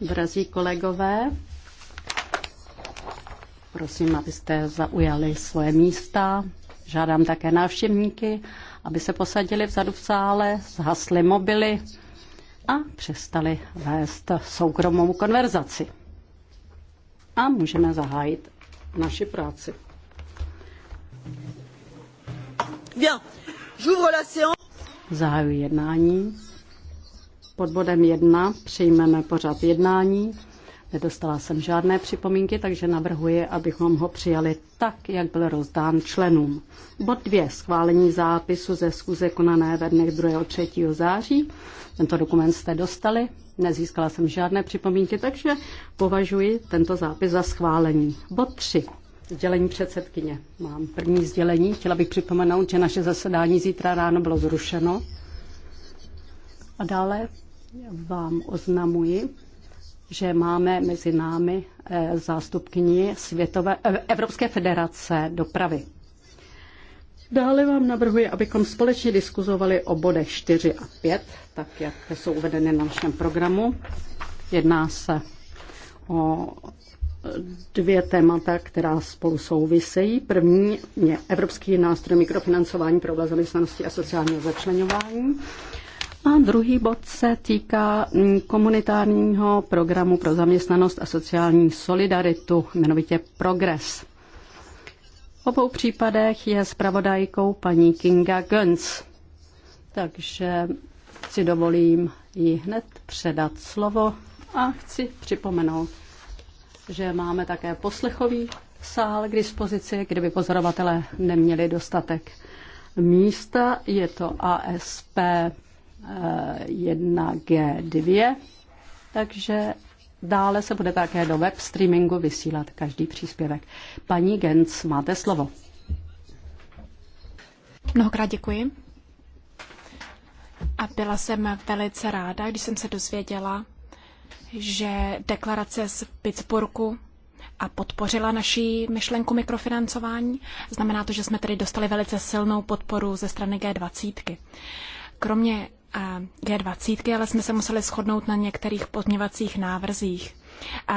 Drazí kolegové, prosím, abyste zaujali svoje místa. Žádám také návštěvníky, aby se posadili vzadu v sále, zhasli mobily a přestali vést soukromou konverzaci. A můžeme zahájit naši práci. Bien. J'ouvre la séance. Zahajuji jednání. Pod bodem 1 přijmeme pořad jednání. Nedostala jsem žádné připomínky, takže navrhuji, abychom ho přijali tak, jak byl rozdán členům. Bod 2. Schválení zápisu ze schůze konané ve dnech 2. 3. září. Tento dokument jste dostali, nezískala jsem žádné připomínky, takže považuji tento zápis za schválení. Bod 3. Sdělení předsedkyně. Mám první sdělení. Chtěla bych připomenout, že naše zasedání zítra ráno bylo zrušeno. A dále vám oznamuji, že máme mezi námi eh, zástupkyni Světové, eh, Evropské federace dopravy. Dále vám navrhuji, abychom společně diskuzovali o bodech 4 a 5, tak jak jsou uvedeny na našem programu. Jedná se o dvě témata, která spolu souvisejí. První je Evropský nástroj mikrofinancování pro oblast zaměstnanosti a sociálního začlenování. A druhý bod se týká mm, komunitárního programu pro zaměstnanost a sociální solidaritu, jmenovitě PROGRESS. V obou případech je zpravodajkou paní Kinga Gönz, takže si dovolím jí hned předat slovo a chci připomenout, že máme také poslechový sál k dispozici, kdyby pozorovatelé neměli dostatek místa. Je to ASP 1G2, takže dále se bude také do web streamingu vysílat každý příspěvek. Paní Genc máte slovo. Mnohokrát děkuji. A byla jsem velice ráda, když jsem se dozvěděla, že deklarace z Pittsburghu a podpořila naší myšlenku mikrofinancování. Znamená to, že jsme tedy dostali velice silnou podporu ze strany G20. Kromě G20, ale jsme se museli shodnout na některých pozměvacích návrzích.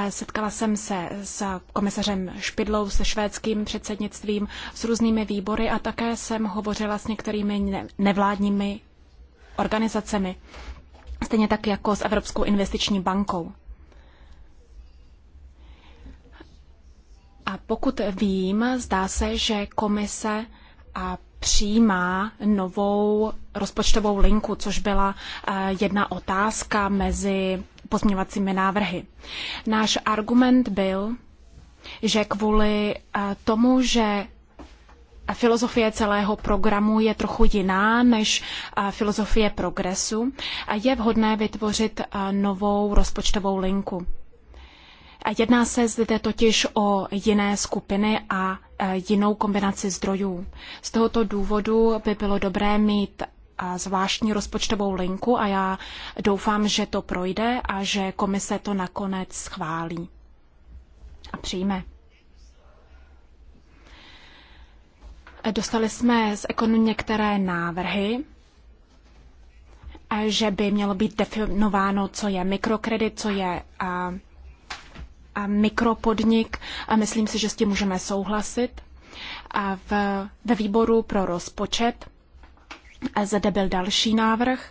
Setkala jsem se s komisařem Špidlou, se švédským předsednictvím, s různými výbory a také jsem hovořila s některými nevládními organizacemi, stejně tak jako s Evropskou investiční bankou. A pokud vím, zdá se, že komise a přijímá novou rozpočtovou linku, což byla eh, jedna otázka mezi pozměňovacími návrhy. Náš argument byl, že kvůli eh, tomu, že filozofie celého programu je trochu jiná než eh, filozofie progresu, je vhodné vytvořit novou rozpočtovou linku. Jedná se zde totiž o jiné skupiny a e, jinou kombinaci zdrojů. Z tohoto důvodu by bylo dobré mít e, zvláštní rozpočtovou linku a já doufám, že to projde a že komise to nakonec schválí a přijme. Dostali jsme z ekonu některé návrhy, e, že by mělo být definováno, co je mikrokredit, co je mikropodnik a myslím si, že s tím můžeme souhlasit. A v, ve výboru pro rozpočet zde byl další návrh.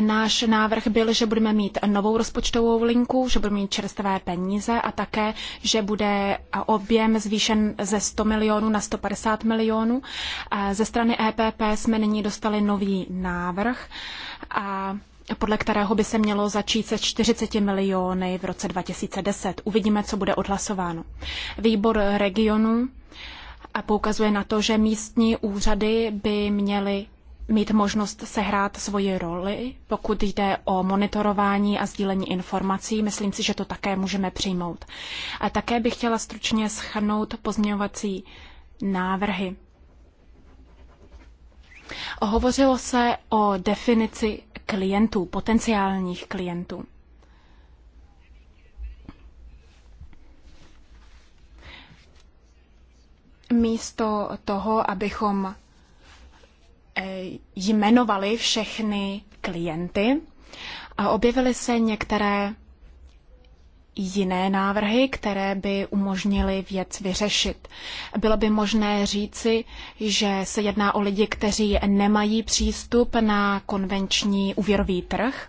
Náš návrh byl, že budeme mít novou rozpočtovou linku, že budeme mít čerstvé peníze a také, že bude objem zvýšen ze 100 milionů na 150 milionů. Ze strany EPP jsme nyní dostali nový návrh a podle kterého by se mělo začít se 40 miliony v roce 2010. Uvidíme, co bude odhlasováno. Výbor regionu eh, poukazuje na to, že místní úřady by měly mít možnost sehrát svoji roli, pokud jde o monitorování a sdílení informací. Myslím si, že to také můžeme přijmout. A také bych chtěla stručně schrnout pozměňovací návrhy. Hovořilo se o definici klientů, potenciálních klientů. Místo toho, abychom eh, jmenovali všechny klienty, objevily se některé jiné návrhy, které by umožnily věc vyřešit. Bylo by možné říci, že se jedná o lidi, kteří nemají přístup na konvenční úvěrový trh,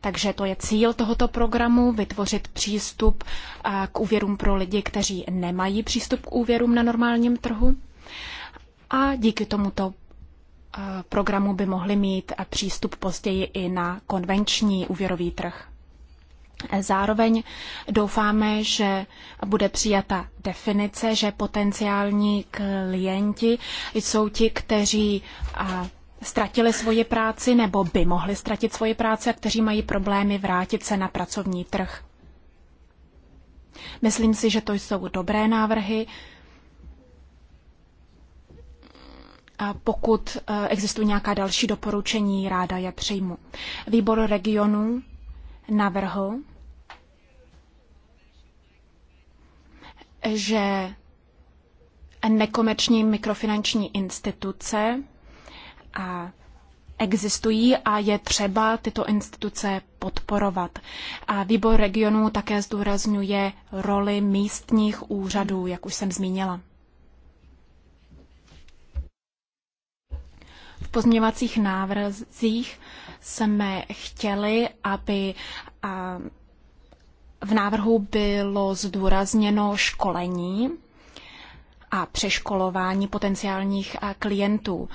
takže to je cíl tohoto programu vytvořit přístup eh, k úvěrům pro lidi, kteří nemají přístup k úvěrům na normálním trhu. A díky tomuto eh, programu by mohli mít eh, přístup později i na konvenční úvěrový trh. Zároveň doufáme, že bude přijata definice, že potenciální klienti jsou ti, kteří ztratili svoji práci nebo by mohli ztratit svoji práci a kteří mají problémy vrátit se na pracovní trh. Myslím si, že to jsou dobré návrhy. A pokud e, existují nějaká další doporučení, ráda je přijmu. Výbor regionu navrhl, že nekomerční mikrofinanční instituce a existují a je třeba tyto instituce podporovat. A výbor regionů také zdůrazňuje roli místních úřadů, jak už jsem zmínila. V pozměvacích návrzích jsme chtěli, aby v návrhu bylo zdůrazněno školení a přeškolování potenciálních klientů.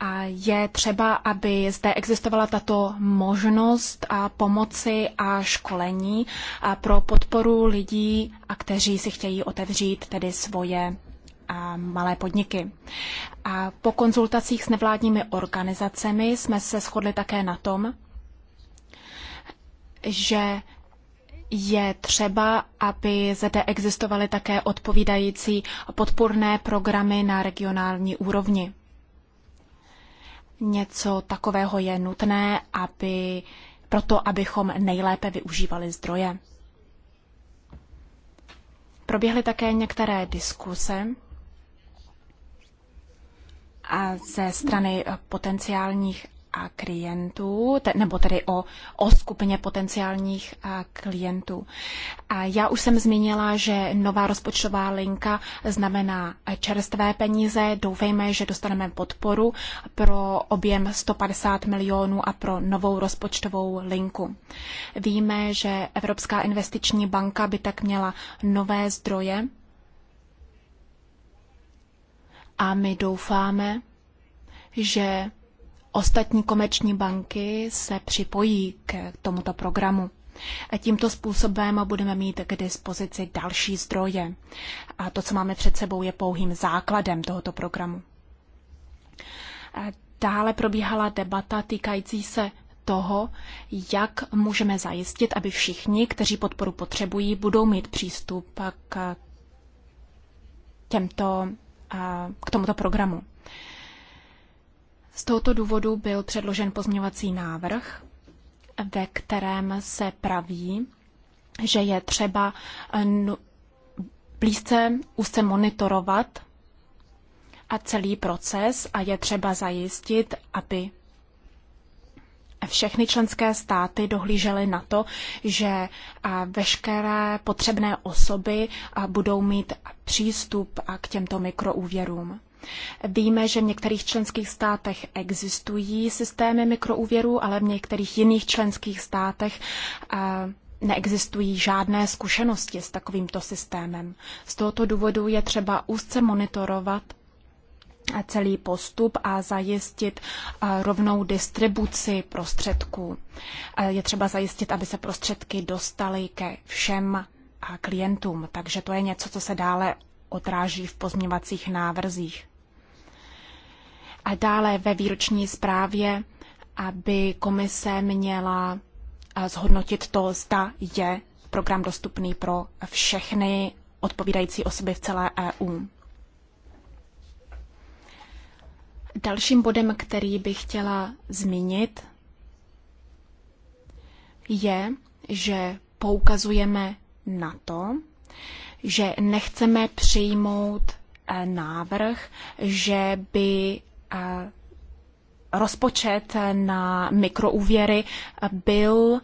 A je třeba, aby zde existovala tato možnost a pomoci a školení a pro podporu lidí, a kteří si chtějí otevřít tedy svoje a malé podniky. A po konzultacích s nevládními organizacemi jsme se shodli také na tom, že je třeba, aby zde existovaly také odpovídající podporné programy na regionální úrovni. Něco takového je nutné, aby, proto abychom nejlépe využívali zdroje. Proběhly také některé diskuse a ze strany potenciálních a klientů, te, nebo tedy o, o skupině potenciálních a, klientů. A já už jsem zmínila, že nová rozpočtová linka znamená čerstvé peníze. Doufejme, že dostaneme podporu pro objem 150 milionů a pro novou rozpočtovou linku. Víme, že Evropská investiční banka by tak měla nové zdroje a my doufáme, že ostatní komerční banky se připojí k tomuto programu. A tímto způsobem budeme mít k dispozici další zdroje. A to, co máme před sebou, je pouhým základem tohoto programu. A dále probíhala debata týkající se toho, jak můžeme zajistit, aby všichni, kteří podporu potřebují, budou mít přístup k, těmto, k tomuto programu. Z tohoto důvodu byl předložen pozměňovací návrh, ve kterém se praví, že je třeba eh, blízce úzce monitorovat a celý proces a je třeba zajistit, aby všechny členské státy dohlížely na to, že veškeré potřebné osoby budou mít přístup k těmto mikroúvěrům. Víme, že v některých členských státech existují systémy mikroúvěrů, ale v některých jiných členských státech eh, neexistují žádné zkušenosti s takovýmto systémem. Z tohoto důvodu je třeba úzce monitorovat eh, celý postup a zajistit eh, rovnou distribuci prostředků. Je třeba zajistit, aby se prostředky dostaly ke všem klientům, takže to je něco, co se dále odráží v pozměvacích návrzích. A dále ve výroční zprávě, aby komise měla eh, zhodnotit to, zda je program dostupný pro všechny odpovídající osoby v celé EU. Dalším bodem, který bych chtěla zmínit, je, že poukazujeme na to, že nechceme přijmout eh, návrh, že by rozpočet na mikroúvěry byl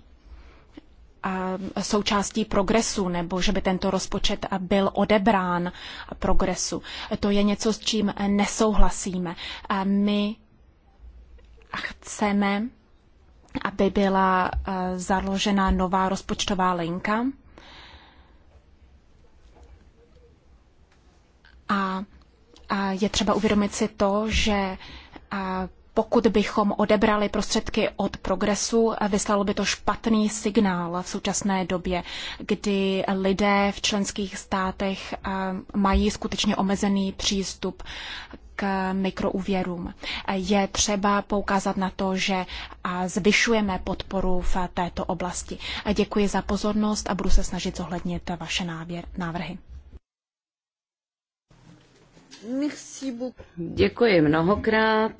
součástí progresu, nebo že by tento rozpočet byl odebrán progresu. To je něco, s čím nesouhlasíme. My chceme, aby byla založena nová rozpočtová linka. A je třeba uvědomit si to, že pokud bychom odebrali prostředky od progresu, vyslalo by to špatný signál v současné době, kdy lidé v členských státech mají skutečně omezený přístup k mikroúvěrům. Je třeba poukázat na to, že zvyšujeme podporu v této oblasti. Děkuji za pozornost a budu se snažit zohlednit vaše návrhy. Merci Děkuji mnohokrát.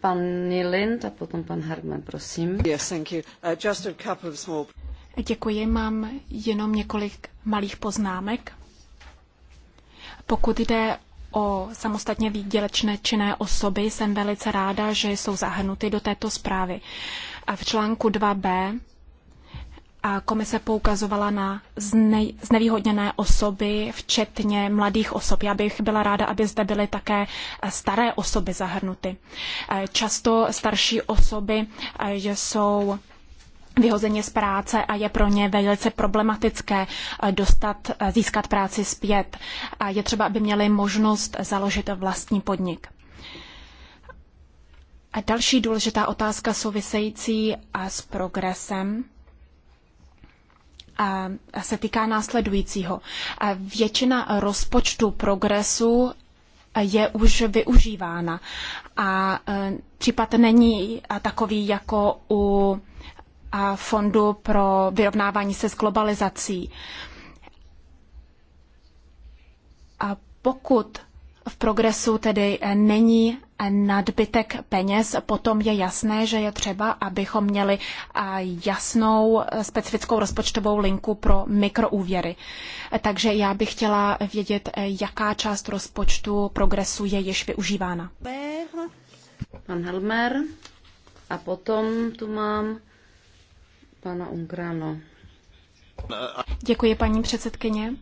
Pan Nilind a potom pan Hartman, prosím. Yes, thank you. Uh, just a couple of small... Děkuji, mám jenom několik malých poznámek. Pokud jde o samostatně výdělečné činné osoby, jsem velice ráda, že jsou zahrnuty do této zprávy. A v článku 2b a komise poukazovala na zne, znevýhodněné osoby, včetně mladých osob. Já bych byla ráda, aby zde byly také eh, staré osoby zahrnuty. Eh, často starší osoby eh, jsou vyhozeně z práce a je pro ně velice problematické dostat, získat práci zpět. Je třeba, aby měli možnost založit vlastní podnik. A další důležitá otázka související s progresem se týká následujícího. Většina rozpočtu progresu je už využívána a e, případ není takový jako u fondu pro vyrovnávání se s globalizací. A pokud v progresu tedy eh, není eh, nadbytek peněz, potom je jasné, že je třeba, abychom měli eh, jasnou specifickou rozpočtovou linku pro mikroúvěry. Takže já bych chtěla vědět, jaká část rozpočtu progresu je již využívána. Pan Helmer a potom tu mám pana Ungrano. Děkuji, paní předsedkyně.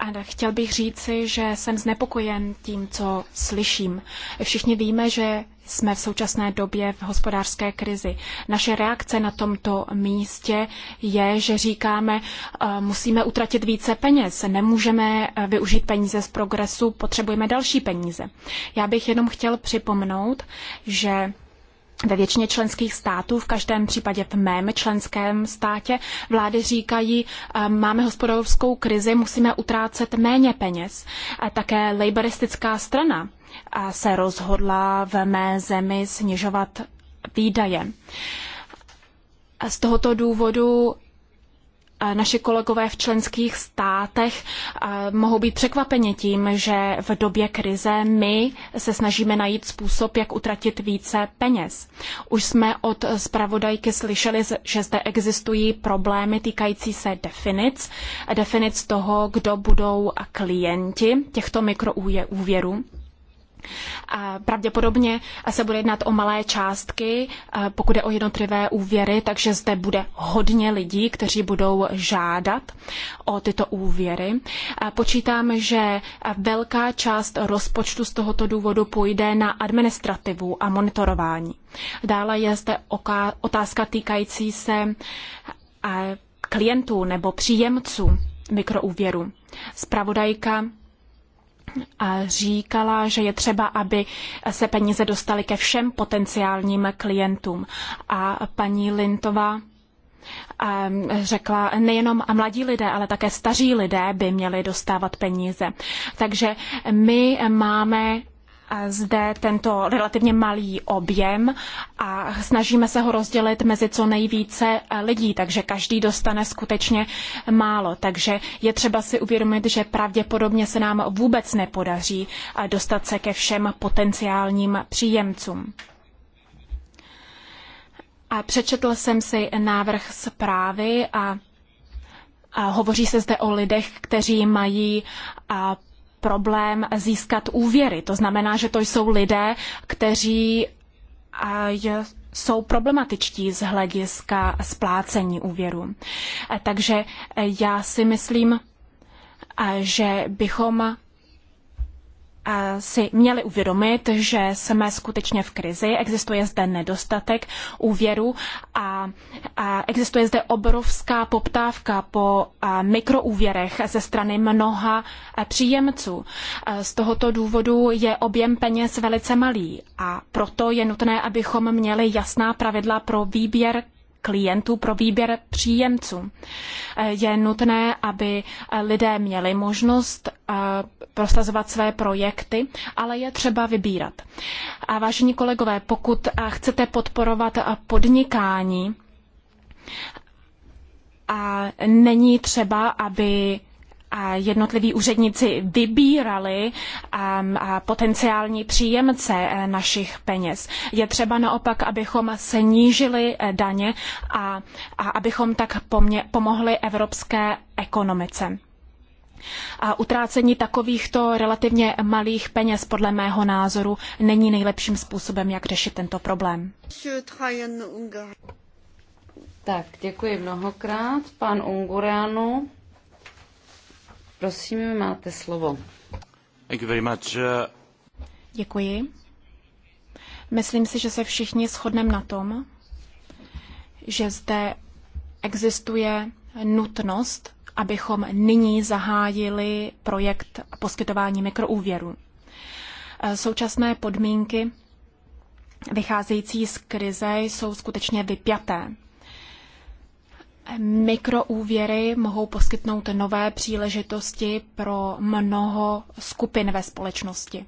Ano, chtěl bych říci, že jsem znepokojen tím, co slyším. Všichni víme, že jsme v současné době v hospodářské krizi. Naše reakce na tomto místě je, že říkáme, eh, musíme utratit více peněz, nemůžeme eh, využít peníze z progresu, potřebujeme další peníze. Já bych jenom chtěl připomenout, že ve většině členských států, v každém případě v mém členském státě, vlády říkají, eh, máme hospodářskou krizi, musíme utrácet méně peněz. A také laboristická strana eh, se rozhodla v mé zemi snižovat výdaje. Z tohoto důvodu naši kolegové v členských státech mohou být překvapeni tím, že v době krize my se snažíme najít způsob, jak utratit více peněz. Už jsme od zpravodajky slyšeli, že zde existují problémy týkající se definic, definic toho, kdo budou klienti těchto mikroúvěrů. Pravděpodobně se bude jednat o malé částky, e, pokud je o jednotlivé úvěry, takže zde bude hodně lidí, kteří budou žádat o tyto úvěry. E, Počítám, že velká část rozpočtu z tohoto důvodu půjde na administrativu a monitorování. Dále je zde otázka týkající se e, klientů nebo příjemců mikroúvěru. Spravodajka říkala, že je třeba, aby se peníze dostaly ke všem potenciálním klientům. A paní Lintová ehm, řekla, nejenom mladí lidé, ale také staří lidé by měli dostávat peníze. Takže my máme zde tento relativně malý objem a snažíme se ho rozdělit mezi co nejvíce eh, lidí, takže každý dostane skutečně málo. Takže je třeba si uvědomit, že pravděpodobně se nám vůbec nepodaří eh, dostat se ke všem potenciálním příjemcům. A přečetl jsem si návrh zprávy a a hovoří se zde o lidech, kteří mají problém získat úvěry. To znamená, že to jsou lidé, kteří jsou problematičtí z hlediska splácení úvěru. Takže já si myslím, že bychom Eh, si měli uvědomit, že jsme skutečně v krizi, existuje zde nedostatek úvěru a, a existuje zde obrovská poptávka po eh, mikroúvěrech ze strany mnoha eh, příjemců. Z tohoto důvodu je objem peněz velice malý a proto je nutné, abychom měli jasná pravidla pro výběr klientů pro výběr příjemců. Je nutné, aby lidé měli možnost eh, prosazovat své projekty, ale je třeba vybírat. A vážení kolegové, pokud eh, chcete podporovat eh, podnikání, a není třeba, aby jednotliví úředníci vybírali um, potenciální příjemce eh, našich peněz. Je třeba naopak, abychom snížili eh, daně a, a abychom tak pomohli evropské ekonomice. A utrácení takovýchto relativně malých peněz podle mého názoru není nejlepším způsobem, jak řešit tento problém. Tak, děkuji mnohokrát. Pan Ungurianu. Prosím, máte slovo. Thank you very much. Uh, Děkuji. Myslím si, že se všichni shodneme na tom, že zde existuje nutnost, abychom nyní zahájili projekt poskytování mikroúvěru. Eh, současné podmínky vycházející z krize jsou skutečně vypjaté. Mikroúvěry mohou poskytnout nové příležitosti pro mnoho skupin ve společnosti.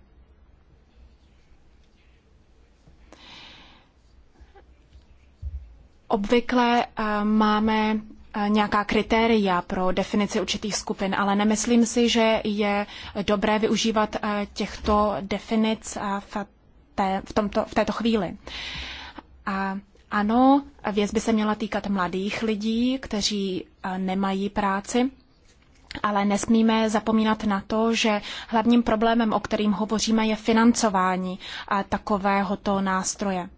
Obvykle eh, máme eh, nějaká kritéria pro definici určitých skupin, ale nemyslím si, že je dobré využívat eh, těchto definic v, té, v, tomto, v této chvíli. A ano, věc by se měla týkat mladých lidí, kteří eh, nemají práci, ale nesmíme zapomínat na to, že hlavním problémem, o kterým hovoříme, je financování eh, takovéhoto nástroje.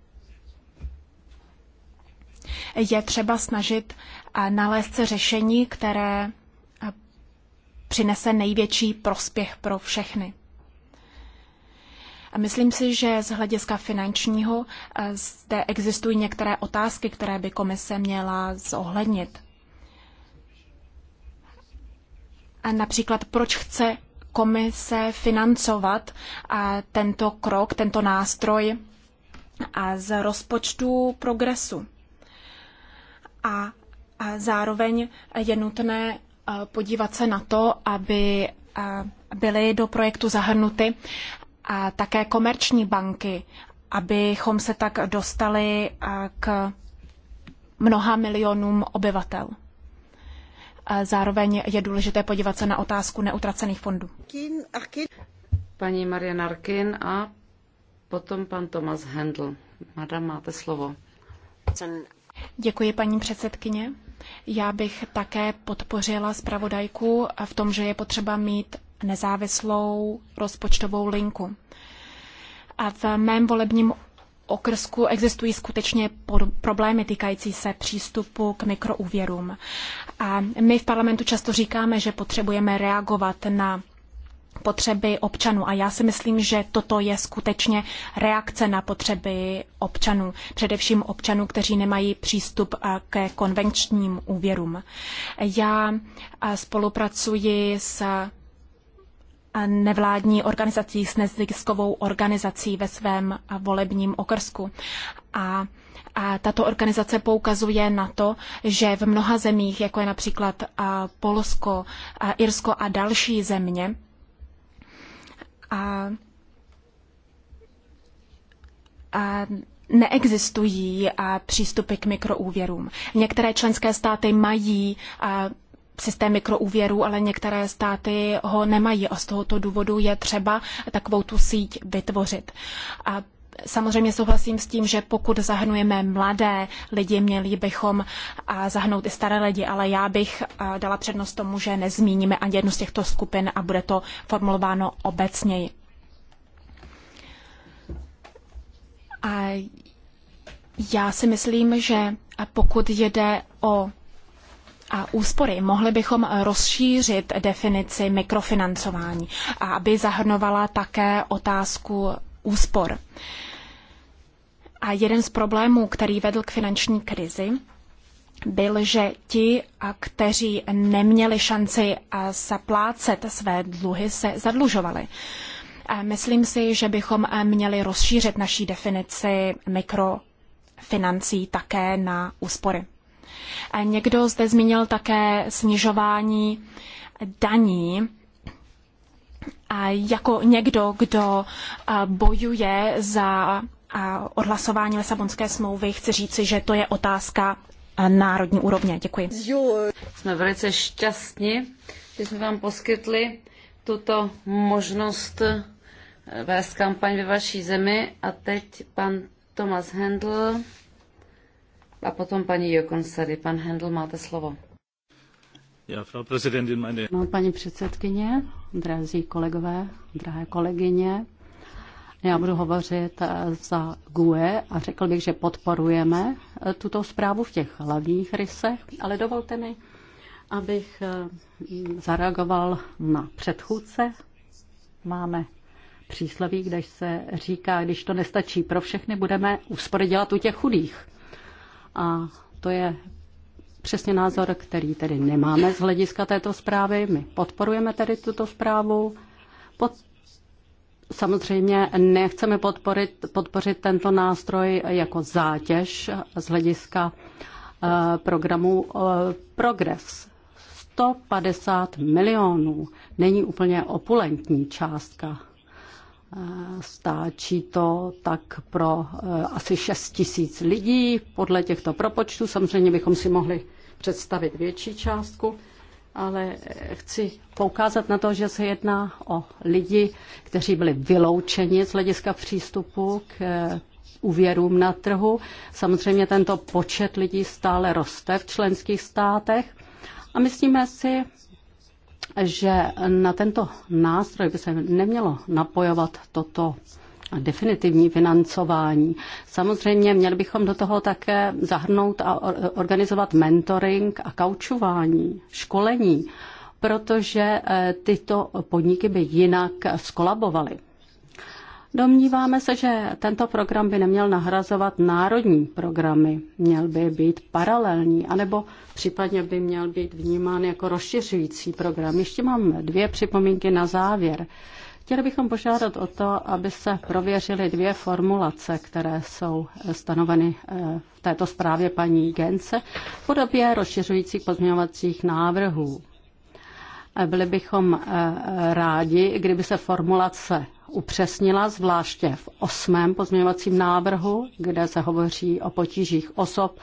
Je třeba snažit eh, nalézt se řešení, které přinese největší prospěch pro všechny. A myslím si, že z hlediska finančního eh, zde existují některé otázky, které by komise měla zohlednit. A například, proč chce komise financovat eh, tento krok, tento nástroj a eh, z rozpočtu progresu. A, a zároveň je nutné podívat se na to, aby byly do projektu zahrnuty a také komerční banky, abychom se tak dostali k mnoha milionům obyvatel. Zároveň je důležité podívat se na otázku neutracených fondů. Paní Marian Arkin a potom pan Tomas Hendl. Madam, máte slovo. Děkuji, paní předsedkyně. Já bych také podpořila zpravodajku v tom, že je potřeba mít nezávislou rozpočtovou linku. A v mém volebním okrsku existují skutečně problémy týkající se přístupu k mikroúvěrům. A my v parlamentu často říkáme, že potřebujeme reagovat na potřeby občanů. A já si myslím, že toto je skutečně reakce na potřeby občanů, především občanů, kteří nemají přístup ke konvenčním úvěrům. Já spolupracuji s nevládní organizací s neziskovou organizací ve svém volebním okrsku. A a tato organizace poukazuje na to, že v mnoha zemích, jako je například Polsko, Irsko a další země, a, a neexistují a přístupy k mikroúvěrům. Některé členské státy mají a, systém mikroúvěrů, ale některé státy ho nemají a z tohoto důvodu je třeba takovou tu síť vytvořit. A Samozřejmě souhlasím s tím, že pokud zahrnujeme mladé lidi, měli bychom zahrnout i staré lidi, ale já bych dala přednost tomu, že nezmíníme ani jednu z těchto skupin a bude to formulováno obecněji. A já si myslím, že pokud jde o a úspory. Mohli bychom rozšířit definici mikrofinancování, aby zahrnovala také otázku úspor. A jeden z problémů, který vedl k finanční krizi, byl, že ti, kteří neměli šanci zaplácet své dluhy, se zadlužovali. Myslím si, že bychom měli rozšířit naší definici mikrofinancí také na úspory. Někdo zde zmínil také snižování daní jako někdo, kdo bojuje za odhlasování Lisabonské smlouvy, chci říci, že to je otázka národní úrovně. Děkuji. Jsme velice šťastní, že jsme vám poskytli tuto možnost eh, vést kampaň ve vaší zemi. A teď pan Tomas Hendl a potom paní Jokonsady. Pan Hendl, máte slovo. Já, Frau Präsidentin, meine... No, paní předsedkyně, drazí kolegové, drahé kolegyně, já budu hovořit eh, za GUE a řekl bych, že podporujeme eh, tuto zprávu v těch hlavních rysech, ale dovolte mi, abych eh, zareagoval na předchůdce. Máme přísloví, kde se říká, když to nestačí pro všechny, budeme úspory dělat u těch chudých. A to je přesně názor, který tedy nemáme z hlediska této zprávy. My podporujeme tedy tuto zprávu. Pod... Samozřejmě nechceme podporit, podpořit tento nástroj jako zátěž z hlediska eh, programu eh, Progress. 150 milionů není úplně opulentní částka Stáčí to tak pro eh, asi 6 tisíc lidí. Podle těchto propočtů samozřejmě bychom si mohli představit větší částku, ale eh, chci poukázat na to, že se jedná o lidi, kteří byli vyloučeni z hlediska přístupu k eh, úvěrům na trhu. Samozřejmě tento počet lidí stále roste v členských státech a myslíme si, že na tento nástroj by se nemělo napojovat toto definitivní financování. Samozřejmě měli bychom do toho také zahrnout a organizovat mentoring a kaučování, školení, protože eh, tyto podniky by jinak skolabovaly. Eh, Domníváme se, že tento program by neměl nahrazovat národní programy, měl by být paralelní, anebo případně by měl být vnímán jako rozšiřující program. Ještě mám dvě připomínky na závěr. Chtěli bychom požádat o to, aby se prověřily dvě formulace, které jsou eh, stanoveny eh, v této zprávě paní Gence v podobě rozšiřujících pozměňovacích návrhů. Eh, byli bychom rádi, kdyby se formulace upřesnila, zvláště v osmém pozměňovacím návrhu, kde se hovoří o potížích osob,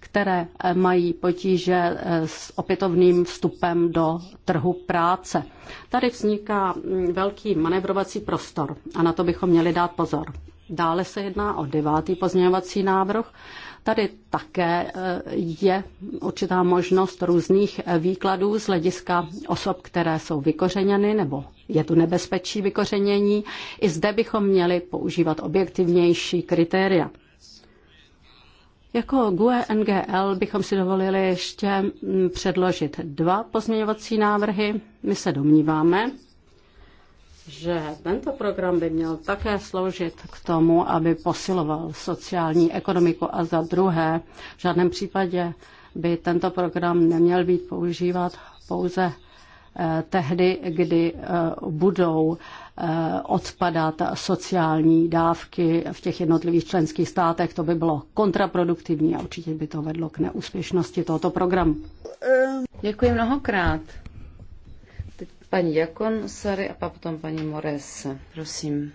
které eh, mají potíže eh, s opětovným vstupem do trhu práce. Tady vzniká mm, velký manevrovací prostor a na to bychom měli dát pozor. Dále se jedná o devátý pozměňovací návrh. Tady také eh, je určitá možnost různých výkladů z hlediska osob, které jsou vykořeněny nebo je tu nebezpečí vykořenění. I zde bychom měli používat objektivnější kritéria. Jako GUE NGL bychom si dovolili ještě mm, předložit dva pozměňovací návrhy. My se domníváme, že tento program by měl také sloužit k tomu, aby posiloval sociální ekonomiku a za druhé v žádném případě by tento program neměl být používat pouze Eh, tehdy, kdy eh, budou eh, odpadat sociální dávky v těch jednotlivých členských státech. To by bylo kontraproduktivní a určitě by to vedlo k neúspěšnosti tohoto programu. Děkuji mnohokrát. Teď paní Jakon, Sary a potom paní Mores. Prosím.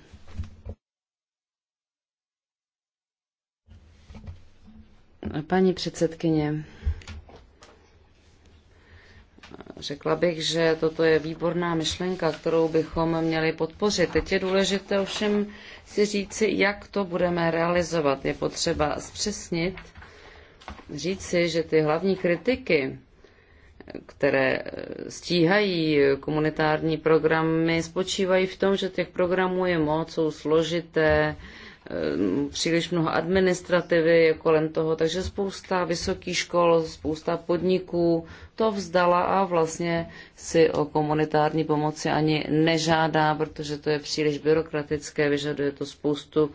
Paní předsedkyně, Řekla bych, že toto je výborná myšlenka, kterou bychom měli podpořit. Teď je důležité ovšem si říci, jak to budeme realizovat. Je potřeba zpřesnit, říci, že ty hlavní kritiky, které stíhají komunitární programy, spočívají v tom, že těch programů je moc, jsou složité, Eh, příliš mnoho administrativy je kolem toho, takže spousta vysokých škol, spousta podniků to vzdala a vlastně si o komunitární pomoci ani nežádá, protože to je příliš byrokratické, vyžaduje to spoustu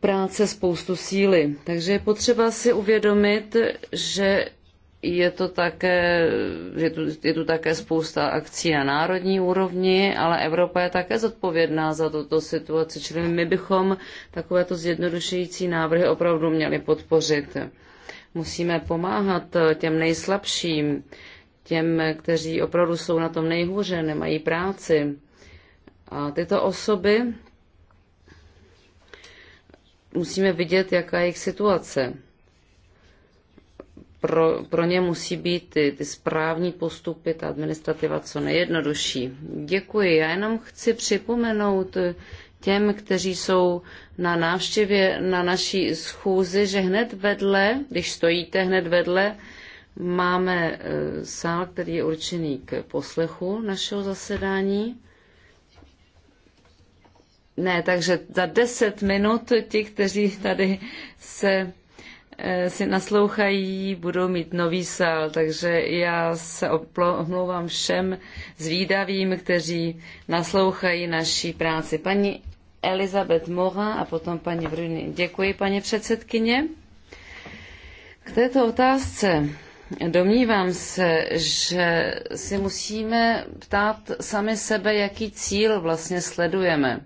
práce, spoustu síly. Takže je potřeba si uvědomit, že je to také, je tu, je tu také spousta akcí na národní úrovni, ale Evropa je také zodpovědná za tuto situaci, čili my bychom takovéto zjednodušující návrhy opravdu měli podpořit. Musíme pomáhat těm nejslabším, těm, kteří opravdu jsou na tom nejhůře, nemají práci. A tyto osoby musíme vidět, jaká je jejich situace pro, pro ně musí být ty, ty správní postupy, ta administrativa co nejjednodušší. Děkuji. Já jenom chci připomenout těm, kteří jsou na návštěvě na naší schůzi, že hned vedle, když stojíte hned vedle, máme e, sál, který je určený k poslechu našeho zasedání. Ne, takže za deset minut ti, kteří tady se Eh, si naslouchají, budou mít nový sál, takže já se omlouvám všem zvídavým, kteří naslouchají naší práci. Paní Elizabeth Moha a potom paní Bruny. Děkuji, paní předsedkyně. K této otázce domnívám se, že si musíme ptát sami sebe, jaký cíl vlastně sledujeme.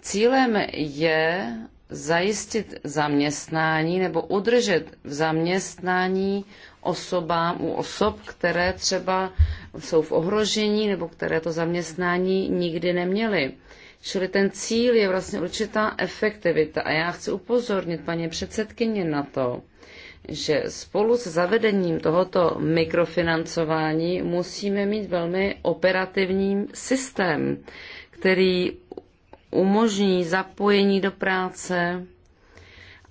Cílem je zajistit zaměstnání nebo udržet v zaměstnání osobám u osob, které třeba jsou v ohrožení nebo které to zaměstnání nikdy neměly. Čili ten cíl je vlastně určitá efektivita a já chci upozornit paní předsedkyně na to, že spolu s zavedením tohoto mikrofinancování musíme mít velmi operativní systém, který umožní zapojení do práce,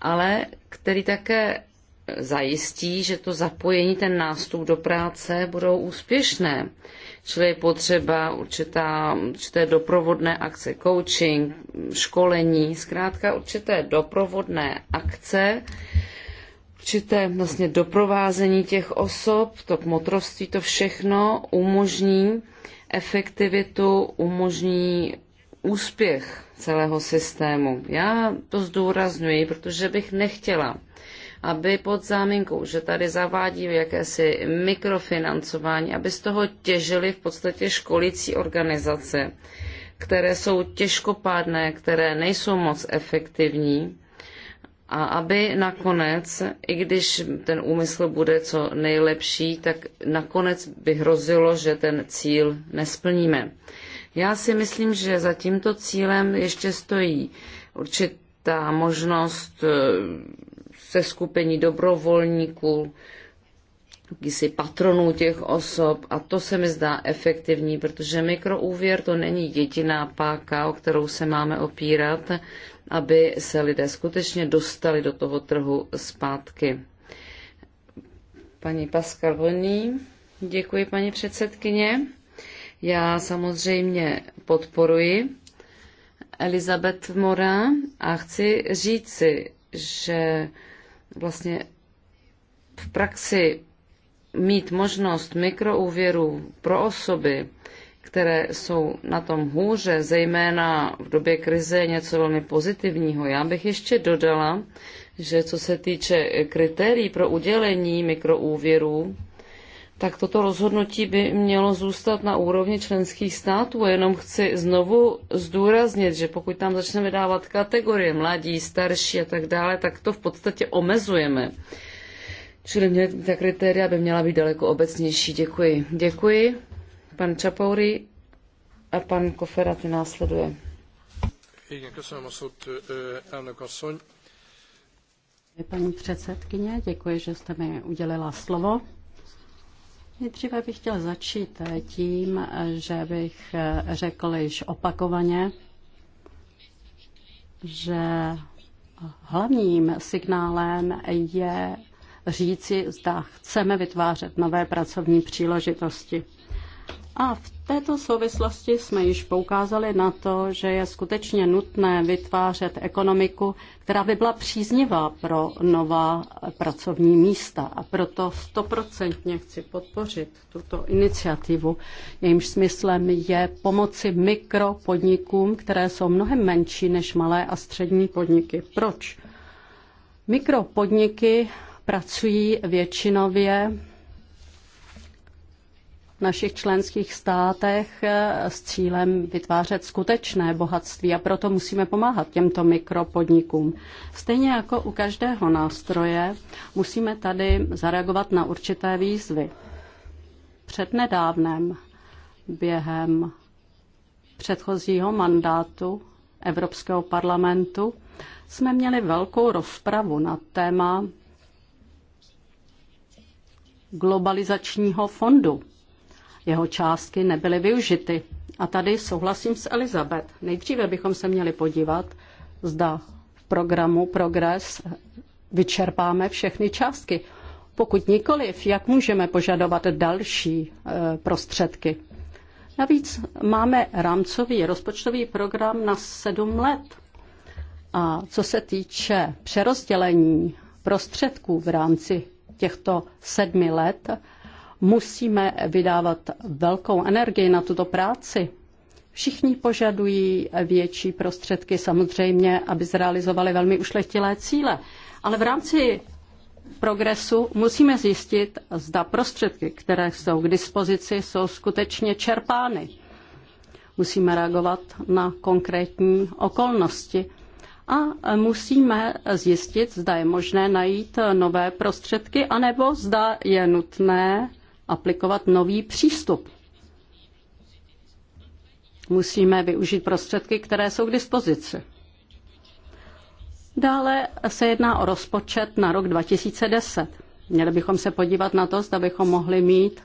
ale který také zajistí, že to zapojení, ten nástup do práce budou úspěšné. Čili je potřeba určitá, určité doprovodné akce, coaching, školení, zkrátka určité doprovodné akce, určité vlastně doprovázení těch osob, to kmotrovství, to všechno umožní efektivitu, umožní úspěch celého systému. Já to zdůrazňuji, protože bych nechtěla, aby pod záminkou, že tady zavádí jakési mikrofinancování, aby z toho těžily v podstatě školící organizace, které jsou těžkopádné, které nejsou moc efektivní a aby nakonec, i když ten úmysl bude co nejlepší, tak nakonec by hrozilo, že ten cíl nesplníme. Já si myslím, že za tímto cílem ještě stojí určitá možnost eh, se skupení dobrovolníků, jakýsi patronů těch osob a to se mi zdá efektivní, protože mikroúvěr to není jediná páka, o kterou se máme opírat, aby se lidé skutečně dostali do toho trhu zpátky. Paní Pascal Voní, děkuji paní předsedkyně. Já samozřejmě podporuji Elizabeth Mora a chci říci, že vlastně v praxi mít možnost mikroúvěru pro osoby, které jsou na tom hůře, zejména v době krize, je něco velmi pozitivního. Já bych ještě dodala, že co se týče kritérií pro udělení mikroúvěrů, tak toto rozhodnutí by mělo zůstat na úrovni členských států. Jenom chci znovu zdůraznit, že pokud tam začneme dávat kategorie mladí, starší a tak dále, tak to v podstatě omezujeme. Čili mě, ta kritéria by měla být daleko obecnější. Děkuji. Děkuji. Pan Čapouri a pan Kofera ty následuje. Igen, Paní předsedkyně, děkuji, že jste mi udělila slovo. Nejdříve bych chtěl začít tím, že bych řekl již opakovaně, že hlavním signálem je říci, zda chceme vytvářet nové pracovní příležitosti. A v této souvislosti jsme již poukázali na to, že je skutečně nutné vytvářet ekonomiku, která by byla příznivá pro nová pracovní místa. A proto stoprocentně chci podpořit tuto iniciativu. Jejímž smyslem je pomoci mikropodnikům, které jsou mnohem menší než malé a střední podniky. Proč? Mikropodniky pracují většinově našich členských státech eh, s cílem vytvářet skutečné bohatství a proto musíme pomáhat těmto mikropodnikům. Stejně jako u každého nástroje musíme tady zareagovat na určité výzvy. Před Přednedávnem během předchozího mandátu Evropského parlamentu jsme měli velkou rozpravu na téma globalizačního fondu jeho částky nebyly využity. A tady souhlasím s Elizabeth. Nejdříve bychom se měli podívat, zda v programu Progress vyčerpáme všechny částky. Pokud nikoliv, jak můžeme požadovat další e, prostředky? Navíc máme rámcový rozpočtový program na sedm let. A co se týče přerozdělení prostředků v rámci těchto sedmi let, musíme vydávat velkou energii na tuto práci. Všichni požadují větší prostředky samozřejmě, aby zrealizovali velmi ušlechtilé cíle. Ale v rámci progresu musíme zjistit, zda prostředky, které jsou k dispozici, jsou skutečně čerpány. Musíme reagovat na konkrétní okolnosti a musíme zjistit, zda je možné najít nové prostředky, anebo zda je nutné aplikovat nový přístup. Musíme využít prostředky, které jsou k dispozici. Dále se jedná o rozpočet na rok 2010. Měli bychom se podívat na to, zda bychom mohli mít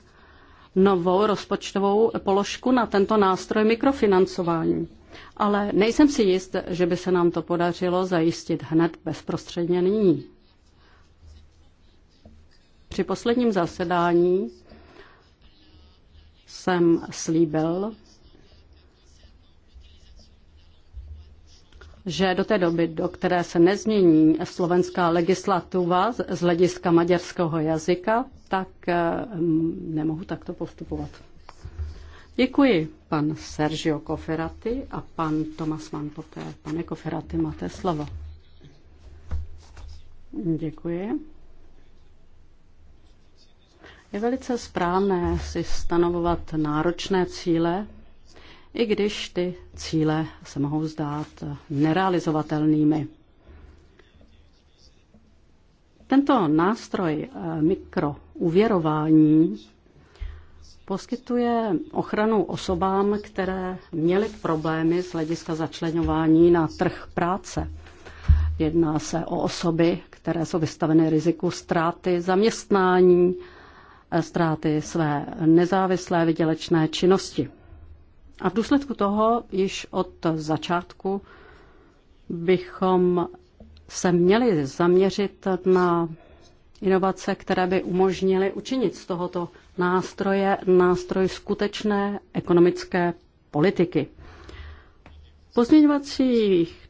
novou rozpočtovou položku na tento nástroj mikrofinancování. Ale nejsem si jist, že by se nám to podařilo zajistit hned bezprostředně nyní. Při posledním zasedání jsem slíbil, že do té doby, do které se nezmění slovenská legislativa z hlediska maďarského jazyka, tak eh, mm, nemohu takto postupovat. Děkuji, pan Sergio Koferaty a pan Tomas Mann Pane Koferaty, máte slovo. Děkuji. Je velice správné si stanovovat náročné cíle, i když ty cíle se mohou zdát nerealizovatelnými. Tento nástroj eh, mikrouvěrování poskytuje ochranu osobám, které měly problémy z hlediska začlenování na trh práce. Jedná se o osoby, které jsou vystaveny riziku ztráty zaměstnání, ztráty své nezávislé vydělečné činnosti. A v důsledku toho již od začátku bychom se měli zaměřit na inovace, které by umožnily učinit z tohoto nástroje nástroj skutečné ekonomické politiky. V pozměňovacích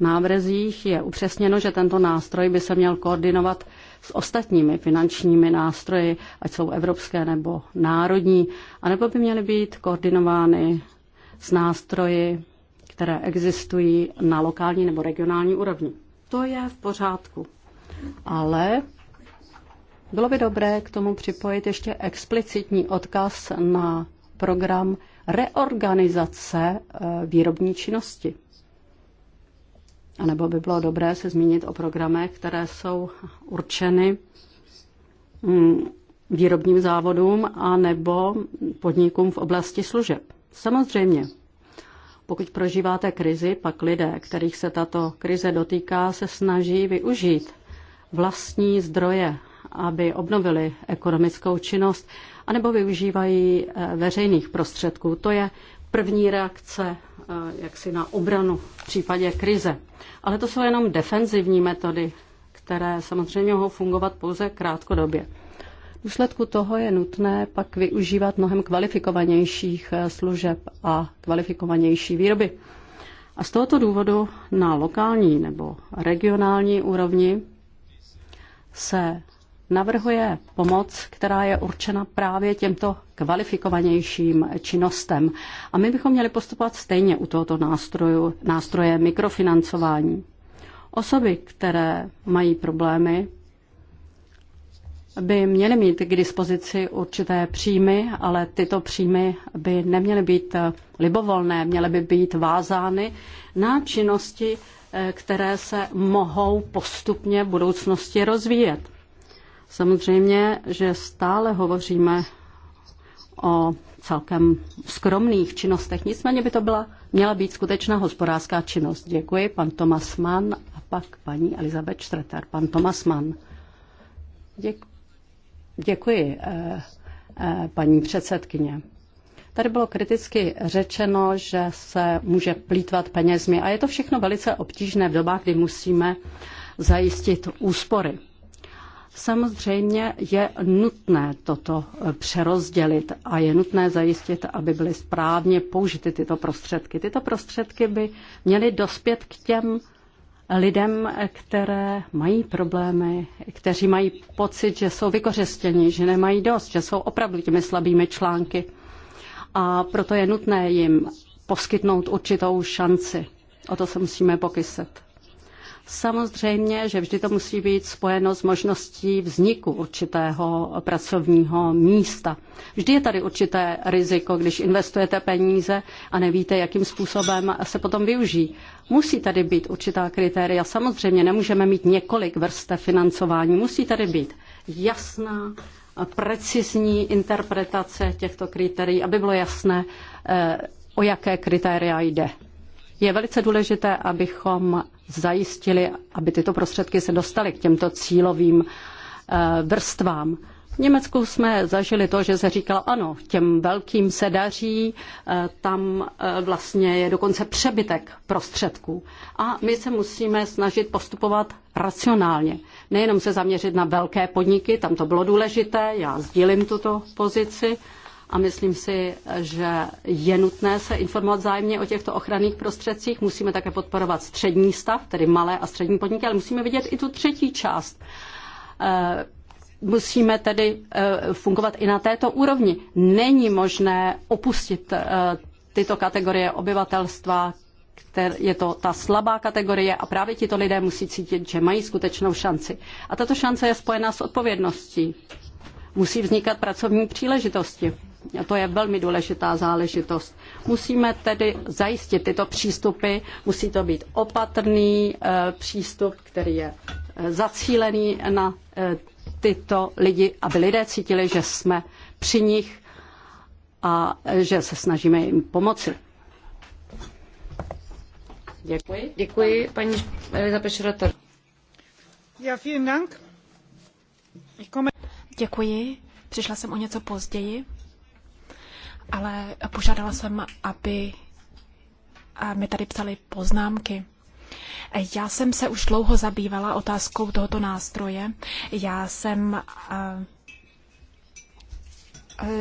návrzích je upřesněno, že tento nástroj by se měl koordinovat s ostatními finančními nástroji, ať jsou evropské nebo národní, anebo by měly být koordinovány s nástroji, které existují na lokální nebo regionální úrovni. To je v pořádku. Ale bylo by dobré k tomu připojit ještě explicitní odkaz na program reorganizace eh, výrobní činnosti. A nebo by bylo dobré se zmínit o programech, které jsou určeny mm, výrobním závodům a nebo podnikům v oblasti služeb. Samozřejmě, pokud prožíváte krizi, pak lidé, kterých se tato krize dotýká, se snaží využít vlastní zdroje, aby obnovili ekonomickou činnost, anebo využívají eh, veřejných prostředků. To je první reakce jaksi na obranu v případě krize. Ale to jsou jenom defenzivní metody, které samozřejmě mohou fungovat pouze krátkodobě. V důsledku toho je nutné pak využívat mnohem kvalifikovanějších eh, služeb a kvalifikovanější výroby. A z tohoto důvodu na lokální nebo regionální úrovni se navrhuje pomoc, která je určena právě těmto kvalifikovanějším činnostem. A my bychom měli postupovat stejně u tohoto nástroju, nástroje mikrofinancování. Osoby, které mají problémy, by měly mít k dispozici určité příjmy, ale tyto příjmy by neměly být libovolné, měly by být vázány na činnosti, eh, které se mohou postupně v budoucnosti rozvíjet. Samozřejmě, že stále hovoříme o celkem skromných činnostech, nicméně by to byla, měla být skutečná hospodářská činnost. Děkuji, pan Tomas Mann a pak paní Elizabeth Štreter. Pan Tomas Mann. Děkuji. Eh, eh, paní předsedkyně. Tady bylo kriticky řečeno, že se může plítvat penězmi a je to všechno velice obtížné v dobách, kdy musíme zajistit úspory. Samozřejmě je nutné toto přerozdělit a je nutné zajistit, aby byly správně použity tyto prostředky. Tyto prostředky by měly dospět k těm lidem, které mají problémy, kteří mají pocit, že jsou vykořistěni, že nemají dost, že jsou opravdu těmi slabými články. A proto je nutné jim poskytnout určitou šanci. O to se musíme pokysit. Samozřejmě, že vždy to musí být spojeno s možností vzniku určitého pracovního místa. Vždy je tady určité riziko, když investujete peníze a nevíte, jakým způsobem se potom využijí. Musí tady být určitá kritéria. Samozřejmě nemůžeme mít několik vrstev financování. Musí tady být jasná a precizní interpretace těchto kritérií, aby bylo jasné, eh, o jaké kritéria jde. Je velice důležité, abychom zajistili, aby tyto prostředky se dostaly k těmto cílovým eh, vrstvám. V Německu jsme zažili to, že se říkalo, ano, těm velkým se daří, eh, tam eh, vlastně je dokonce přebytek prostředků. A my se musíme snažit postupovat racionálně. Nejenom se zaměřit na velké podniky, tam to bylo důležité, já sdílím tuto pozici, a myslím si, že je nutné se informovat zájemně o těchto ochranných prostředcích. Musíme také podporovat střední stav, tedy malé a střední podniky, ale musíme vidět i tu třetí část. Eh, musíme tedy eh, fungovat i na této úrovni. Není možné opustit eh, tyto kategorie obyvatelstva, je to ta slabá kategorie a právě tito lidé musí cítit, že mají skutečnou šanci. A tato šance je spojená s odpovědností. Musí vznikat pracovní příležitosti. To je velmi důležitá záležitost. Musíme tedy zajistit tyto přístupy, musí to být opatrný eh, přístup, který je eh, zacílený na eh, tyto lidi, aby lidé cítili, že jsme při nich a že se snažíme jim pomoci. Děkuji. Děkuji, paní Elizabeth Schroeter. Ja, vielen Dank. Děkuji. Přišla jsem o něco později ale požádala jsem, aby mi tady psali poznámky. Já jsem se už dlouho zabývala otázkou tohoto nástroje. Já jsem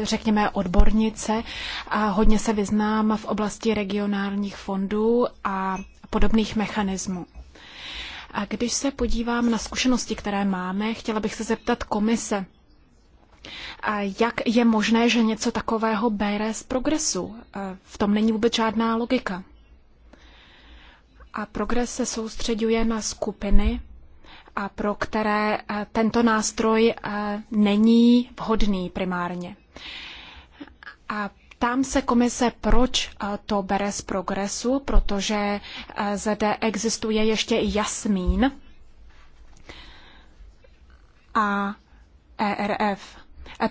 řekněme, odbornice. A hodně se vyznám v oblasti regionálních fondů a podobných mechanismů. A když se podívám na zkušenosti, které máme, chtěla bych se zeptat komise, jak je možné, že něco takového bere z progresu? E, v tom není vůbec žádná logika. A progres se soustředuje na skupiny, a pro které e, tento nástroj e, není vhodný primárně. A tam se komise, proč to bere z progresu, protože zde existuje ještě i jasmín a ERF.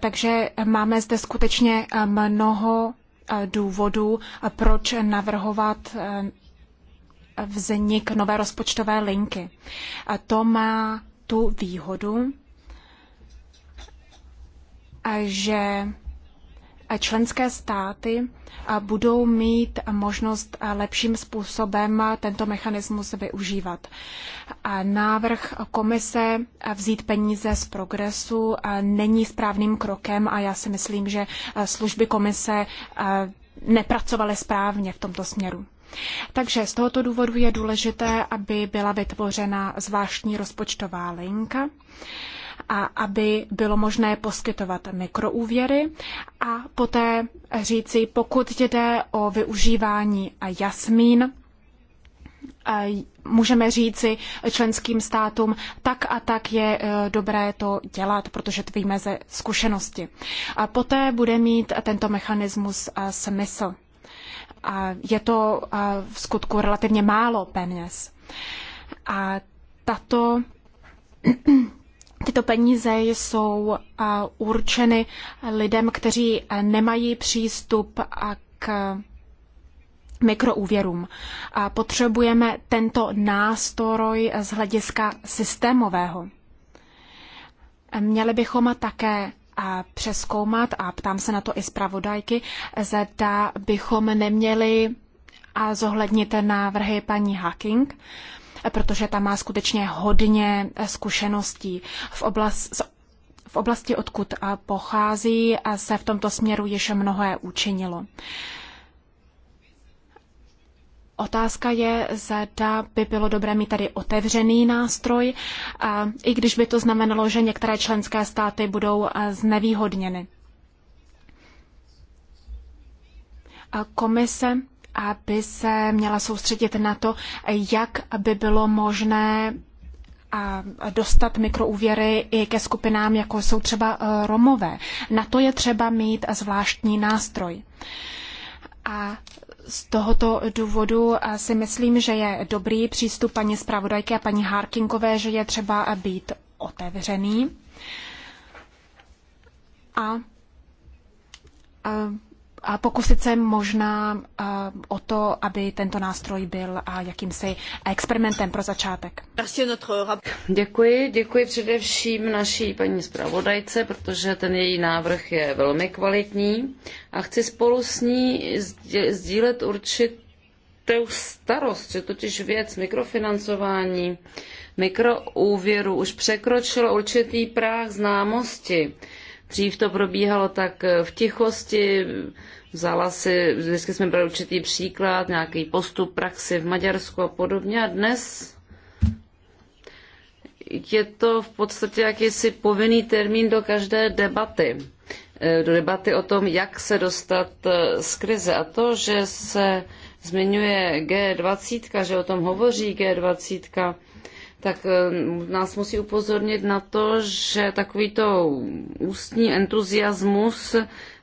Takže máme zde skutečně eh, mnoho eh, důvodů, eh, proč navrhovat vznik nové rozpočtové linky. A to má tu výhodu, že členské státy budou mít možnost lepším způsobem tento mechanismus využívat. Návrh komise vzít peníze z progresu není správným krokem a já si myslím, že služby komise nepracovaly správně v tomto směru. Takže z tohoto důvodu je důležité, aby byla vytvořena zvláštní rozpočtová linka a aby bylo možné poskytovat mikroúvěry a poté říci, pokud jde o využívání jasmín, můžeme říci členským státům, tak a tak je e, dobré to dělat, protože to víme ze zkušenosti. A poté bude mít tento mechanismus e, smysl. A je to e, v skutku relativně málo peněz. A tato Tyto peníze jsou určeny lidem, kteří nemají přístup k mikroúvěrům. Potřebujeme tento nástroj z hlediska systémového. Měli bychom také přeskoumat, a ptám se na to i zpravodajky, zda bychom neměli zohlednit návrhy paní Hacking, protože tam má skutečně hodně eh, zkušeností v oblasti, v oblasti, odkud eh, pochází, se v tomto směru již mnohé učinilo. Otázka je, zda by bylo dobré mít tady otevřený nástroj, i když by to znamenalo, že některé členské státy budou eh, znevýhodněny. Komise aby se měla soustředit na to, jak by bylo možné a dostat mikroúvěry i ke skupinám, jako jsou třeba e, Romové. Na to je třeba mít zvláštní nástroj. A z tohoto důvodu si myslím, že je dobrý přístup paní zpravodajky a paní Harkinkové, že je třeba být otevřený. A, a a pokusit se možná eh, o to, aby tento nástroj byl jakýmsi experimentem pro začátek. Děkuji, děkuji především naší paní zpravodajce, protože ten její návrh je velmi kvalitní a chci spolu s ní sdílet určitou starost, že totiž věc mikrofinancování, mikroúvěru už překročilo určitý práh známosti Dřív to probíhalo tak eh, v tichosti, vzala si, vždycky jsme brali určitý příklad, nějaký postup, praxi v Maďarsku a podobně a dnes je to v podstatě jakýsi povinný termín do každé debaty. Eh, do debaty o tom, jak se dostat eh, z krize. A to, že se zmiňuje G20, že o tom hovoří G20, tak eh, nás musí upozornit na to, že takovýto ústní entuziasmus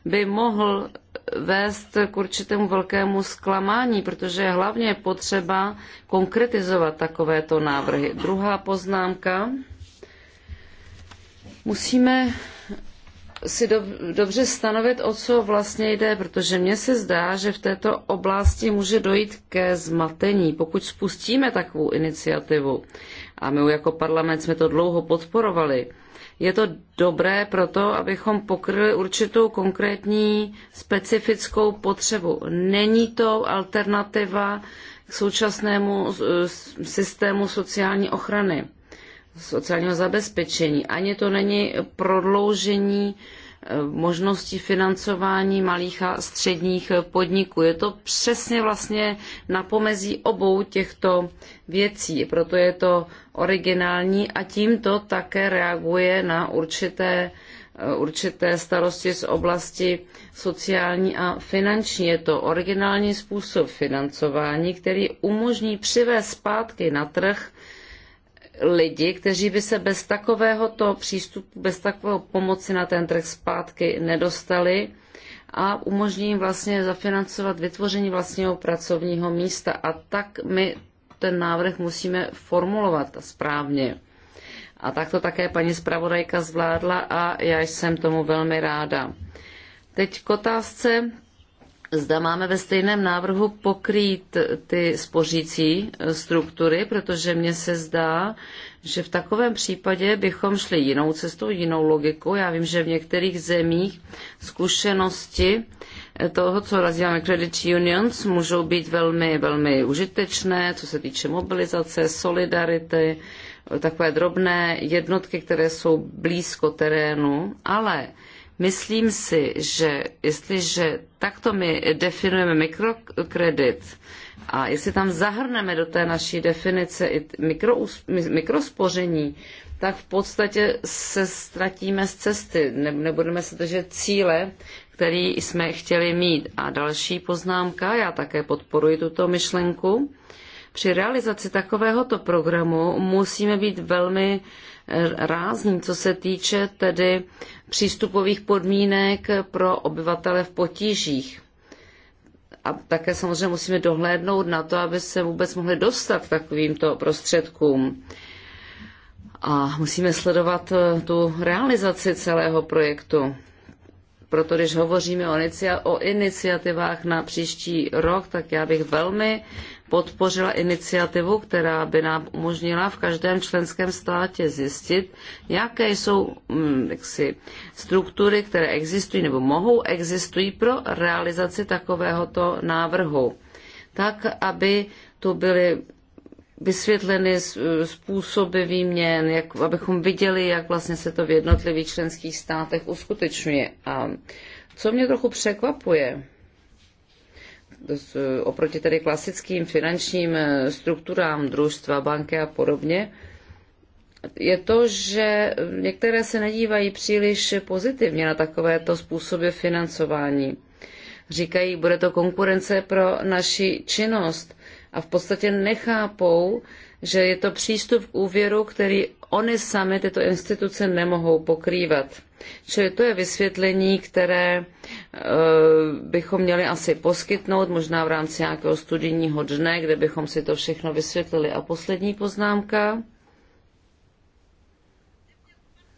by mohl vést k určitému velkému zklamání, protože je hlavně potřeba konkretizovat takovéto návrhy. Druhá poznámka. Musíme si do, dobře stanovit, o co vlastně jde, protože mně se zdá, že v této oblasti může dojít ke zmatení, pokud spustíme takovou iniciativu. A my jako parlament jsme to dlouho podporovali. Je to dobré proto, abychom pokryli určitou konkrétní specifickou potřebu. Není to alternativa k současnému systému sociální ochrany sociálního zabezpečení. Ani to není prodloužení eh, možností financování malých a středních podniků. Je to přesně vlastně na pomezí obou těchto věcí, proto je to originální a tímto také reaguje na určité, eh, určité starosti z oblasti sociální a finanční. Je to originální způsob financování, který umožní přivést zpátky na trh lidi, kteří by se bez takovéhoto přístupu, bez takové pomoci na ten trh zpátky nedostali a umožní jim vlastně zafinancovat vytvoření vlastního pracovního místa. A tak my ten návrh musíme formulovat správně. A tak to také paní zpravodajka zvládla a já jsem tomu velmi ráda. Teď k otázce Zda máme ve stejném návrhu pokrýt ty spořící eh, struktury, protože mně se zdá, že v takovém případě bychom šli jinou cestou, jinou logikou. Já vím, že v některých zemích zkušenosti eh, toho, co nazýváme credit unions, můžou být velmi, velmi užitečné, co se týče mobilizace, solidarity, eh, takové drobné jednotky, které jsou blízko terénu, ale Myslím si, že jestliže takto my definujeme mikrokredit a jestli tam zahrneme do té naší definice i mikro, mikrospoření, tak v podstatě se ztratíme z cesty, ne, nebudeme se držet cíle, který jsme chtěli mít. A další poznámka, já také podporuji tuto myšlenku. Při realizaci takovéhoto programu musíme být velmi rázný, co se týče tedy přístupových podmínek pro obyvatele v potížích. A také samozřejmě musíme dohlédnout na to, aby se vůbec mohli dostat k takovýmto prostředkům. A musíme sledovat eh, tu realizaci celého projektu. Proto když hovoříme o, o iniciativách na příští rok, tak já bych velmi podpořila iniciativu, která by nám umožnila v každém členském státě zjistit, jaké jsou mm, jaksi, struktury, které existují nebo mohou existují pro realizaci takovéhoto návrhu. Tak, aby tu byly vysvětleny způsoby výměn, jak, abychom viděli, jak vlastně se to v jednotlivých členských státech uskutečňuje. A co mě trochu překvapuje, oproti tedy klasickým finančním eh, strukturám družstva, banky a podobně, je to, že některé se nedívají příliš pozitivně na takovéto způsoby financování. Říkají, bude to konkurence pro naši činnost a v podstatě nechápou, že je to přístup k úvěru, který oni sami tyto instituce nemohou pokrývat. Čili to je vysvětlení, které eh, bychom měli asi poskytnout, možná v rámci nějakého studijního dne, kde bychom si to všechno vysvětlili. A poslední poznámka.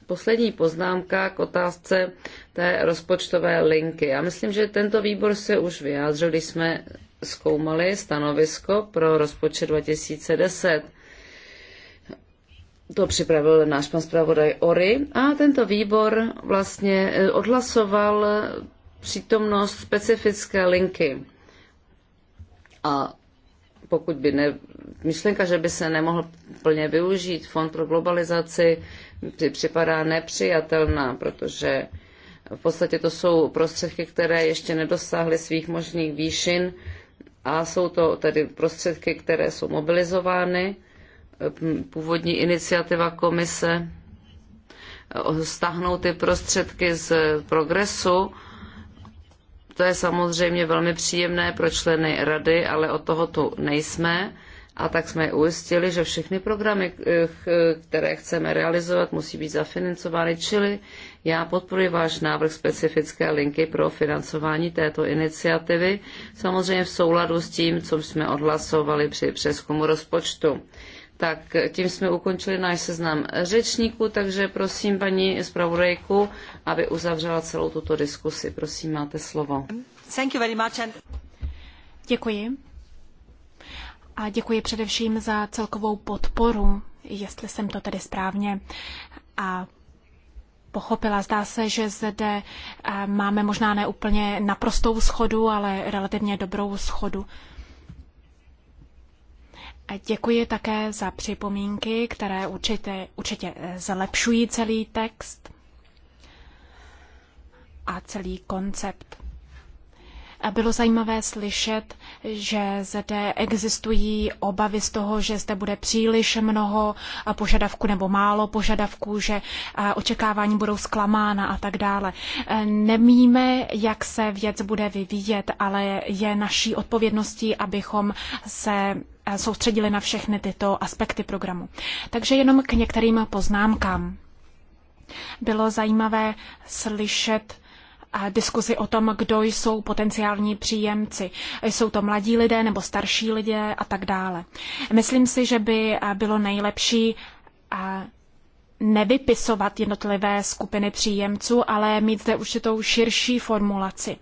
Poslední poznámka k otázce té rozpočtové linky. Já myslím, že tento výbor se už vyjádřil, když jsme zkoumali stanovisko pro rozpočet 2010 to připravil náš pan zpravodaj Ory a tento výbor vlastně eh, odhlasoval přítomnost specifické linky. A pokud by ne, myšlenka, že by se nemohl plně využít fond pro globalizaci, připadá nepřijatelná, protože v podstatě to jsou prostředky, které ještě nedosáhly svých možných výšin a jsou to tedy prostředky, které jsou mobilizovány původní iniciativa komise eh, stáhnout ty prostředky z progresu, to je samozřejmě velmi příjemné pro členy rady, ale od toho tu nejsme. A tak jsme je ujistili, že všechny programy, eh, eh, které chceme realizovat, musí být zafinancovány. Čili já podporuji váš návrh specifické linky pro financování této iniciativy, samozřejmě v souladu s tím, co jsme odhlasovali při přeskumu rozpočtu. Tak tím jsme ukončili náš seznam řečníků, takže prosím paní zpravodajku, aby uzavřela celou tuto diskusi. Prosím, máte slovo. Thank you very much and... Děkuji. A děkuji především za celkovou podporu, jestli jsem to tedy správně a pochopila. Zdá se, že zde eh, máme možná neúplně naprostou schodu, ale relativně dobrou schodu. Děkuji také za připomínky, které určitě, určitě eh, zlepšují celý text a celý koncept. Bylo zajímavé slyšet, že zde existují obavy z toho, že zde bude příliš mnoho eh, požadavků nebo málo požadavků, že eh, očekávání budou zklamána a tak dále. Nemíme, jak se věc bude vyvíjet, ale je naší odpovědností, abychom se soustředili na všechny tyto aspekty programu. Takže jenom k některým poznámkám. Bylo zajímavé slyšet diskuzi o tom, kdo jsou potenciální příjemci. Jsou to mladí lidé nebo starší lidé a tak dále. Myslím si, že by bylo nejlepší nevypisovat jednotlivé skupiny příjemců, ale mít zde určitou širší formulaci.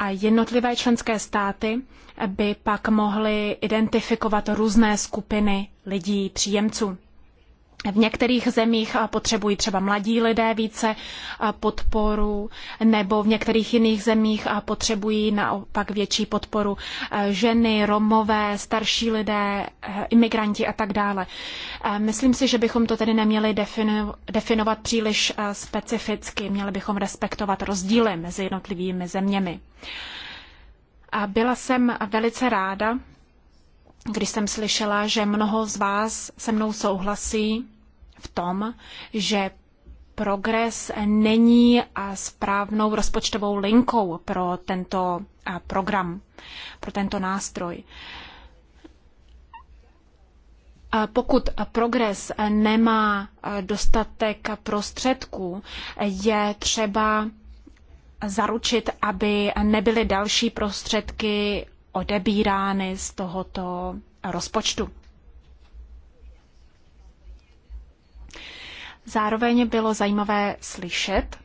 A jednotlivé členské státy by pak mohly identifikovat různé skupiny lidí příjemců. V některých zemích potřebují třeba mladí lidé více podporu, nebo v některých jiných zemích potřebují naopak větší podporu ženy, romové, starší lidé, imigranti a tak dále. Myslím si, že bychom to tedy neměli definovat příliš specificky, měli bychom respektovat rozdíly mezi jednotlivými zeměmi. Byla jsem velice ráda, když jsem slyšela, že mnoho z vás se mnou souhlasí v tom, že progres není správnou rozpočtovou linkou pro tento program, pro tento nástroj. Pokud progres nemá dostatek prostředků, je třeba zaručit, aby nebyly další prostředky odebírány z tohoto rozpočtu. Zároveň bylo zajímavé slyšet,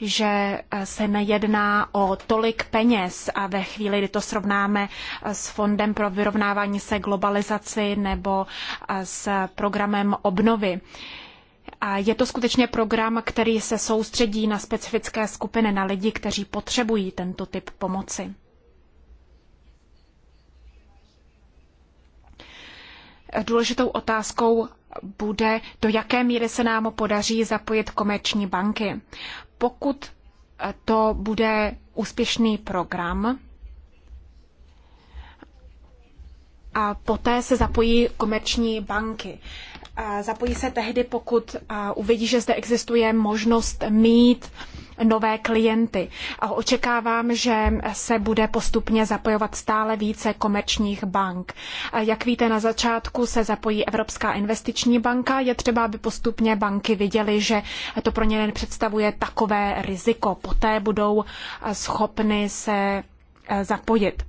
že se nejedná o tolik peněz a ve chvíli, kdy to srovnáme s Fondem pro vyrovnávání se globalizaci nebo s programem obnovy. A je to skutečně program, který se soustředí na specifické skupiny, na lidi, kteří potřebují tento typ pomoci. důležitou otázkou bude, do jaké míry se nám podaří zapojit komerční banky. Pokud eh, to bude úspěšný program, a poté se zapojí komerční banky. Zapojí se tehdy, pokud uvidí, že zde existuje možnost mít nové klienty. Očekávám, že se bude postupně zapojovat stále více komerčních bank. Jak víte, na začátku se zapojí Evropská investiční banka. Je třeba, aby postupně banky viděly, že to pro ně nepředstavuje takové riziko. Poté budou schopny se eh, zapojit.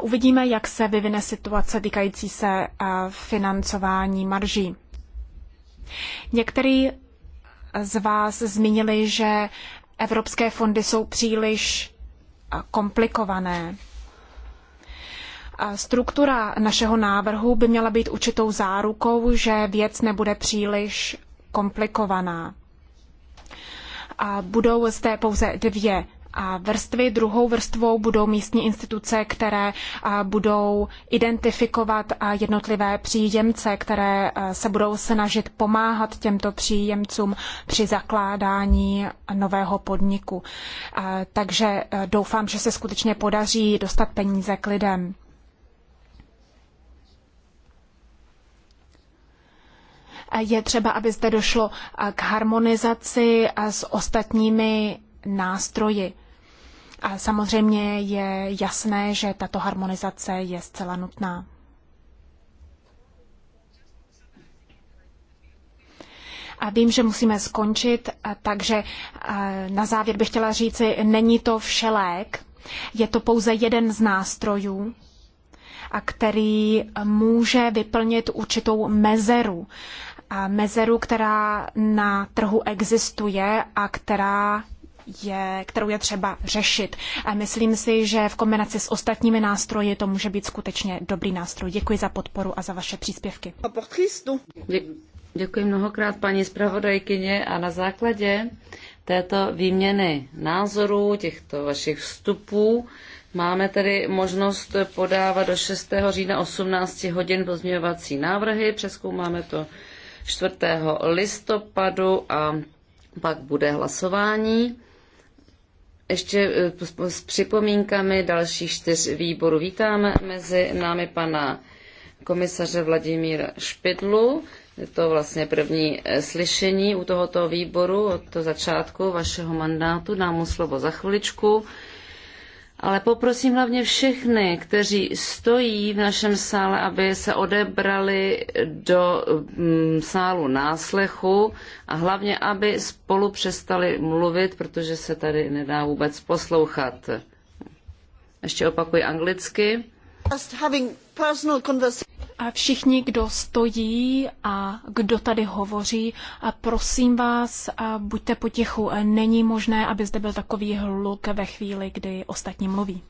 Uvidíme, jak se vyvine situace týkající se eh, financování marží. Některý z vás zmínili, že evropské fondy jsou příliš komplikované. Struktura našeho návrhu by měla být určitou zárukou, že věc nebude příliš komplikovaná. A budou zde pouze dvě vrstvy. Druhou vrstvou budou místní instituce, které budou identifikovat jednotlivé příjemce, které se budou snažit pomáhat těmto příjemcům při zakládání nového podniku. Takže doufám, že se skutečně podaří dostat peníze k lidem. je třeba, aby zde došlo k harmonizaci s ostatními nástroji. A samozřejmě je jasné, že tato harmonizace je zcela nutná. A vím, že musíme skončit, takže na závěr bych chtěla říci, není to všelék, je to pouze jeden z nástrojů, a který může vyplnit určitou mezeru. A mezeru, která na trhu existuje a která je, kterou je třeba řešit. A myslím si, že v kombinaci s ostatními nástroji to může být skutečně dobrý nástroj. Děkuji za podporu a za vaše příspěvky. Děkuji mnohokrát paní zpravodajkyně a na základě této výměny názorů, těchto vašich vstupů, Máme tedy možnost podávat do 6. října 18 hodin pozměňovací návrhy, přeskoumáme to 4. listopadu a pak bude hlasování. Ještě eh, s připomínkami dalších čtyř výborů. Vítáme mezi námi pana komisaře Vladimíra Špidlu. Je to vlastně první eh, slyšení u tohoto výboru od to začátku vašeho mandátu. Dám mu slovo za chviličku. Ale poprosím hlavně všechny, kteří stojí v našem sále, aby se odebrali do mm, sálu náslechu a hlavně, aby spolu přestali mluvit, protože se tady nedá vůbec poslouchat. Ještě opakuji anglicky. A všichni, kdo stojí a kdo tady hovoří, a prosím vás, a buďte potichu. Není možné, aby zde byl takový hluk ve chvíli, kdy ostatní mluví.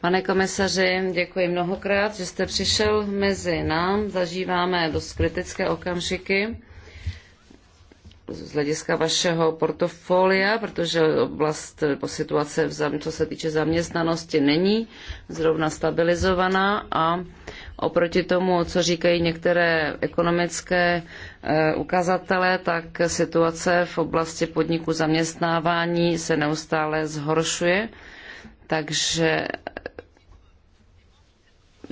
Pane komisaři, děkuji mnohokrát, že jste přišel mezi nám. Zažíváme dost kritické okamžiky z hlediska vašeho portfolia, protože oblast eh, po situace, v, co se týče zaměstnanosti, není zrovna stabilizovaná a oproti tomu, co říkají některé ekonomické eh, ukazatele, tak situace v oblasti podniku zaměstnávání se neustále zhoršuje. Takže eh,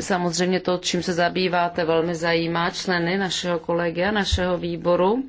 samozřejmě to, čím se zabýváte, velmi zajímá členy našeho kolegia, našeho výboru.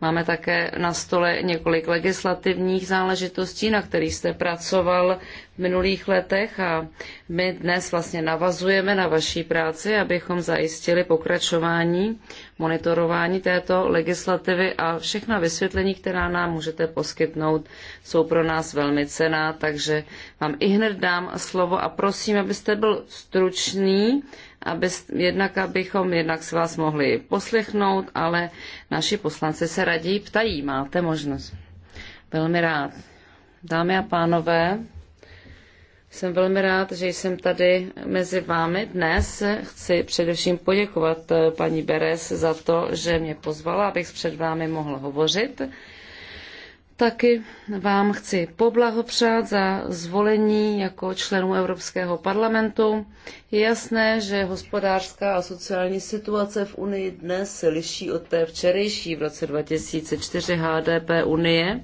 Máme také na stole několik legislativních záležitostí, na kterých jste pracoval v minulých letech a my dnes vlastně navazujeme na vaší práci, abychom zajistili pokračování, monitorování této legislativy a všechna vysvětlení, která nám můžete poskytnout, jsou pro nás velmi cená, takže vám i hned dám slovo a prosím, abyste byl stručný, aby, jednak abychom jednak si vás mohli poslechnout, ale naši poslanci se raději ptají. Máte možnost. Velmi rád. Dámy a pánové, jsem velmi rád, že jsem tady mezi vámi dnes. Chci především poděkovat eh, paní Beres za to, že mě pozvala, abych před vámi mohl hovořit. Taky vám chci poblahopřát za zvolení jako členů Evropského parlamentu. Je jasné, že hospodářská a sociální situace v Unii dnes se liší od té včerejší v roce 2004 HDP Unie.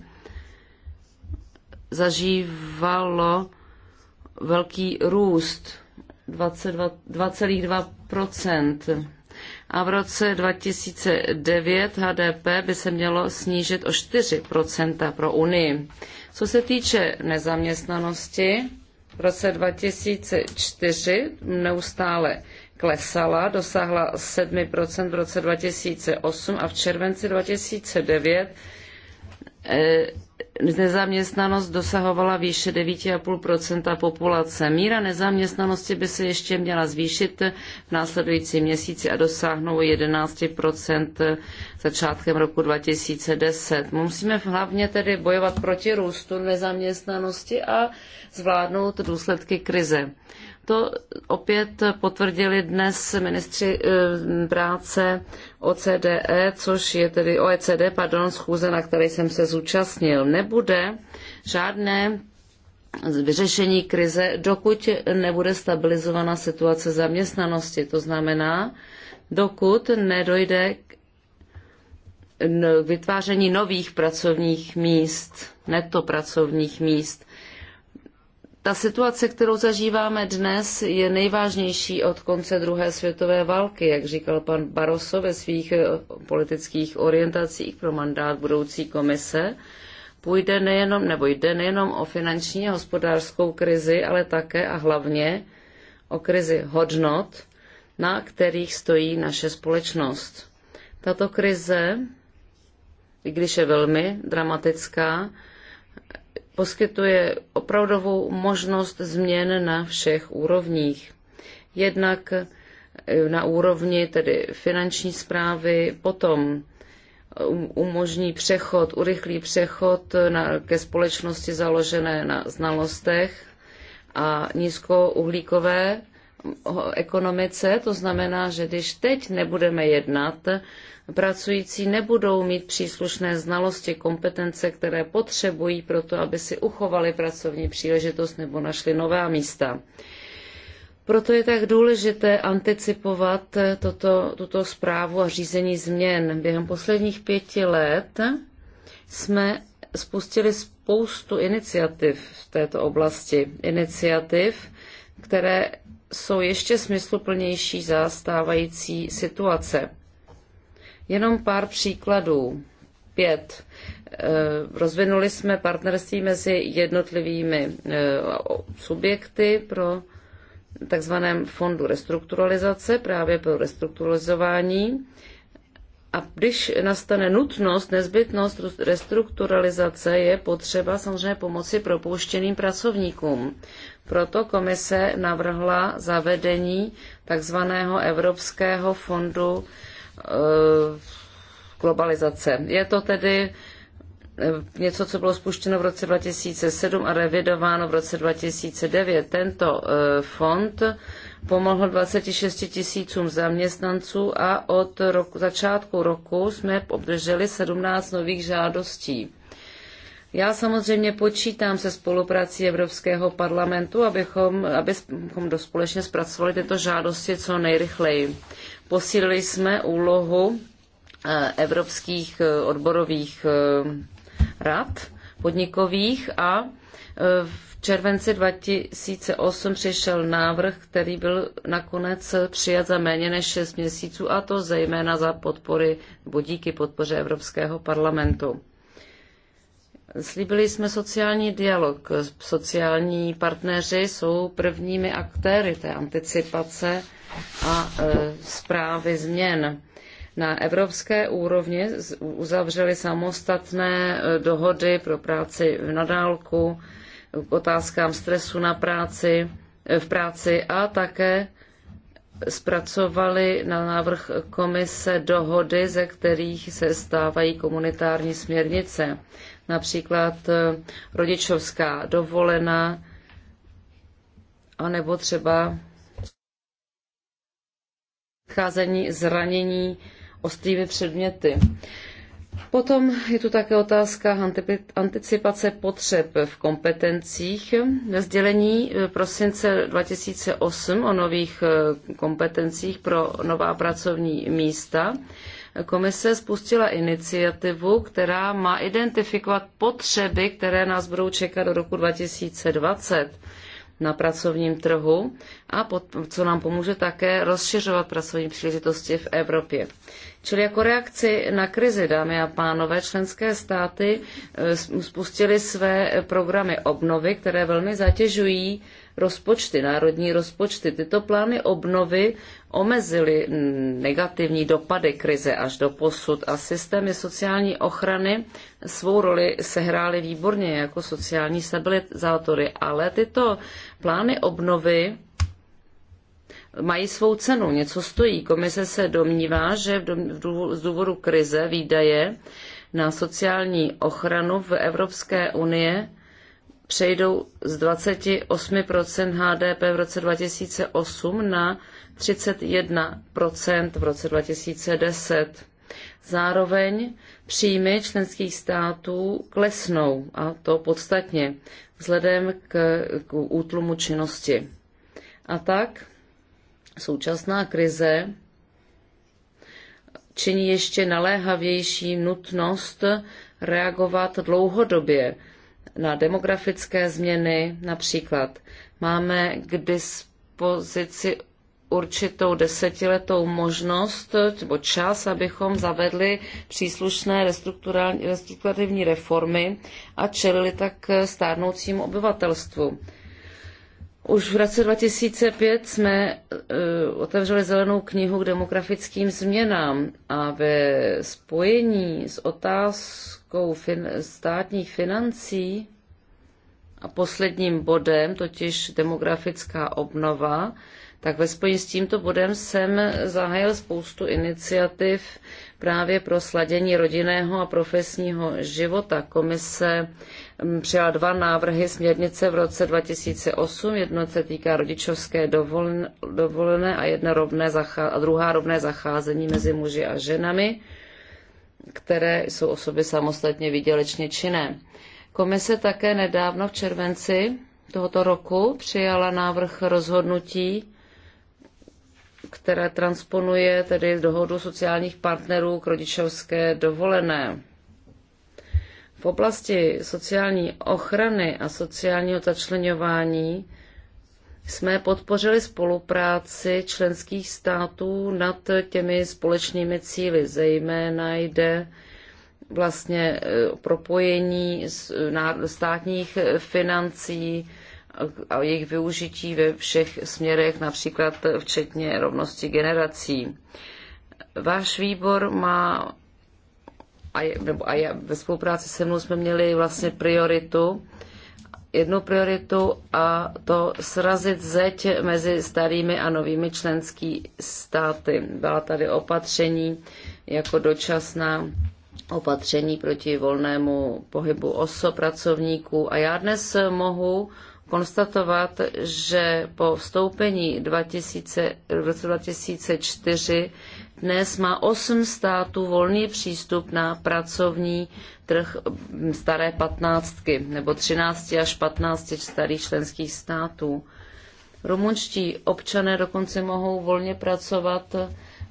Zažívalo velký růst 2,2 a v roce 2009 HDP by se mělo snížit o 4 pro Unii. Co se týče nezaměstnanosti, v roce 2004 neustále klesala, dosáhla 7 v roce 2008 a v červenci 2009 nezaměstnanost dosahovala výše 9,5 populace. Míra nezaměstnanosti by se ještě měla zvýšit v následujícím měsíci a dosáhnout 11 začátkem roku 2010. Musíme hlavně tedy bojovat proti růstu nezaměstnanosti a zvládnout důsledky krize. To opět potvrdili dnes ministři eh, práce OCDE, což je tedy OECD, pardon, schůze, na které jsem se zúčastnil. Nebude žádné vyřešení krize, dokud nebude stabilizovaná situace zaměstnanosti. To znamená, dokud nedojde k vytváření nových pracovních míst, neto pracovních míst. Ta situace, kterou zažíváme dnes, je nejvážnější od konce druhé světové války, jak říkal pan Barroso ve svých eh, politických orientacích pro mandát budoucí komise. Půjde nejenom, nebo jde nejenom o finanční a hospodářskou krizi, ale také a hlavně o krizi hodnot, na kterých stojí naše společnost. Tato krize, i když je velmi dramatická, poskytuje opravdovou možnost změn na všech úrovních. Jednak eh, na úrovni tedy finanční zprávy, potom eh, um, umožní přechod, urychlí přechod eh, na, ke společnosti založené na znalostech a nízkouhlíkové ekonomice, to znamená, že když teď nebudeme jednat, pracující nebudou mít příslušné znalosti, kompetence, které potřebují pro to, aby si uchovali pracovní příležitost nebo našli nová místa. Proto je tak důležité anticipovat toto, tuto zprávu a řízení změn. Během posledních pěti let jsme spustili spoustu iniciativ v této oblasti. Iniciativ, které jsou ještě smysluplnější zastávající situace. Jenom pár příkladů. Pět. E, rozvinuli jsme partnerství mezi jednotlivými e, subjekty pro takzvaném fondu restrukturalizace, právě pro restrukturalizování. A když nastane nutnost, nezbytnost restrukturalizace, je potřeba samozřejmě pomoci propouštěným pracovníkům. Proto komise navrhla zavedení takzvaného Evropského fondu eh, globalizace. Je to tedy eh, něco, co bylo spuštěno v roce 2007 a revidováno v roce 2009. Tento eh, fond pomohl 26 tisícům zaměstnanců a od roku, začátku roku jsme obdrželi 17 nových žádostí já samozřejmě počítám se spoluprací Evropského parlamentu, abychom, abychom společně zpracovali tyto žádosti co nejrychleji. Posílili jsme úlohu eh, evropských eh, odborových eh, rad podnikových a v červenci 2008 přišel návrh, který byl nakonec přijat za méně než 6 měsíců, a to zejména za podpory budíky díky podpoře Evropského parlamentu. Slíbili jsme sociální dialog. Sociální partneři jsou prvními aktéry té anticipace a e, zprávy změn. Na evropské úrovni uzavřeli samostatné e, dohody pro práci na dálku, k otázkám stresu na práci, e, v práci a také zpracovali na návrh komise dohody, ze kterých se stávají komunitární směrnice například eh, rodičovská dovolena, anebo třeba cházení zranění ostrými předměty. Potom je tu také otázka anticipace potřeb v kompetencích. Ve sdělení eh, prosince 2008 o nových eh, kompetencích pro nová pracovní místa Komise spustila iniciativu, která má identifikovat potřeby, které nás budou čekat do roku 2020 na pracovním trhu a co nám pomůže také rozšiřovat pracovní příležitosti v Evropě. Čili jako reakci na krizi, dámy a pánové, členské státy eh, spustily své programy obnovy, které velmi zatěžují rozpočty, národní rozpočty. Tyto plány obnovy omezily negativní dopady krize až do posud a systémy sociální ochrany svou roli sehrály výborně jako sociální stabilizátory, ale tyto plány obnovy mají svou cenu, něco stojí. Komise se domnívá, že z důvodu krize výdaje na sociální ochranu v Evropské unie přejdou z 28% HDP v roce 2008 na 31% v roce 2010. Zároveň příjmy členských států klesnou, a to podstatně, vzhledem k, k útlumu činnosti. A tak současná krize činí ještě naléhavější nutnost reagovat dlouhodobě na demografické změny. Například máme k dispozici určitou desetiletou možnost nebo čas, abychom zavedli příslušné restrukturální, reformy a čelili tak stárnoucímu obyvatelstvu. Už v roce 2005 jsme uh, otevřeli zelenou knihu k demografickým změnám a ve spojení s otázkou fin- státních financí a posledním bodem, totiž demografická obnova, tak ve spojení s tímto bodem jsem zahájil spoustu iniciativ právě pro sladění rodinného a profesního života. Komise přijala dva návrhy směrnice v roce 2008. Jedno se týká rodičovské dovolené a, jedna rovné a druhá rovné zacházení mezi muži a ženami, které jsou osoby samostatně výdělečně činné. Komise také nedávno v červenci tohoto roku přijala návrh rozhodnutí, které transponuje tedy dohodu sociálních partnerů k rodičovské dovolené. V oblasti sociální ochrany a sociálního začlenování jsme podpořili spolupráci členských států nad těmi společnými cíly. Zejména jde vlastně eh, propojení eh, státních eh, financí a jejich využití ve všech směrech, například včetně rovnosti generací. Váš výbor má a, je, nebo a je, ve spolupráci se mnou jsme měli vlastně prioritu, jednu prioritu a to srazit zeď mezi starými a novými členský státy. Byla tady opatření jako dočasná opatření proti volnému pohybu osob, pracovníků a já dnes mohu konstatovat, že po vstoupení 2000, v roce 2004 dnes má osm států volný přístup na pracovní trh staré patnáctky nebo 13 až 15 starých členských států. Rumunští občané dokonce mohou volně pracovat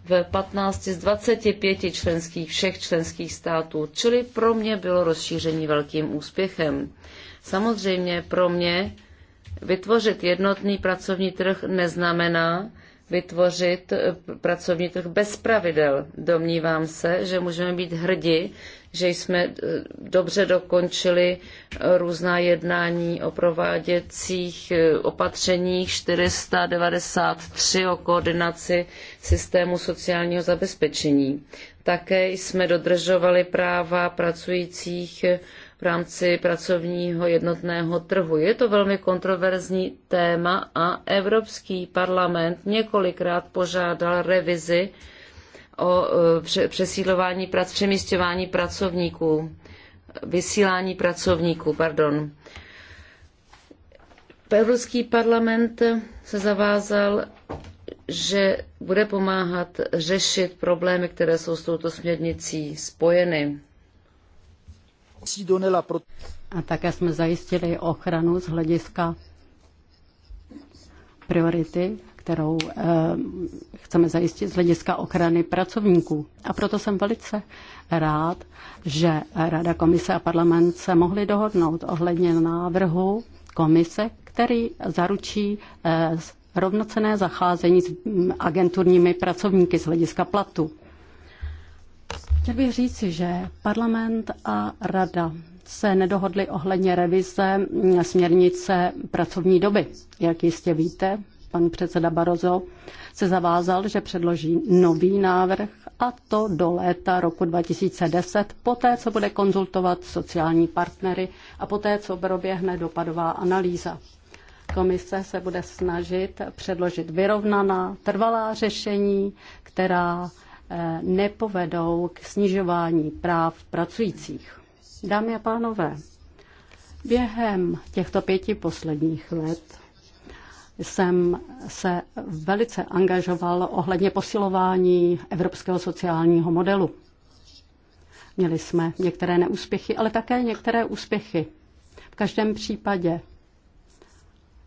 v 15 z 25 členských, všech členských států, čili pro mě bylo rozšíření velkým úspěchem. Samozřejmě pro mě vytvořit jednotný pracovní trh neznamená, vytvořit eh, pracovní trh bez pravidel. Domnívám se, že můžeme být hrdi, že jsme eh, dobře dokončili eh, různá jednání o prováděcích opatřeních 493 o koordinaci systému sociálního zabezpečení. Také jsme dodržovali práva pracujících v rámci pracovního jednotného trhu. Je to velmi kontroverzní téma a Evropský parlament několikrát požádal revizi o e, přesídlování, přemístěvání pracovníků, vysílání pracovníků, pardon. Evropský parlament se zavázal, že bude pomáhat řešit problémy, které jsou s touto směrnicí spojeny. A také jsme zajistili ochranu z hlediska priority, kterou eh, chceme zajistit z hlediska ochrany pracovníků. A proto jsem velice rád, že Rada komise a parlament se mohli dohodnout ohledně návrhu komise, který zaručí eh, rovnocené zacházení s mm, agenturními pracovníky z hlediska platu. Chtěl bych říci, že parlament a rada se nedohodli ohledně revize mm, směrnice pracovní doby. Jak jistě víte, pan předseda Barozo se zavázal, že předloží nový návrh a to do léta roku 2010, poté co bude konzultovat sociální partnery a poté co proběhne dopadová analýza. Komise se bude snažit předložit vyrovnaná, trvalá řešení, která Eh, nepovedou k snižování práv pracujících. Dámy a pánové, během těchto pěti posledních let jsem se velice angažoval ohledně posilování evropského sociálního modelu. Měli jsme některé neúspěchy, ale také některé úspěchy. V každém případě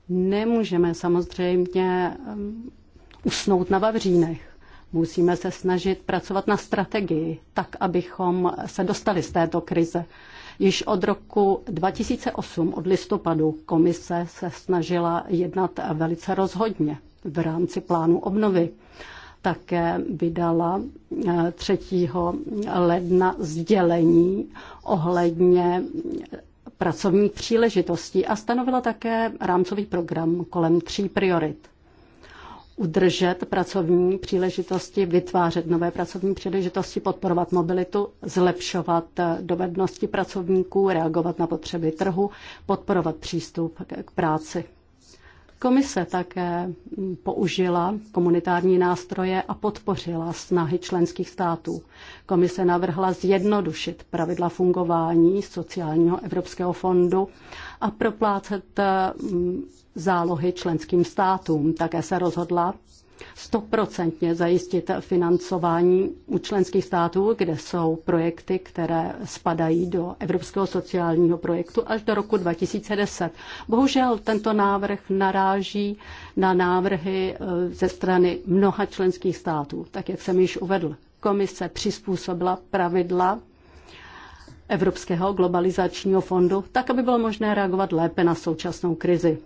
nemůžeme samozřejmě mm, usnout na vavřínech. Musíme se snažit pracovat na strategii, tak abychom se dostali z této krize. Již od roku 2008, od listopadu, komise se snažila jednat velice rozhodně v rámci plánu obnovy. Také vydala 3. Eh, ledna sdělení ohledně pracovních příležitostí a stanovila také rámcový program kolem tří priorit udržet pracovní příležitosti, vytvářet nové pracovní příležitosti, podporovat mobilitu, zlepšovat eh, dovednosti pracovníků, reagovat na potřeby trhu, podporovat přístup k práci. Komise také hm, použila komunitární nástroje a podpořila snahy členských států. Komise navrhla zjednodušit pravidla fungování sociálního evropského fondu a proplácet eh, zálohy členským státům. Také se rozhodla stoprocentně zajistit financování u členských států, kde jsou projekty, které spadají do Evropského sociálního projektu až do roku 2010. Bohužel tento návrh naráží na návrhy eh, ze strany mnoha členských států, tak jak jsem již uvedl. Komise přizpůsobila pravidla Evropského globalizačního fondu, tak aby bylo možné reagovat lépe na současnou krizi.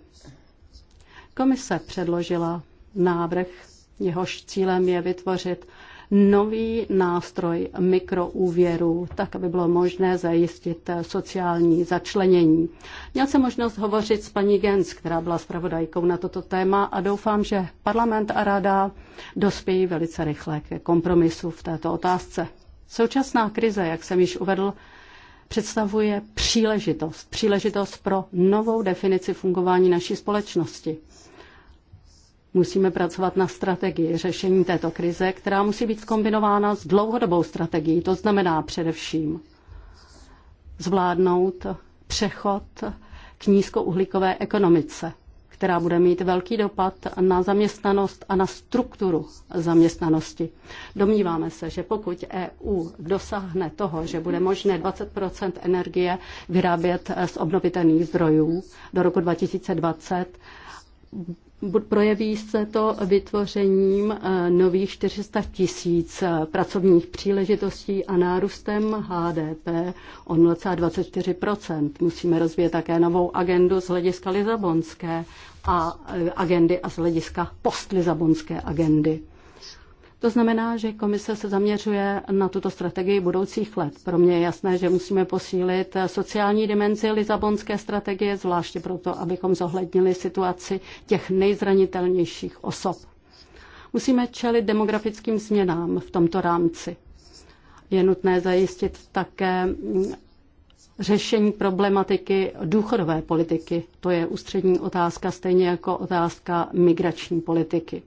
Komise předložila návrh, jehož cílem je vytvořit nový nástroj mikroúvěru, tak aby bylo možné zajistit sociální začlenění. Měl jsem možnost hovořit s paní Gens, která byla zpravodajkou na toto téma a doufám, že parlament a rada dospějí velice rychle ke kompromisu v této otázce. Současná krize, jak jsem již uvedl, představuje příležitost. Příležitost pro novou definici fungování naší společnosti. Musíme pracovat na strategii řešení této krize, která musí být kombinována s dlouhodobou strategií. To znamená především zvládnout přechod k nízkouhlíkové ekonomice která bude mít velký dopad na zaměstnanost a na strukturu zaměstnanosti. Domníváme se, že pokud EU dosáhne toho, že bude možné 20 energie vyrábět z obnovitelných zdrojů do roku 2020, projeví se to vytvořením e, nových 400 tisíc pracovních příležitostí a nárůstem HDP o 0,24 Musíme rozvíjet také novou agendu z hlediska Lizabonské a e, agendy a z hlediska postlizabonské agendy. To znamená, že komise se zaměřuje na tuto strategii budoucích let. Pro mě je jasné, že musíme posílit sociální dimenzi lizabonské strategie, zvláště proto, abychom zohlednili situaci těch nejzranitelnějších osob. Musíme čelit demografickým změnám v tomto rámci. Je nutné zajistit také řešení problematiky důchodové politiky. To je ústřední otázka, stejně jako otázka migrační politiky.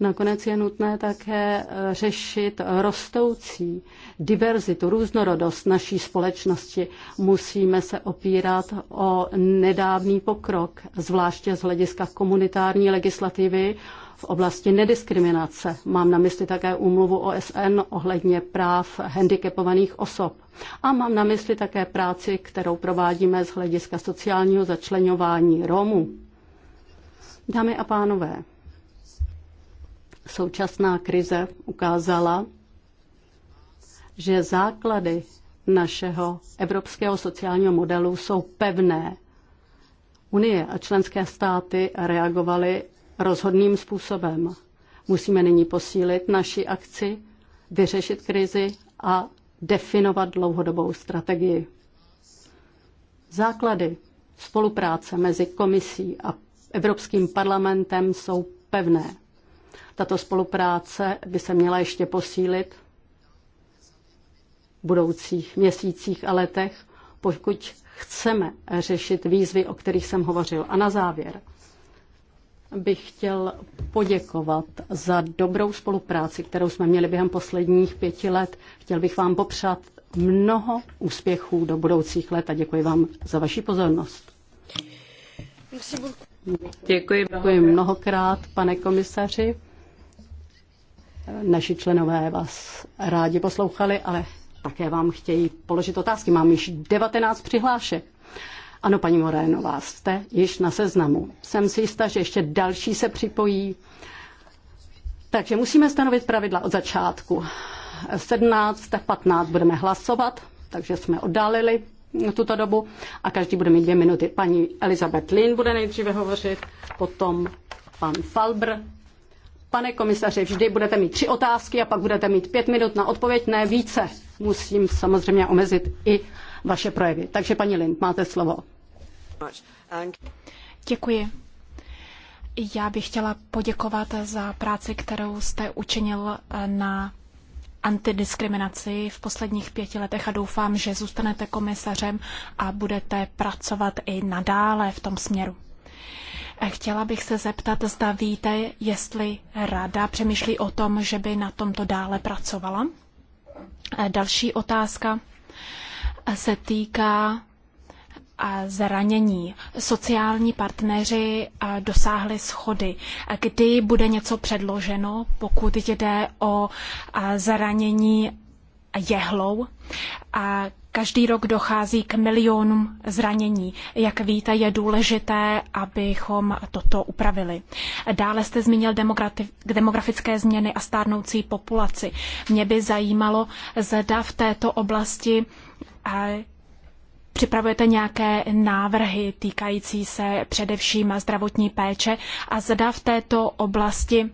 Nakonec je nutné také eh, řešit rostoucí diverzitu, různorodost naší společnosti. Musíme se opírat o nedávný pokrok, zvláště z hlediska komunitární legislativy, v oblasti nediskriminace. Mám na mysli také úmluvu OSN ohledně práv handicapovaných osob. A mám na mysli také práci, kterou provádíme z hlediska sociálního začlenování Romů. Dámy a pánové, současná krize ukázala, že základy našeho evropského sociálního modelu jsou pevné. Unie a členské státy reagovaly rozhodným způsobem. Musíme nyní posílit naši akci, vyřešit krizi a definovat dlouhodobou strategii. Základy spolupráce mezi komisí a Evropským parlamentem jsou pevné. Tato spolupráce by se měla ještě posílit v budoucích měsících a letech, pokud chceme řešit výzvy, o kterých jsem hovořil. A na závěr – bych chtěl poděkovat za dobrou spolupráci, kterou jsme měli během posledních pěti let. Chtěl bych vám popřát mnoho úspěchů do budoucích let a děkuji vám za vaši pozornost. Děkuji, děkuji mnohokrát, pane komisaři. Naši členové vás rádi poslouchali, ale také vám chtějí položit otázky. Mám již 19 přihlášek. Ano, paní Morénová, jste již na seznamu. Jsem si jistá, že ještě další se připojí. Takže musíme stanovit pravidla od začátku. 17, 15 budeme hlasovat, takže jsme oddálili tuto dobu a každý bude mít dvě minuty. Paní Elizabeth Lin bude nejdříve hovořit, potom pan Falbr. Pane komisaři, vždy budete mít tři otázky a pak budete mít pět minut na odpověď, ne více. Musím samozřejmě omezit i vaše projevy. Takže paní Lind, máte slovo. Děkuji. Já bych chtěla poděkovat za práci, kterou jste učinil eh, na antidiskriminaci v posledních pěti letech a doufám, že zůstanete komisařem a budete pracovat i nadále v tom směru. Eh, chtěla bych se zeptat, zda víte, jestli rada přemýšlí o tom, že by na tomto dále pracovala. Eh, další otázka se týká zranění. Sociální partneři dosáhli schody. Kdy bude něco předloženo, pokud jde o zranění jehlou? A každý rok dochází k milionům zranění. Jak víte, je důležité, abychom toto upravili. Dále jste zmínil demografické změny a stárnoucí populaci. Mě by zajímalo, zda v této oblasti připravujete nějaké návrhy týkající se především zdravotní péče a zda v této oblasti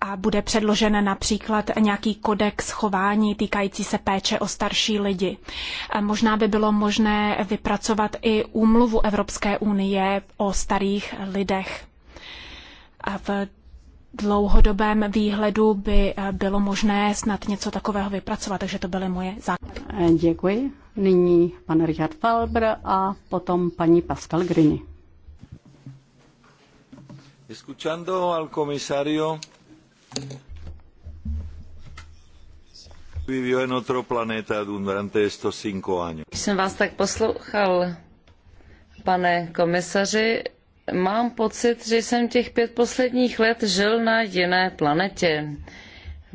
a bude předložen například nějaký kodex chování týkající se péče o starší lidi. Možná by bylo možné vypracovat i úmluvu Evropské unie o starých lidech. A v dlouhodobém výhledu by bylo možné snad něco takového vypracovat, takže to byly moje základní. Děkuji nyní pan Richard Falber a potom paní Pascal Grini. Escuchando al comisario, vivió en otro planeta durante estos cinco años. jsem vás tak poslouchal, pane komisaři, mám pocit, že jsem těch pět posledních let žil na jiné planetě.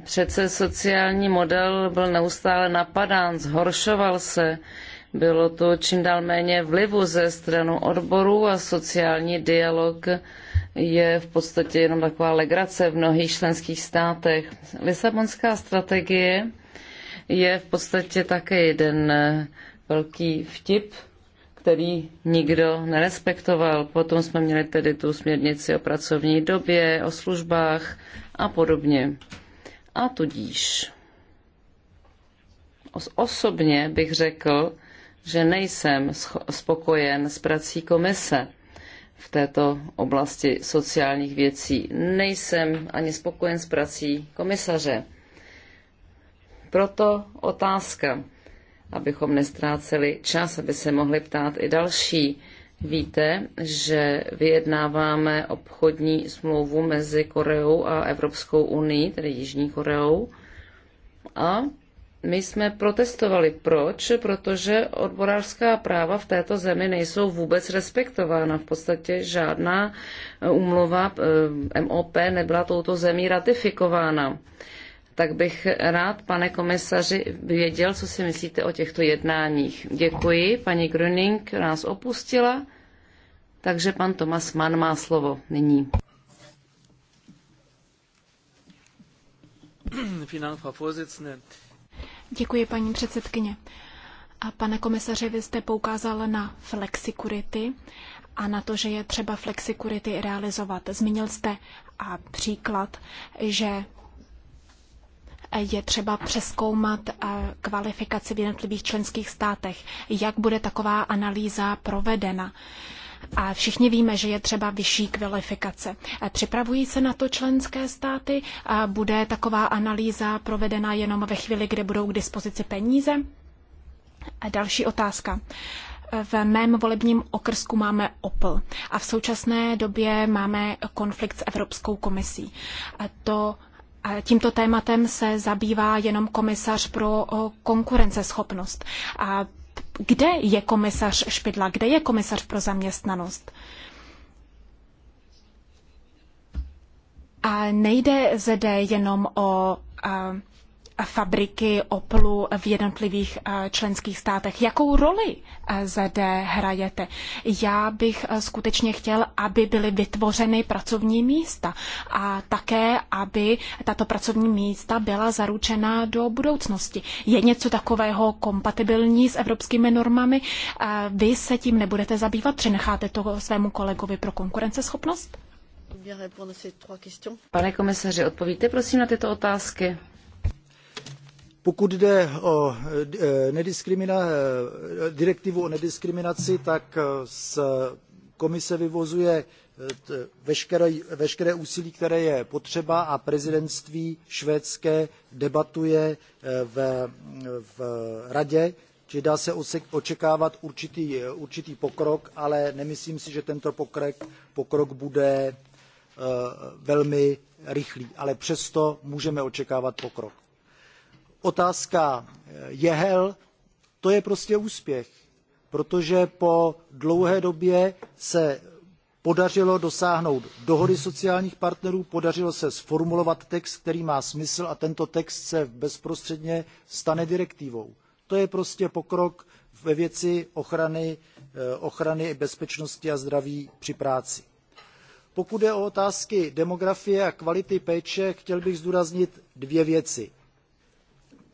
Přece sociální model byl neustále napadán, zhoršoval se, bylo tu čím dál méně vlivu ze stranu odborů a sociální dialog je v podstatě jenom taková legrace v mnohých členských státech. Lisabonská strategie je v podstatě také jeden velký vtip, který nikdo nerespektoval. Potom jsme měli tedy tu směrnici o pracovní době, o službách a podobně. A tudíž osobně bych řekl, že nejsem spokojen s prací komise v této oblasti sociálních věcí. Nejsem ani spokojen s prací komisaře. Proto otázka, abychom nestráceli čas, aby se mohli ptát i další. Víte, že vyjednáváme obchodní smlouvu mezi Koreou a Evropskou unii, tedy Jižní Koreou. A my jsme protestovali. Proč? Protože odborářská práva v této zemi nejsou vůbec respektována. V podstatě žádná eh, umlova eh, MOP nebyla touto zemí ratifikována tak bych rád, pane komisaři, věděl, co si myslíte o těchto jednáních. Děkuji, paní Gröning nás opustila, takže pan Tomas Mann má slovo nyní. Děkuji, paní předsedkyně. A pane komisaři, vy jste poukázal na flexikurity a na to, že je třeba flexikurity realizovat. Zmínil jste a příklad, že je třeba přeskoumat eh, kvalifikaci v jednotlivých členských státech. Jak bude taková analýza provedena? A všichni víme, že je třeba vyšší kvalifikace. Eh, připravují se na to členské státy? A eh, bude taková analýza provedena jenom ve chvíli, kdy budou k dispozici peníze? A další otázka. V mém volebním okrsku máme OPL a v současné době máme konflikt s Evropskou komisí. A to Tímto tématem se zabývá jenom komisař pro konkurenceschopnost. A kde je komisař Špidla? Kde je komisař pro zaměstnanost? A nejde zde jenom o fabriky Oplu v jednotlivých eh, členských státech. Jakou roli eh, zde hrajete? Já bych eh, skutečně chtěl, aby byly vytvořeny pracovní místa a také, aby tato pracovní místa byla zaručena do budoucnosti. Je něco takového kompatibilní s evropskými normami? Vy se tím nebudete zabývat? Přenecháte to svému kolegovi pro konkurenceschopnost? Pane komisaři, odpovíte prosím na tyto otázky? Pokud jde o eh, eh, direktivu o nediskriminaci, tak z eh, komise vyvozuje veškeré, veškeré úsilí, které je potřeba a prezidentství švédské debatuje v, v radě, čili dá se očekávat určitý, určitý, pokrok, ale nemyslím si, že tento pokrok, pokrok bude velmi rychlý, ale přesto můžeme očekávat pokrok otázka eh, jehel, to je prostě úspěch, protože po dlouhé době se podařilo dosáhnout dohody sociálních partnerů, podařilo se sformulovat text, který má smysl a tento text se bezprostředně stane direktivou. To je prostě pokrok ve věci ochrany, eh, ochrany bezpečnosti a zdraví při práci. Pokud je o otázky demografie a kvality péče, chtěl bych zdůraznit dvě věci.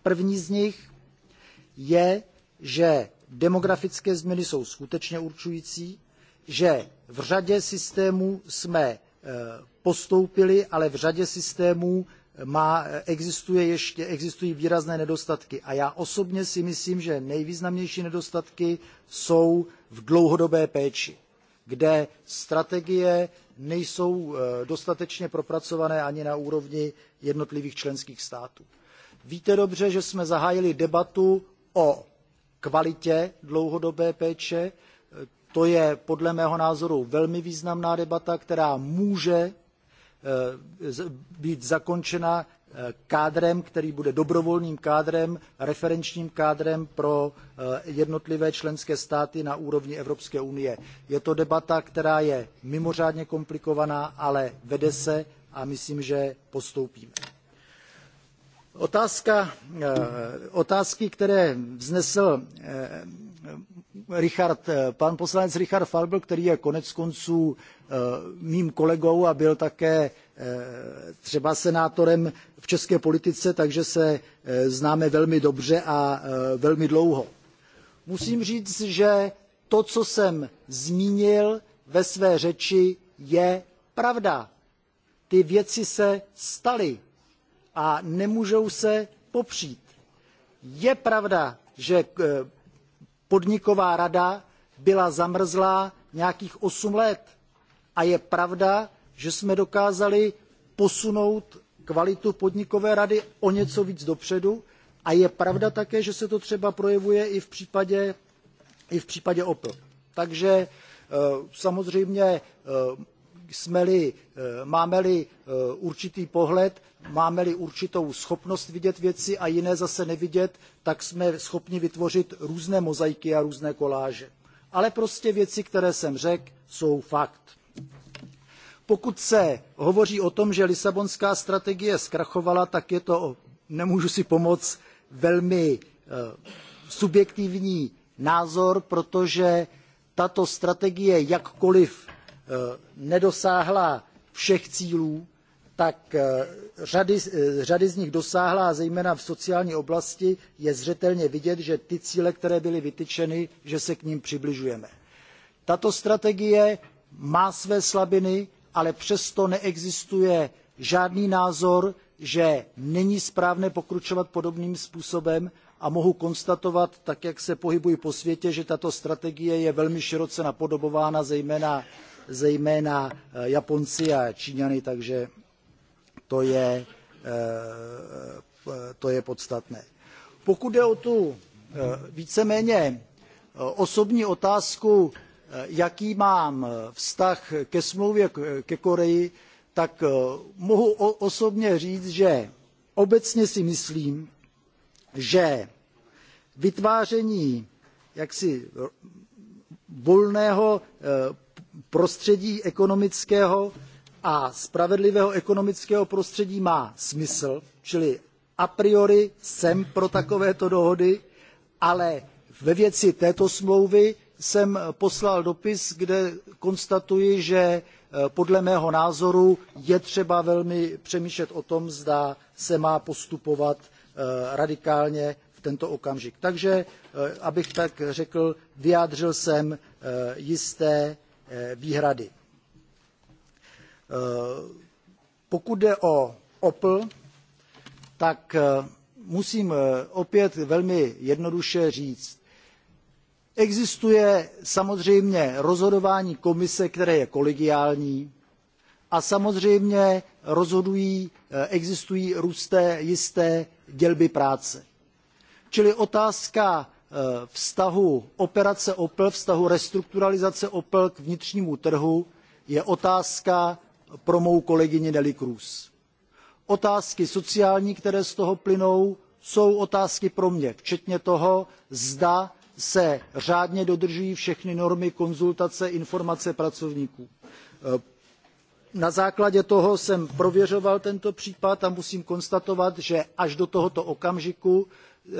První z nich je, že demografické změny jsou skutečně určující, že v řadě systémů jsme e, postoupili, ale v řadě systémů má, existuje ještě, existují výrazné nedostatky. A já osobně si myslím, že nejvýznamnější nedostatky jsou v dlouhodobé péči, kde strategie nejsou e, dostatečně propracované ani na úrovni jednotlivých členských států. Víte dobře, že jsme zahájili debatu o kvalitě dlouhodobé péče. To je podle mého názoru velmi významná debata, která může eh, být zakončena eh, kádrem, který bude dobrovolným kádrem, referenčním kádrem pro eh, jednotlivé členské státy na úrovni Evropské unie. Je to debata, která je mimořádně komplikovaná, ale vede se a myslím, že postoupíme. Otázka, eh, otázky, které vznesl eh, Richard, eh, pan poslanec Richard Falbl, který je konec konců mým kolegou a byl také třeba senátorem v české politice, takže se známe velmi dobře a velmi dlouho. Musím říct, že to, co jsem zmínil ve své řeči, je pravda. Ty věci se staly a nemůžou se popřít. Je pravda, že eh, podniková rada byla zamrzlá nějakých osm let a je pravda, že jsme dokázali posunout kvalitu podnikové rady o něco víc dopředu a je pravda také, že se to třeba projevuje i v případě, i v případě Opel. Takže eh, samozřejmě eh, Eh, máme-li eh, určitý pohled, máme-li určitou schopnost vidět věci a jiné zase nevidět, tak jsme schopni vytvořit různé mozaiky a různé koláže. Ale prostě věci, které jsem řekl, jsou fakt. Pokud se hovoří o tom, že Lisabonská strategie zkrachovala, tak je to, nemůžu si pomoct, velmi eh, subjektivní názor, protože tato strategie, jakkoliv Eh, nedosáhla všech cílů, tak eh, řady, eh, řady z nich dosáhla, zejména v sociální oblasti je zřetelně vidět, že ty cíle, které byly vytyčeny, že se k ním přibližujeme. Tato strategie má své slabiny, ale přesto neexistuje žádný názor, že není správné pokročovat podobným způsobem a mohu konstatovat, tak jak se pohybuji po světě, že tato strategie je velmi široce napodobována, zejména zejména eh, Japonci a Číňany, takže to je, eh, eh, to je podstatné. Pokud jde o tu víceméně osobní otázku, jaký mám vztah ke smlouvě ke Koreji, tak mohu osobně říct, že obecně si myslím, že vytváření jaksi volného prostředí ekonomického a spravedlivého ekonomického prostředí má smysl, čili a priori jsem pro takovéto dohody, ale ve věci této smlouvy jsem poslal dopis, kde konstatuji, že eh, podle mého názoru je třeba velmi přemýšlet o tom, zda se má postupovat eh, radikálně v tento okamžik. Takže, eh, abych tak řekl, vyjádřil jsem jisté Eh, výhrady. Eh, pokud jde o Opel, tak eh, musím opět velmi jednoduše říct. Existuje samozřejmě rozhodování komise, které je kolegiální a samozřejmě rozhodují, existují různé jisté dělby práce. Čili otázka Eh, vztahu operace opel vztahu restrukturalizace opel k vnitřnímu trhu je otázka pro mou kolegyni neelie kroes. otázky sociální které z toho plynou jsou otázky pro mě včetně toho zda se řádně dodržují všechny normy konzultace informace pracovníků. Eh, na základě toho jsem prověřoval tento případ a musím konstatovat že až do tohoto okamžiku eh,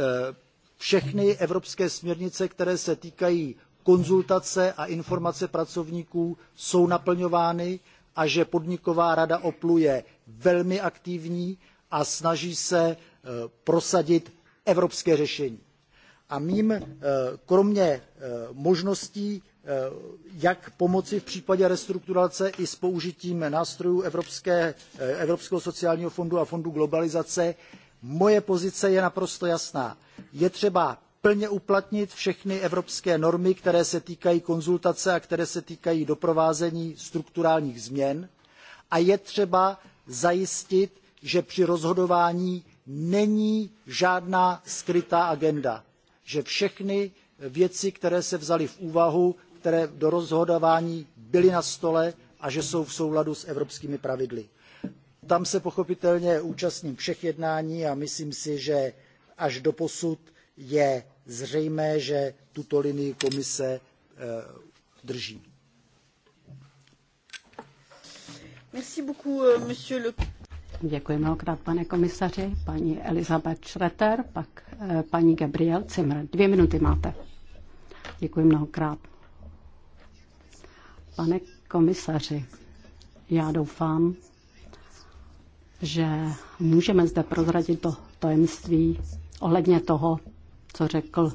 všechny evropské směrnice, které se týkají konzultace a informace pracovníků, jsou naplňovány a že podniková rada OPLu je velmi aktivní a snaží se eh, prosadit evropské řešení. A mým, eh, kromě eh, možností, jak pomoci v případě restrukturalizace i s použitím nástrojů Evropské, Evropského sociálního fondu a fondu globalizace, Moje pozice je naprosto jasná. Je třeba plně uplatnit všechny evropské normy, které se týkají konzultace a které se týkají doprovázení strukturálních změn a je třeba zajistit, že při rozhodování není žádná skrytá agenda, že všechny věci, které se vzaly v úvahu, které do rozhodování byly na stole a že jsou v souladu s evropskými pravidly. Tam se pochopitelně účastním všech jednání a myslím si, že až do posud je zřejmé, že tuto linii komise eh, drží. Euh, Děkuji mnohokrát, pane komisaři. Paní Elizabeth Schroeter, pak eh, paní Gabriel Zimmer. Dvě minuty máte. Děkuji mnohokrát. Pane komisaři, já doufám, že můžeme zde prozradit to tajemství ohledně toho, co řekl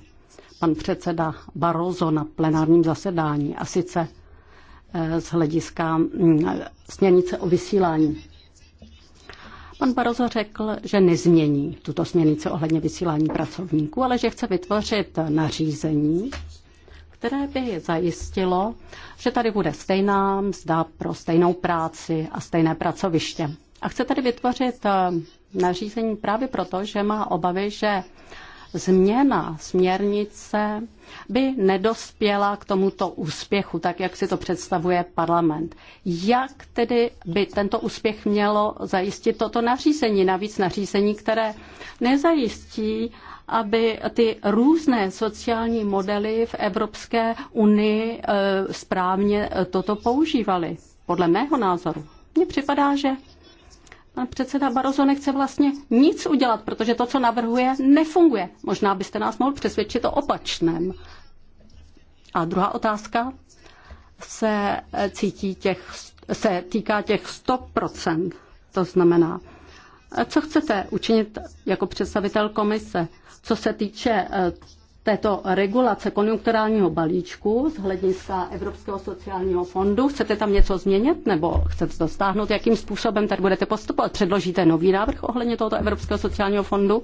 pan předseda Barozo na plenárním zasedání, a sice eh, z hlediska mm, směrnice o vysílání. Pan Barozo řekl, že nezmění tuto směrnici ohledně vysílání pracovníků, ale že chce vytvořit nařízení, které by zajistilo, že tady bude stejná mzda pro stejnou práci a stejné pracoviště. A chce tady vytvořit eh, nařízení právě proto, že má obavy, že změna směrnice by nedospěla k tomuto úspěchu, tak jak si to představuje parlament. Jak tedy by tento úspěch mělo zajistit toto nařízení? Navíc nařízení, které nezajistí, aby ty různé sociální modely v Evropské unii eh, správně toto používaly. Podle mého názoru. Mně připadá, že Pan předseda Barozo nechce vlastně nic udělat, protože to, co navrhuje, nefunguje. Možná byste nás mohl přesvědčit o opačném. A druhá otázka se, eh, cítí těch, se týká těch 100%. To znamená, eh, co chcete učinit jako představitel komise, co se týče eh, této regulace konjunkturálního balíčku z hlediska Evropského sociálního fondu. Chcete tam něco změnit nebo chcete to stáhnout? Jakým způsobem Tady budete postupovat? Předložíte nový návrh ohledně tohoto Evropského sociálního fondu?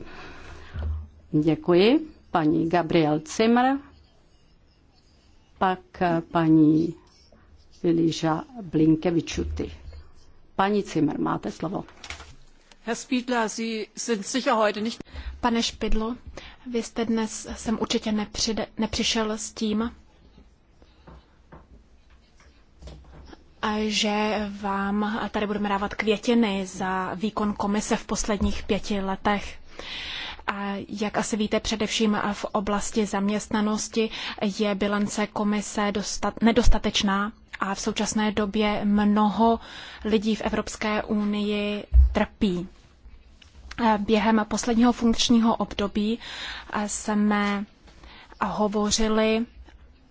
Děkuji. Paní Gabriel Zimmer, pak paní Liliža Blinkevičuty. Paní Zimmer, máte slovo. Herr Spiedler, Sie sind sicher heute nicht... Pane Špidlo, vy jste dnes sem určitě nepřide, nepřišel s tím, že vám tady budeme dávat květiny za výkon komise v posledních pěti letech. A jak asi víte, především v oblasti zaměstnanosti je bilance komise dostat, nedostatečná a v současné době mnoho lidí v Evropské unii trpí. Eh, během posledního funkčního období eh, jsme hovořili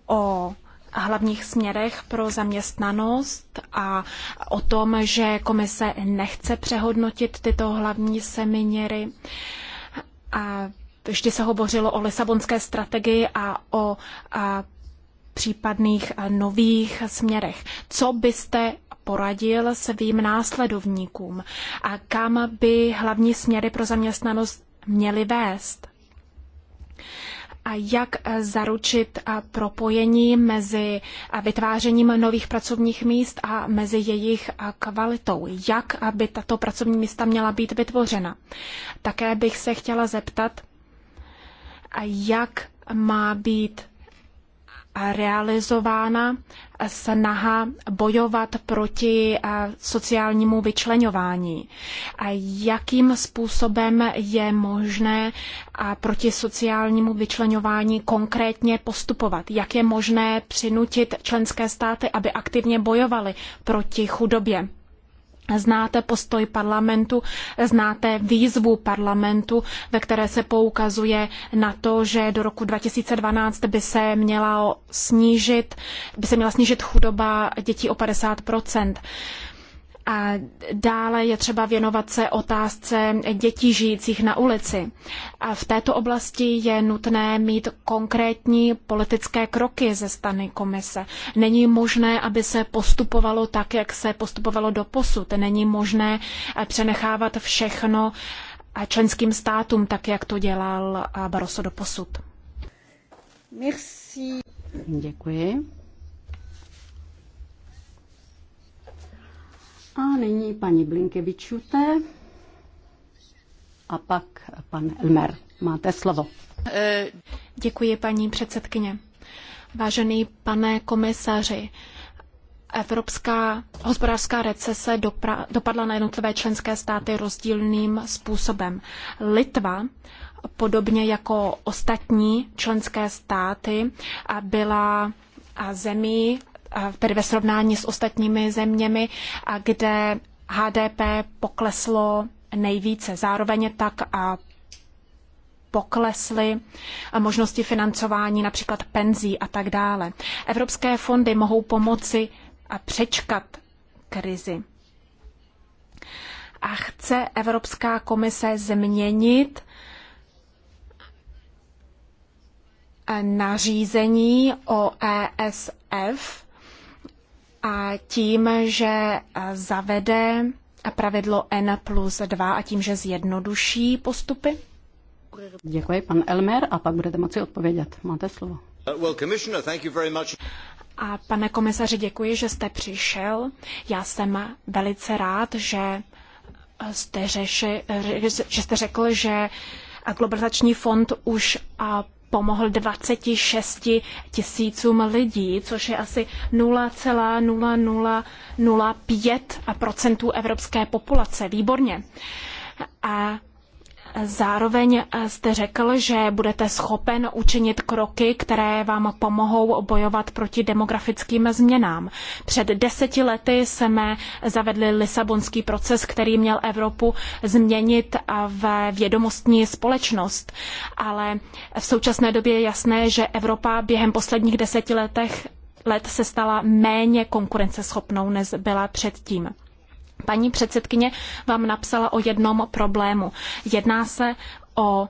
o hlavních směrech pro zaměstnanost a o tom, že komise nechce přehodnotit tyto hlavní seminěry. A vždy se hovořilo o Lisabonské strategii a o a případných nových směrech. Co byste poradil svým následovníkům a kam by hlavní směry pro zaměstnanost měly vést. A jak zaručit propojení mezi vytvářením nových pracovních míst a mezi jejich kvalitou? Jak by tato pracovní místa měla být vytvořena? Také bych se chtěla zeptat, jak má být realizována snaha bojovat proti sociálnímu vyčleňování. A jakým způsobem je možné proti sociálnímu vyčleňování konkrétně postupovat? Jak je možné přinutit členské státy, aby aktivně bojovaly proti chudobě? Znáte postoj parlamentu, znáte výzvu parlamentu, ve které se poukazuje na to, že do roku 2012 by se měla snížit, by se měla snížit chudoba dětí o 50 Dále je třeba věnovat se otázce dětí žijících na ulici. V této oblasti je nutné mít konkrétní politické kroky ze strany komise. Není možné, aby se postupovalo tak, jak se postupovalo do posud. Není možné eh, přenechávat všechno eh, členským státům, tak jak to dělal eh, Barroso do posud. Merci. Děkuji. A nyní paní Blinkevičuté a pak pan Elmer. Máte slovo. Děkuji, paní předsedkyně. Vážený pane komisaři, evropská hospodářská recese dopadla na jednotlivé členské státy rozdílným způsobem. Litva podobně jako ostatní členské státy byla zemí, ve srovnání s ostatními zeměmi, kde HDP pokleslo nejvíce. Zároveň tak a poklesly možnosti financování například penzí a tak dále. Evropské fondy mohou pomoci a přečkat krizi. A chce Evropská komise změnit nařízení o ESF, a tím, že eh, zavede pravidlo N plus 2 a tím, že zjednoduší postupy? Děkuji, pan Elmer, a pak budete moci odpovědět. Máte slovo. Uh, a pane komisaři, děkuji, že jste přišel. Já jsem velice rád, že eh, jste, řeši, že jste řekl, že eh, globalizační fond už pomohl 26 tisícům lidí, což je asi 0,0005 evropské populace. Výborně. A Zároveň jste řekl, že budete schopen učinit kroky, které vám pomohou bojovat proti demografickým změnám. Před deseti lety jsme zavedli Lisabonský proces, který měl Evropu změnit v vědomostní společnost. Ale v současné době je jasné, že Evropa během posledních deseti letech let se stala méně konkurenceschopnou, než byla předtím. Paní předsedkyně vám napsala o jednom problému. Jedná se o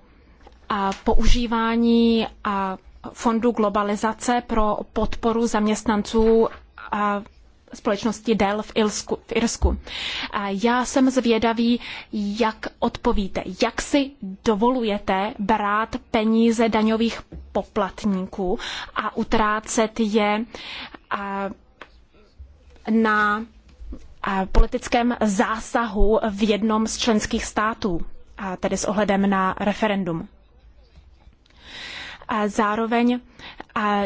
a, používání a, fondu globalizace pro podporu zaměstnanců a, společnosti Dell v, Ilsku, v Irsku. A já jsem zvědavý, jak odpovíte, jak si dovolujete brát peníze daňových poplatníků a utrácet je a, na politickém zásahu v jednom z členských států, tedy s ohledem na referendum. A zároveň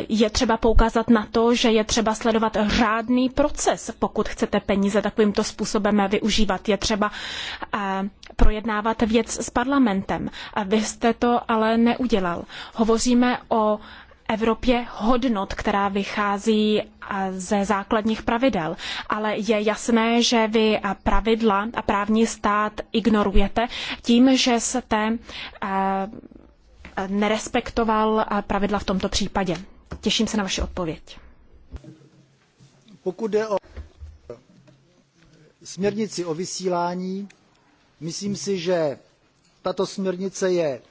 je třeba poukázat na to, že je třeba sledovat řádný proces, pokud chcete peníze takovýmto způsobem využívat. Je třeba projednávat věc s parlamentem. Vy jste to ale neudělal. Hovoříme o Evropě hodnot, která vychází ze základních pravidel. Ale je jasné, že vy pravidla a právní stát ignorujete tím, že jste nerespektoval pravidla v tomto případě. Těším se na vaši odpověď. Pokud jde o směrnici o vysílání, myslím si, že tato směrnice je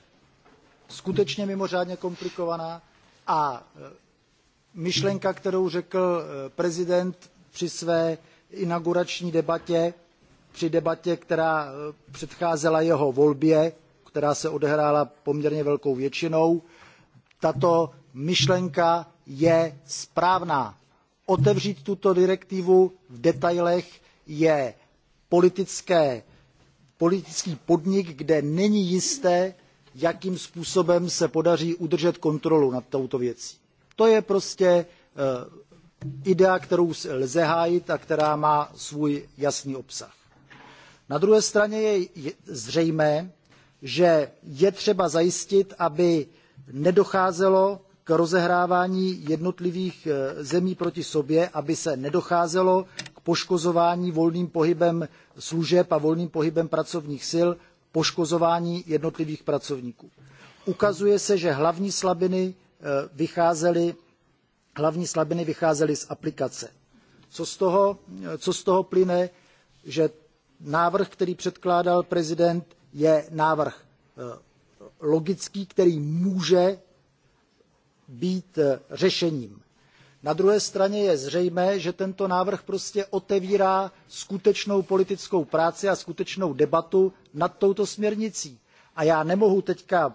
skutečně mimořádně komplikovaná a e, myšlenka, kterou řekl e, prezident při své inaugurační debatě, při debatě, která e, předcházela jeho volbě, která se odehrála poměrně velkou většinou, tato myšlenka je správná. Otevřít tuto direktivu v detailech je politický podnik, kde není jisté, jakým způsobem se podaří udržet kontrolu nad touto věcí. To je prostě eh, idea, kterou lze hájit a která má svůj jasný obsah. Na druhé straně je zřejmé, že je třeba zajistit, aby nedocházelo k rozehrávání jednotlivých eh, zemí proti sobě, aby se nedocházelo k poškozování volným pohybem služeb a volným pohybem pracovních sil poškozování jednotlivých pracovníků. Ukazuje se, že hlavní slabiny eh, vycházely, hlavní slabiny vycházely z aplikace. Co z, toho, eh, co z toho plyne, že návrh, který předkládal prezident, je návrh eh, logický, který může být řešením na druhé straně je zřejmé že tento návrh prostě otevírá skutečnou politickou práci a skutečnou debatu nad touto směrnicí a já nemohu teď eh,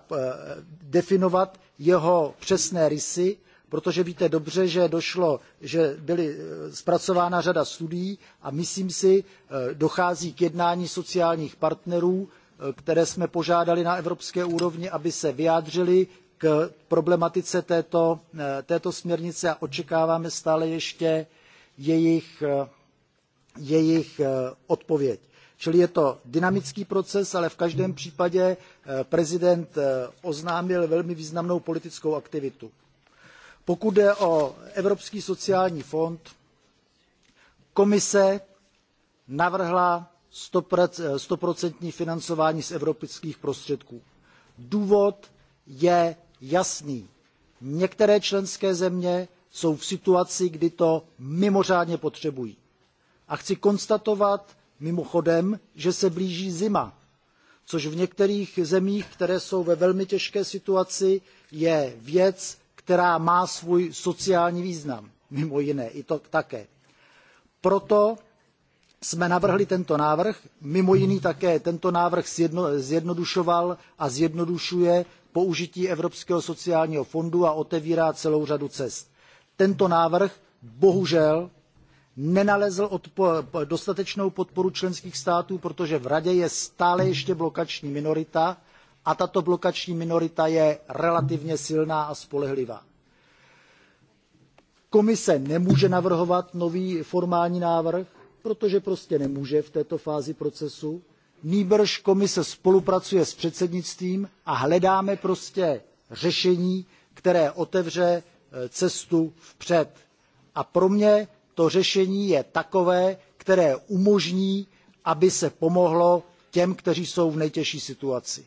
definovat jeho přesné rysy protože víte dobře že došlo že byla eh, zpracována řada studií a myslím si eh, dochází k jednání sociálních partnerů které jsme požádali na evropské úrovni aby se vyjádřili k problematice této, eh, této směrnice a očekáváme stále ještě jejich, eh, jejich eh, odpověď. Čili je to dynamický proces, ale v každém případě prezident oznámil velmi významnou politickou aktivitu. Pokud jde o Evropský sociální fond, komise navrhla 100% financování z evropských prostředků. Důvod je jasný. Některé členské země jsou v situaci, kdy to mimořádně potřebují. A chci konstatovat mimochodem, že se blíží zima, což v některých zemích, které jsou ve velmi těžké situaci, je věc, která má svůj sociální význam, mimo jiné i to také. Proto jsme navrhli tento návrh, mimo jiný také tento návrh zjedno, zjednodušoval a zjednodušuje použití Evropského sociálního fondu a otevírá celou řadu cest. Tento návrh bohužel nenalezl dostatečnou podporu členských států, protože v Radě je stále ještě blokační minorita a tato blokační minorita je relativně silná a spolehlivá. Komise nemůže navrhovat nový formální návrh, protože prostě nemůže v této fázi procesu nýbrž komise spolupracuje s předsednictvím a hledáme prostě řešení, které otevře e, cestu vpřed. A pro mě to řešení je takové, které umožní, aby se pomohlo těm, kteří jsou v nejtěžší situaci.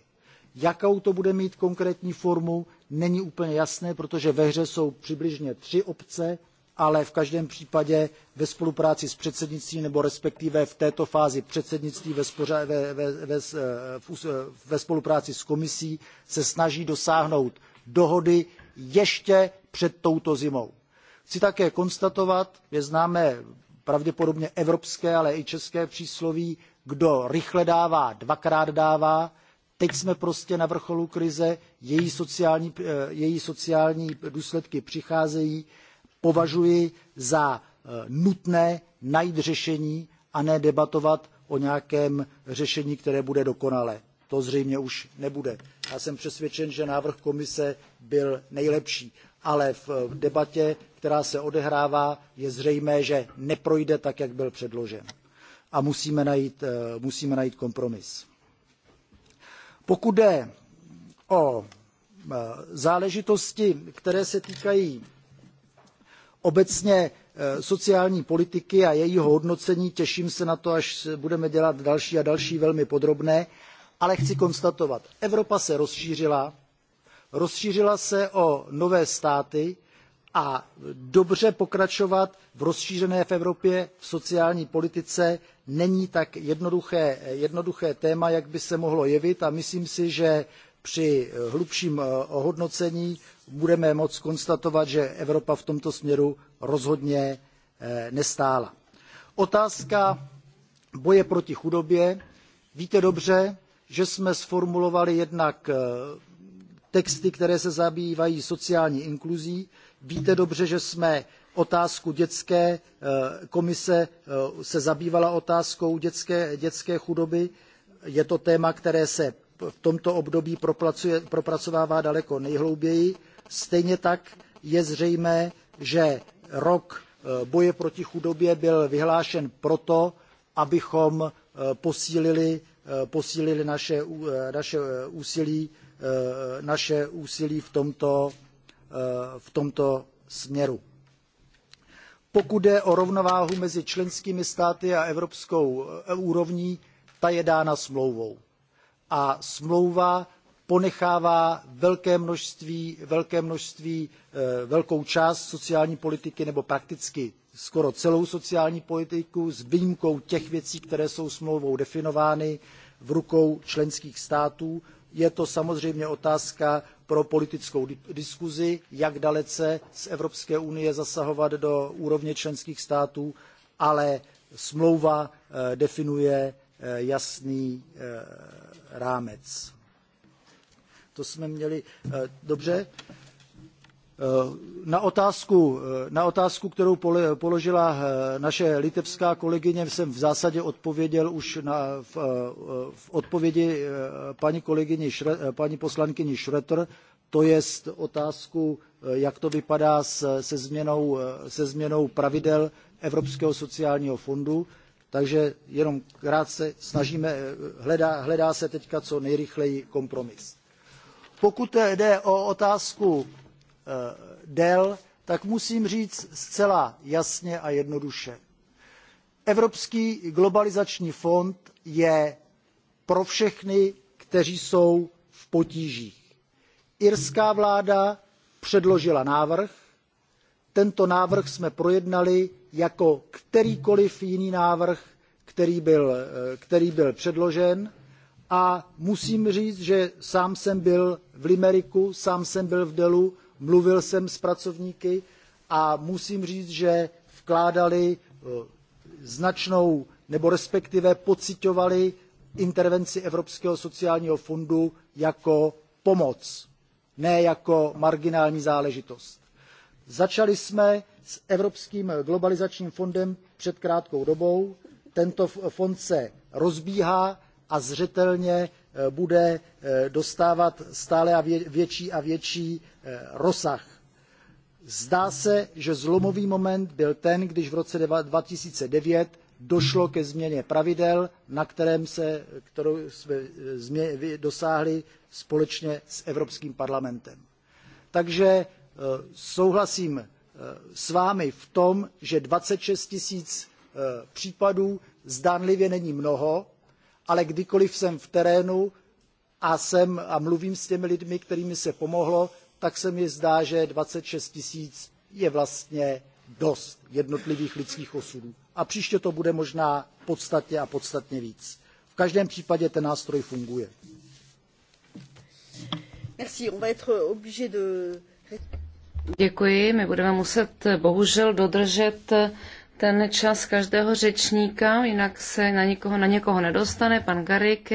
Jakou to bude mít konkrétní formu, není úplně jasné, protože ve hře jsou přibližně tři obce, ale v každém případě ve spolupráci s předsednictvím nebo respektive v této fázi předsednictví ve, spoře, ve, ve, eh, eh, ve spolupráci s komisí se snaží dosáhnout dohody ještě před touto zimou. Chci také konstatovat, že známe pravděpodobně evropské, ale i české přísloví, kdo rychle dává, dvakrát dává. Teď jsme prostě na vrcholu krize, její sociální, eh, její sociální důsledky přicházejí považuji za e, nutné najít řešení a ne debatovat o nějakém řešení, které bude dokonalé. To zřejmě už nebude. Já jsem přesvědčen, že návrh komise byl nejlepší, ale v debatě, která se odehrává, je zřejmé, že neprojde tak, jak byl předložen. A musíme najít, e, musíme najít kompromis. Pokud jde o e, záležitosti, které se týkají obecně eh, sociální politiky a jejího hodnocení. Těším se na to, až budeme dělat další a další velmi podrobné. Ale chci konstatovat, Evropa se rozšířila, rozšířila se o nové státy a dobře pokračovat v rozšířené v Evropě v sociální politice není tak jednoduché, jednoduché téma, jak by se mohlo jevit a myslím si, že při hlubším eh, ohodnocení budeme moci konstatovat, že Evropa v tomto směru rozhodně eh, nestála. Otázka boje proti chudobě. Víte dobře, že jsme sformulovali jednak eh, texty, které se zabývají sociální inkluzí. Víte dobře, že jsme otázku dětské eh, komise se zabývala otázkou dětské, dětské chudoby. Je to téma, které se v tomto období propracovává daleko nejhlouběji. Stejně tak je zřejmé, že rok eh, boje proti chudobě byl vyhlášen proto, abychom eh, posílili, eh, posílili naše, naše, úsilí, naše úsilí v tomto, v tomto směru. Pokud jde o rovnováhu mezi členskými státy a evropskou úrovní, ta je dána smlouvou. A smlouva ponechává velké množství, velké množství, eh, velkou část sociální politiky nebo prakticky skoro celou sociální politiku s výjimkou těch věcí, které jsou smlouvou definovány v rukou členských států. Je to samozřejmě otázka pro politickou diskuzi, jak dalece z Evropské unie zasahovat do úrovně členských států, ale smlouva eh, definuje eh, jasný rámec to jsme měli eh, dobře. Eh, na otázku, eh, na otázku, kterou položila naše litevská kolegyně, jsem v zásadě odpověděl už na, v, v odpovědi paní, kolegyně, paní poslankyni Schroeter, to je otázku, jak to vypadá se, se, změnou, se změnou pravidel Evropského sociálního fondu. Takže jenom krátce snažíme, hledá, hledá se teďka co nejrychleji kompromis. Pokud jde o otázku eh, Dell, tak musím říct zcela jasně a jednoduše. Evropský globalizační fond je pro všechny, kteří jsou v potížích. Irská vláda předložila návrh, tento návrh jsme projednali jako kterýkoliv jiný návrh, který byl, eh, který byl předložen a musím říct, že sám jsem byl v Limeriku, sám jsem byl v Delu, mluvil jsem s pracovníky a musím říct, že vkládali eh, značnou nebo respektive pocitovali intervenci Evropského sociálního fondu jako pomoc, ne jako marginální záležitost. Začali jsme s Evropským globalizačním fondem před krátkou dobou. Tento fond se rozbíhá, a zřetelně eh, bude eh, dostávat stále a větší a větší eh, rozsah. Zdá se, že zlomový moment byl ten, když v roce 2009 došlo ke změně pravidel, na kterém se, kterou jsme dosáhli společně s Evropským parlamentem. Takže souhlasím s vámi v tom, že 26 tisíc případů zdánlivě není mnoho, ale kdykoliv jsem v terénu a, jsem, a mluvím s těmi lidmi, kterými se pomohlo, tak se mi zdá, že 26 tisíc je vlastně dost jednotlivých lidských osudů. A příště to bude možná podstatně a podstatně víc. V každém případě ten nástroj funguje. Děkuji, my budeme muset bohužel dodržet ten čas každého řečníka, jinak se na někoho, na někoho nedostane. Pan Garik,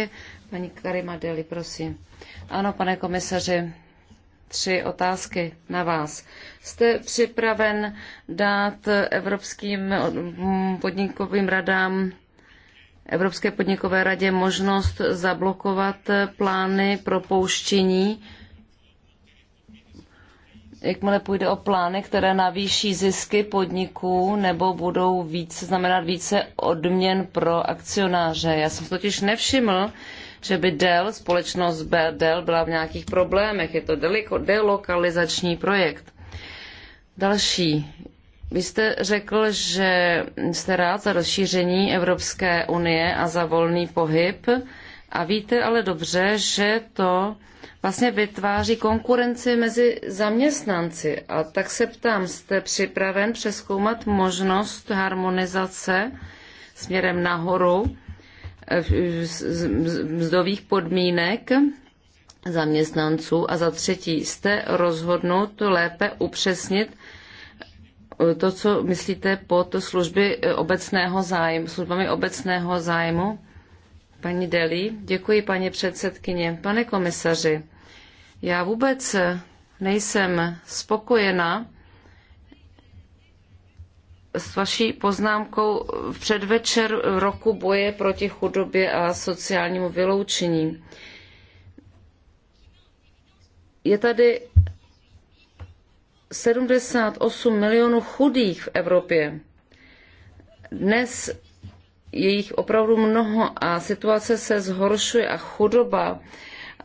paní Karima Deli, prosím. Ano, pane komisaři, tři otázky na vás. Jste připraven dát evropským mm, podnikovým radám Evropské podnikové radě možnost zablokovat plány propouštění jakmile půjde o plány, které navýší zisky podniků nebo budou více, znamenat více odměn pro akcionáře. Já jsem totiž nevšiml, že by Dell, společnost Dell byla v nějakých problémech. Je to delokalizační projekt. Další. Vy jste řekl, že jste rád za rozšíření Evropské unie a za volný pohyb. A víte ale dobře, že to vlastně vytváří konkurenci mezi zaměstnanci. A tak se ptám, jste připraven přeskoumat možnost harmonizace směrem nahoru eh, mzdových podmínek zaměstnanců a za třetí jste rozhodnut lépe upřesnit eh, to, co myslíte pod služby eh, obecného zájmu, službami obecného zájmu? Paní Deli, děkuji paní předsedkyně. Pane komisaři, já vůbec nejsem spokojena s vaší poznámkou v předvečer roku boje proti chudobě a sociálnímu vyloučení. Je tady 78 milionů chudých v Evropě. Dnes je jich opravdu mnoho a situace se zhoršuje a chudoba,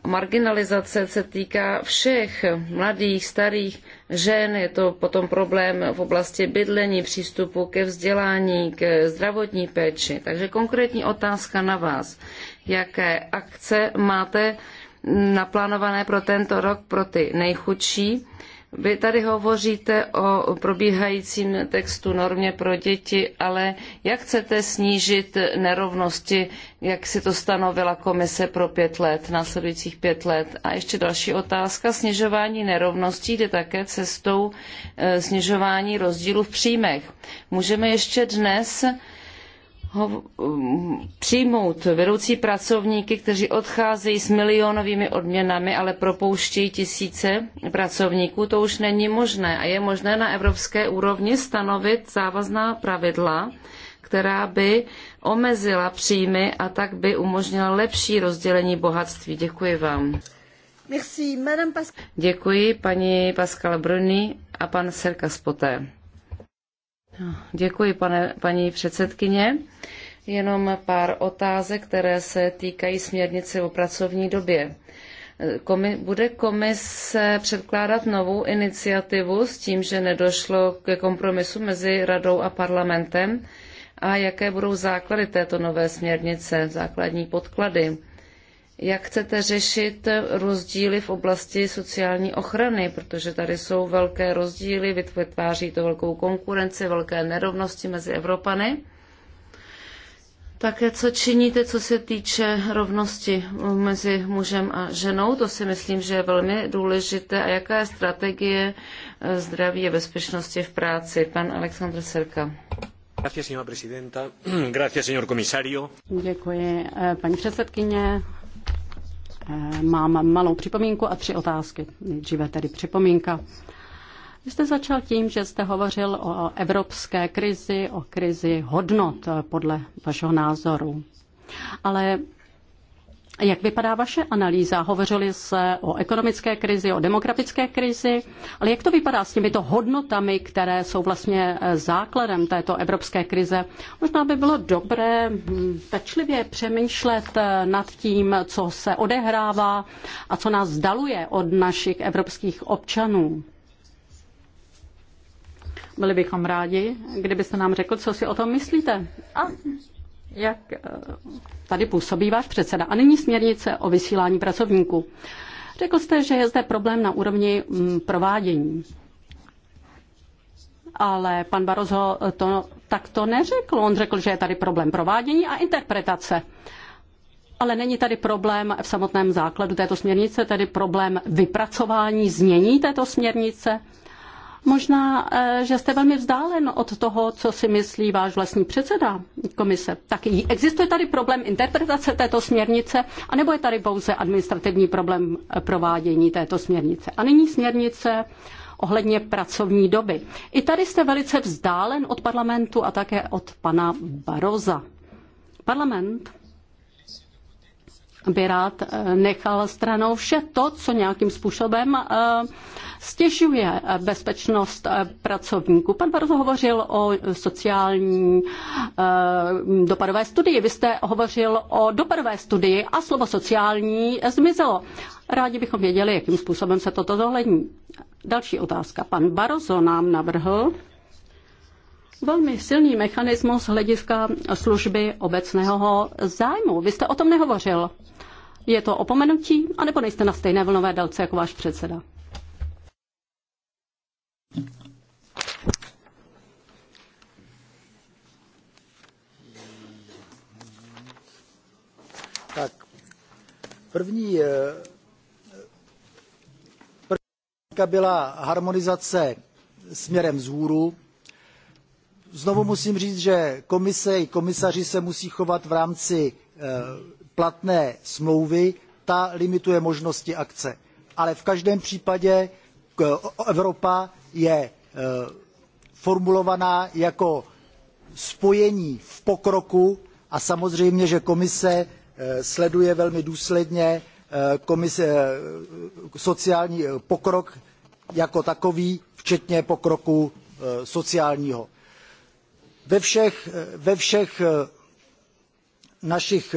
marginalizace se týká všech, mladých, starých, žen, je to potom problém v oblasti bydlení, přístupu ke vzdělání, k zdravotní péči. Takže konkrétní otázka na vás. Jaké akce máte naplánované pro tento rok pro ty nejchudší? Vy tady hovoříte o probíhajícím textu normě pro děti, ale jak chcete snížit nerovnosti, jak si to stanovila komise pro pět let, následujících pět let? A ještě další otázka. Snižování nerovností jde také cestou e, snižování rozdílů v příjmech. Můžeme ještě dnes ho, um, přijmout vedoucí pracovníky, kteří odcházejí s milionovými odměnami, ale propouštějí tisíce pracovníků, to už není možné. A je možné na evropské úrovni stanovit závazná pravidla, která by omezila příjmy a tak by umožnila lepší rozdělení bohatství. Děkuji vám. Merci, Děkuji paní Pascal Bruni a pan Serkas Poté. Děkuji, pane, paní předsedkyně. Jenom pár otázek, které se týkají směrnice o pracovní době. Komi, bude komise předkládat novou iniciativu s tím, že nedošlo ke kompromisu mezi radou a parlamentem? A jaké budou základy této nové směrnice, základní podklady? Jak chcete řešit rozdíly v oblasti sociální ochrany, protože tady jsou velké rozdíly, vytváří to velkou konkurenci, velké nerovnosti mezi Evropany. Také co činíte, co se týče rovnosti mezi mužem a ženou, to si myslím, že je velmi důležité. A jaká je strategie zdraví a bezpečnosti v práci? Pan Aleksandr Serka. Děkuji, eh, paní předsedkyně, Eh, mám malou připomínku a tři otázky. Nejdříve tedy připomínka. Vy jste začal tím, že jste hovořil o evropské krizi, o krizi hodnot eh, podle vašeho názoru. Ale jak vypadá vaše analýza? Hovořili se o ekonomické krizi, o demokratické krizi, ale jak to vypadá s těmito hodnotami, které jsou vlastně eh, základem této evropské krize? Možná by bylo dobré hm, pečlivě přemýšlet eh, nad tím, co se odehrává a co nás daluje od našich evropských občanů. Byli bychom rádi, kdybyste nám řekl, co si o tom myslíte. A jak eh, tady působí váš předseda. A není směrnice o vysílání pracovníků. Řekl jste, že je zde problém na úrovni mm, provádění. Ale pan Barozo to to neřekl. On řekl, že je tady problém provádění a interpretace. Ale není tady problém v samotném základu této směrnice, tedy problém vypracování znění této směrnice? Možná, eh, že jste velmi vzdálen od toho, co si myslí váš vlastní předseda komise. Tak existuje tady problém interpretace této směrnice, anebo je tady pouze administrativní problém eh, provádění této směrnice? A nyní směrnice ohledně pracovní doby. I tady jste velice vzdálen od parlamentu a také od pana Baroza. Parlament by rád eh, nechal stranou vše to, co nějakým způsobem eh, stěžuje eh, bezpečnost pracovníků. Pan Barzo hovořil o sociální dopadové studii. Vy jste hovořil o dopadové studii a slovo sociální zmizelo. Rádi bychom věděli, jakým způsobem se toto zohlední. Další otázka. Pan Barozo nám navrhl velmi silný mechanismus hlediska služby obecného zájmu. Vy jste o tom nehovořil. Je to opomenutí, anebo nejste na stejné vlnové délce jako váš předseda? Tak, první, eh, první byla harmonizace směrem vzhůru, znovu musím říct že komise i komisaři se musí chovat v rámci eh, platné smlouvy, ta limituje možnosti akce. Ale v každém případě Evropa je e, formulovaná jako spojení v pokroku a samozřejmě, že komise e, sleduje velmi důsledně e, sociální pokrok jako takový, včetně pokroku sociálního. ve všech našich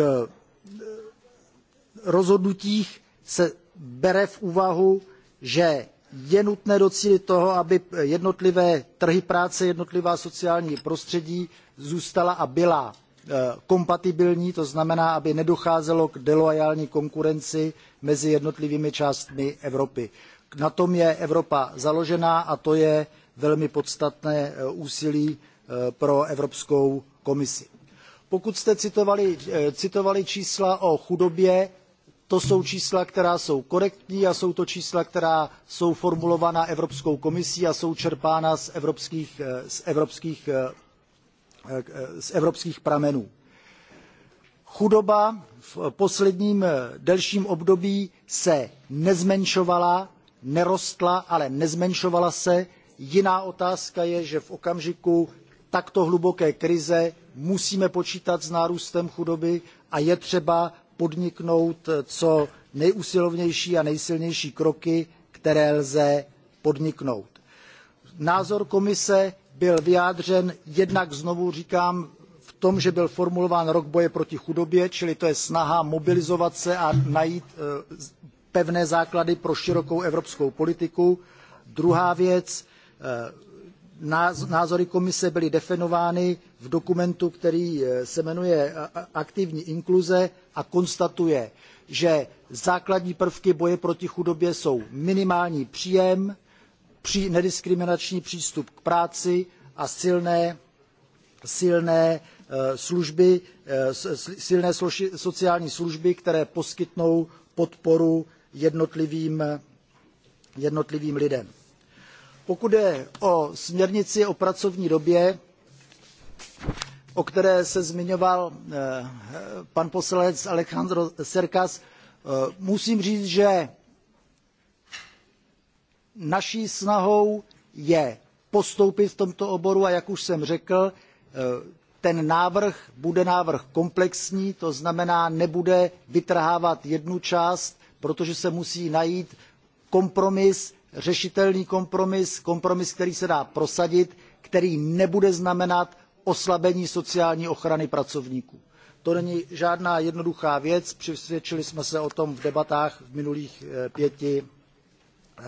rozhodnutích se bere v úvahu, že je nutné docílit toho, aby jednotlivé trhy práce, jednotlivá sociální prostředí zůstala a byla e, kompatibilní, to znamená, aby nedocházelo k deloajální konkurenci mezi jednotlivými částmi Evropy. Na tom je Evropa založená a to je velmi podstatné e, úsilí e, pro Evropskou komisi. Pokud jste citovali, citovali čísla o chudobě, to jsou čísla, která jsou korektní a jsou to čísla, která jsou formulována Evropskou komisí a jsou čerpána z evropských, eh, z evropských, eh, eh, z evropských pramenů. Chudoba v posledním delším období se nezmenšovala, nerostla, ale nezmenšovala se. Jiná otázka je, že v okamžiku takto hluboké krize musíme počítat s nárůstem chudoby a je třeba podniknout eh, co nejusilovnější a nejsilnější kroky, které lze podniknout. Názor komise byl vyjádřen jednak, znovu říkám, v tom, že byl formulován rok boje proti chudobě, čili to je snaha mobilizovat se a najít eh, pevné základy pro širokou evropskou politiku. Druhá věc, eh, názory komise byly definovány v dokumentu, který eh, se jmenuje eh, Aktivní inkluze a konstatuje, že základní prvky boje proti chudobě jsou minimální příjem, při nediskriminační přístup k práci a silné, silné eh, služby, silné sociální služby, které poskytnou podporu jednotlivým, jednotlivým lidem pokud jde o směrnici o pracovní době, o které se zmiňoval eh, pan poslanec Alejandro Serkas, eh, musím říct, že naší snahou je postoupit v tomto oboru a jak už jsem řekl, eh, ten návrh bude návrh komplexní, to znamená, nebude vytrhávat jednu část, protože se musí najít kompromis řešitelný kompromis, kompromis, který se dá prosadit, který nebude znamenat oslabení sociální ochrany pracovníků. To není žádná jednoduchá věc, přesvědčili jsme se o tom v debatách v minulých eh, pěti,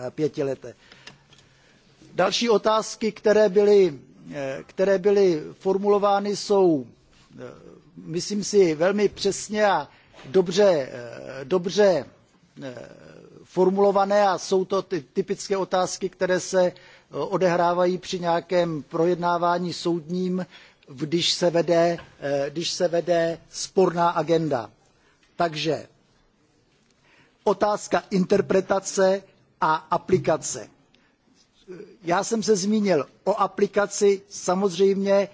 eh, pěti letech. Další otázky, které byly, eh, které byly formulovány, jsou, myslím si, velmi přesně a dobře, dobře formulované a jsou to ty typické otázky, které se eh, odehrávají při nějakém projednávání soudním, když se vede, eh, když se vede sporná agenda. Takže otázka interpretace a aplikace. Já jsem se zmínil o aplikaci, samozřejmě eh,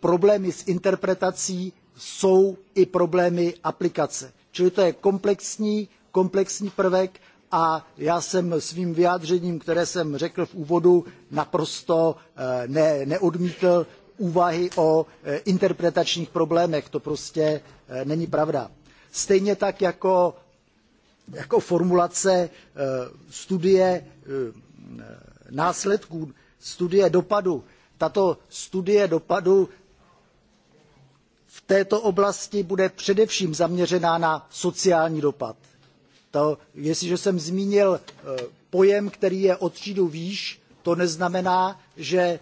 problémy s interpretací jsou i problémy aplikace. Čili to je komplexní, komplexní prvek a já jsem svým vyjádřením, které jsem řekl v úvodu, naprosto eh, ne, neodmítl úvahy o eh, interpretačních problémech. To prostě eh, není pravda. Stejně tak jako, jako formulace studie následků, studie dopadu. Tato studie dopadu v této oblasti bude především zaměřená na sociální dopad to, jestliže jsem zmínil eh, pojem, který je o třídu výš, to neznamená, že eh,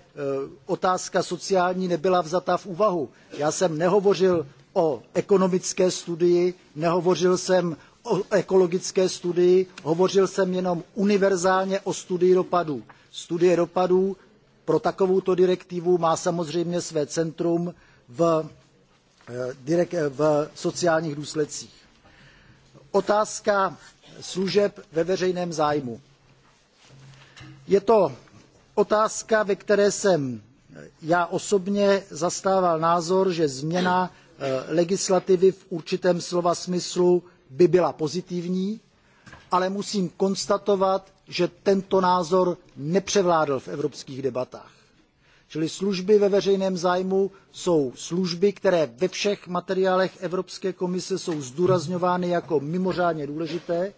otázka sociální nebyla vzata v úvahu. Já jsem nehovořil o ekonomické studii, nehovořil jsem o ekologické studii, hovořil jsem jenom univerzálně o studii dopadů. Studie dopadů pro takovouto direktivu má samozřejmě své centrum v, eh, v sociálních důsledcích. Otázka služeb ve veřejném zájmu. Je to otázka, ve které jsem já osobně zastával názor, že změna eh, legislativy v určitém slova smyslu by byla pozitivní, ale musím konstatovat, že tento názor nepřevládl v evropských debatách. Čili služby ve veřejném zájmu jsou služby, které ve všech materiálech Evropské komise jsou zdůrazňovány jako mimořádně důležité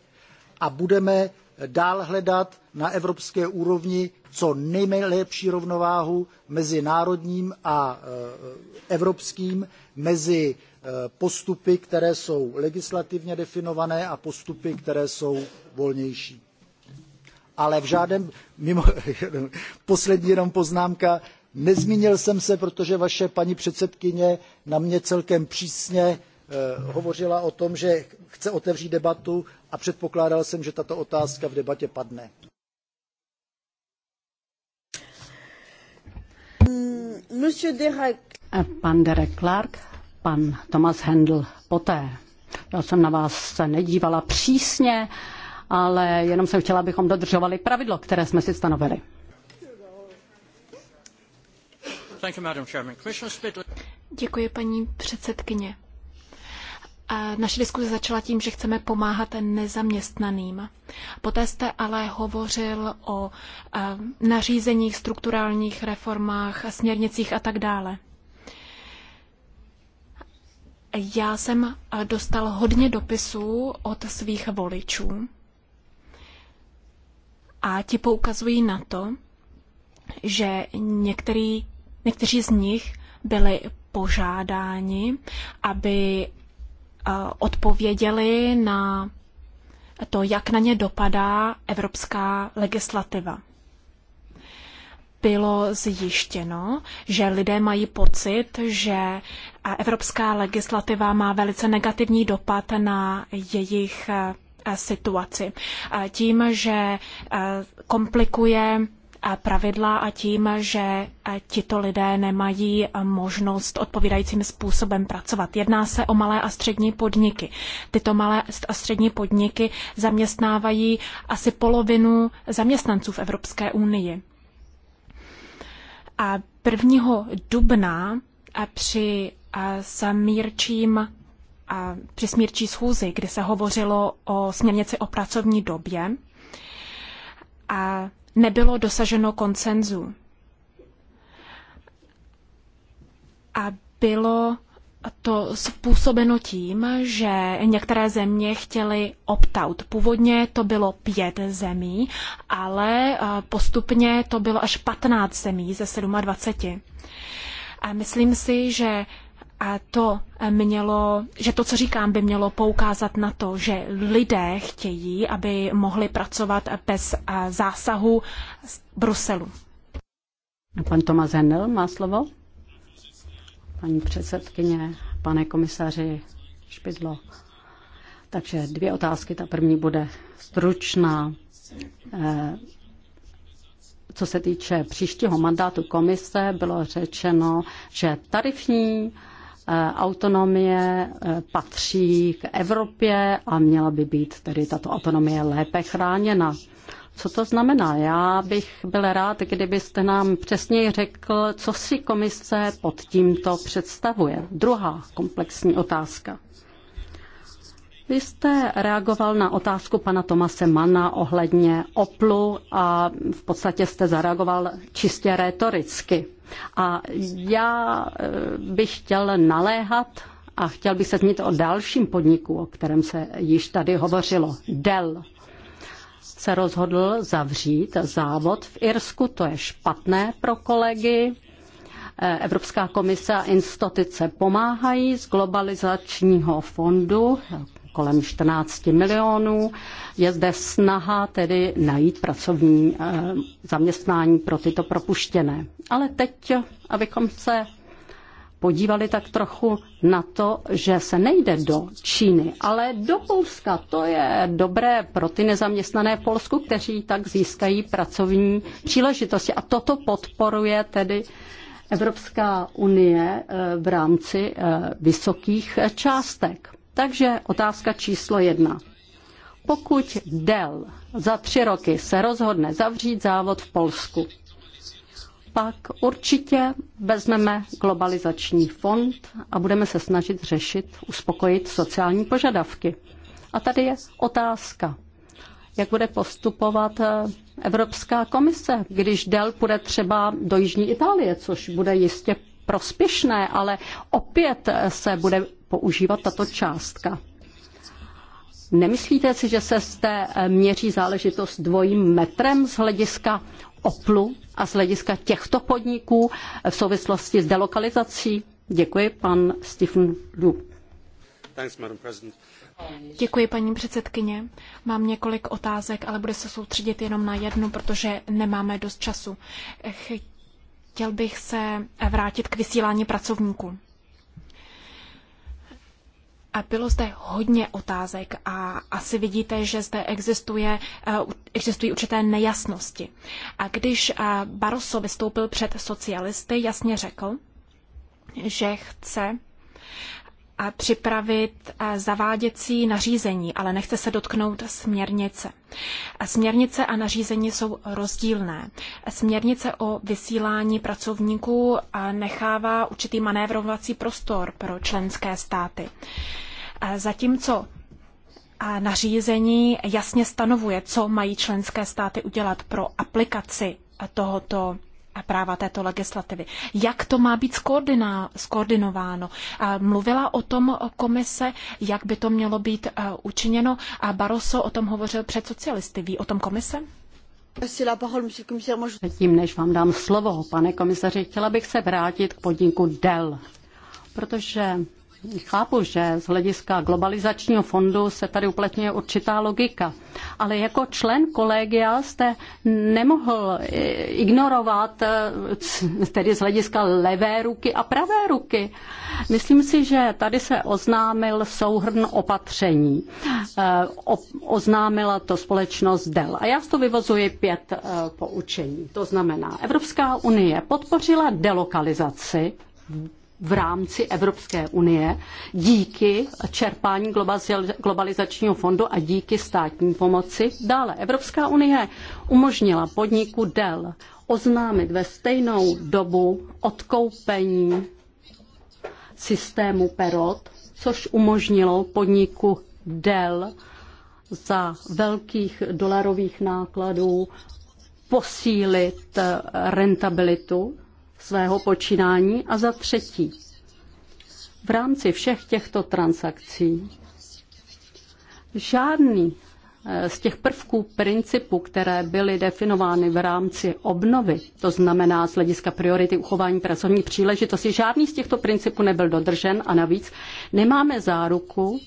a budeme dál hledat na evropské úrovni co nejlepší rovnováhu mezi národním a eh, evropským, mezi eh, postupy, které jsou legislativně definované a postupy, které jsou volnější ale v žádném, mimo, poslední jenom poznámka, Nezmínil jsem se, protože vaše paní předsedkyně na mě celkem přísně eh, hovořila o tom, že chce otevřít debatu a předpokládal jsem, že tato otázka v debatě padne. Mm, monsieur Derek. Eh, pan Derek Clark, pan Thomas Handel poté. Já jsem na vás se nedívala přísně, ale jenom jsem chtěla, abychom dodržovali pravidlo, které jsme si stanovili. Děkuji, paní předsedkyně. Naše diskuze začala tím, že chceme pomáhat nezaměstnaným. Poté jste ale hovořil o nařízeních, strukturálních reformách, směrnicích a tak dále. Já jsem dostal hodně dopisů od svých voličů a ti poukazují na to, že některý Někteří z nich byli požádáni, aby eh, odpověděli na to, jak na ně dopadá evropská legislativa. Bylo zjištěno, že lidé mají pocit, že eh, evropská legislativa má velice negativní dopad na jejich eh, situaci. Tím, že komplikuje pravidla a tím, že tito lidé nemají možnost odpovídajícím způsobem pracovat. Jedná se o malé a střední podniky. Tyto malé a střední podniky zaměstnávají asi polovinu zaměstnanců v Evropské unii. A 1. dubna při samírčím a při smírčí schůzi, kdy se hovořilo o směrnici o pracovní době, a nebylo dosaženo koncenzu. A bylo to způsobeno tím, že některé země chtěly opt-out. Původně to bylo pět zemí, ale eh, postupně to bylo až 15 zemí ze 27. A myslím si, že a to mělo, že to, co říkám, by mělo poukázat na to, že lidé chtějí, aby mohli pracovat bez eh, zásahu z Bruselu. Pan Tomas Hendel má slovo. Paní předsedkyně, pane komisaři Špidlo. Takže dvě otázky. Ta první bude stručná. Eh, co se týče příštího mandátu komise, bylo řečeno, že tarifní Eh, autonomie eh, patří k Evropě a měla by být tedy tato autonomie lépe chráněna. Co to znamená? Já bych byl rád, kdybyste nám přesněji řekl, co si komise pod tímto představuje. Druhá komplexní otázka. Vy jste reagoval na otázku pana Tomase Mana ohledně Oplu a v podstatě jste zareagoval čistě rétoricky. A já eh, bych chtěl naléhat a chtěl bych se zmínit o dalším podniku, o kterém se již tady hovořilo. Dell se rozhodl zavřít závod v Irsku, to je špatné pro kolegy. Eh, Evropská komise a instituce pomáhají z globalizačního fondu kolem 14 milionů. Je zde snaha tedy najít pracovní eh, zaměstnání pro tyto propuštěné. Ale teď, abychom se podívali tak trochu na to, že se nejde do Číny, ale do Polska. To je dobré pro ty nezaměstnané v Polsku, kteří tak získají pracovní příležitosti. A toto podporuje tedy Evropská unie eh, v rámci eh, vysokých částek. Takže otázka číslo jedna. Pokud Dell za tři roky se rozhodne zavřít závod v Polsku, pak určitě vezmeme globalizační fond a budeme se snažit řešit, uspokojit sociální požadavky. A tady je otázka, jak bude postupovat eh, Evropská komise, když Dell půjde třeba do Jižní Itálie, což bude jistě prospěšné, ale opět se bude používat tato částka. Nemyslíte si, že se zde měří záležitost dvojím metrem z hlediska OPLu a z hlediska těchto podniků v souvislosti s delokalizací? Děkuji, pan Stephen Lu. Děkuji, paní předsedkyně. Mám několik otázek, ale bude se soustředit jenom na jednu, protože nemáme dost času. Chtěl bych se vrátit k vysílání pracovníků. A bylo zde hodně otázek a asi vidíte, že zde existuje, eh, existují určité nejasnosti. A když eh, Barroso vystoupil před socialisty, jasně řekl, že chce připravit zaváděcí nařízení, ale nechce se dotknout směrnice. Směrnice a nařízení jsou rozdílné. Směrnice o vysílání pracovníků nechává určitý manévrovací prostor pro členské státy. Zatímco nařízení jasně stanovuje, co mají členské státy udělat pro aplikaci tohoto práva této legislativy. Jak to má být skoordinováno? Mluvila o tom komise, jak by to mělo být e, učiněno a Barroso o tom hovořil před socialisty. Ví o tom komise? Tím, než vám dám slovo, pane komisaři, chtěla bych se vrátit k podniku Dell, protože Chápu, že z hlediska globalizačního fondu se tady uplatňuje určitá logika, ale jako člen kolegia jste nemohl eh, ignorovat eh, tedy z hlediska levé ruky a pravé ruky. Myslím si, že tady se oznámil souhrn opatření. Eh, o, oznámila to společnost Dell. A já z toho vyvozuji pět poučení. To znamená, Evropská unie podpořila delokalizaci v rámci Evropské unie díky čerpání globalizačního fondu a díky státní pomoci. Dále Evropská unie umožnila podniku Dell oznámit ve stejnou dobu odkoupení systému Perot, což umožnilo podniku Dell za velkých dolarových nákladů posílit rentabilitu svého počínání a za třetí, v rámci všech těchto transakcí žádný eh, z těch prvků principů, které byly definovány v rámci obnovy, to znamená z hlediska priority uchování pracovní příležitosti, žádný z těchto principů nebyl dodržen a navíc nemáme záruku,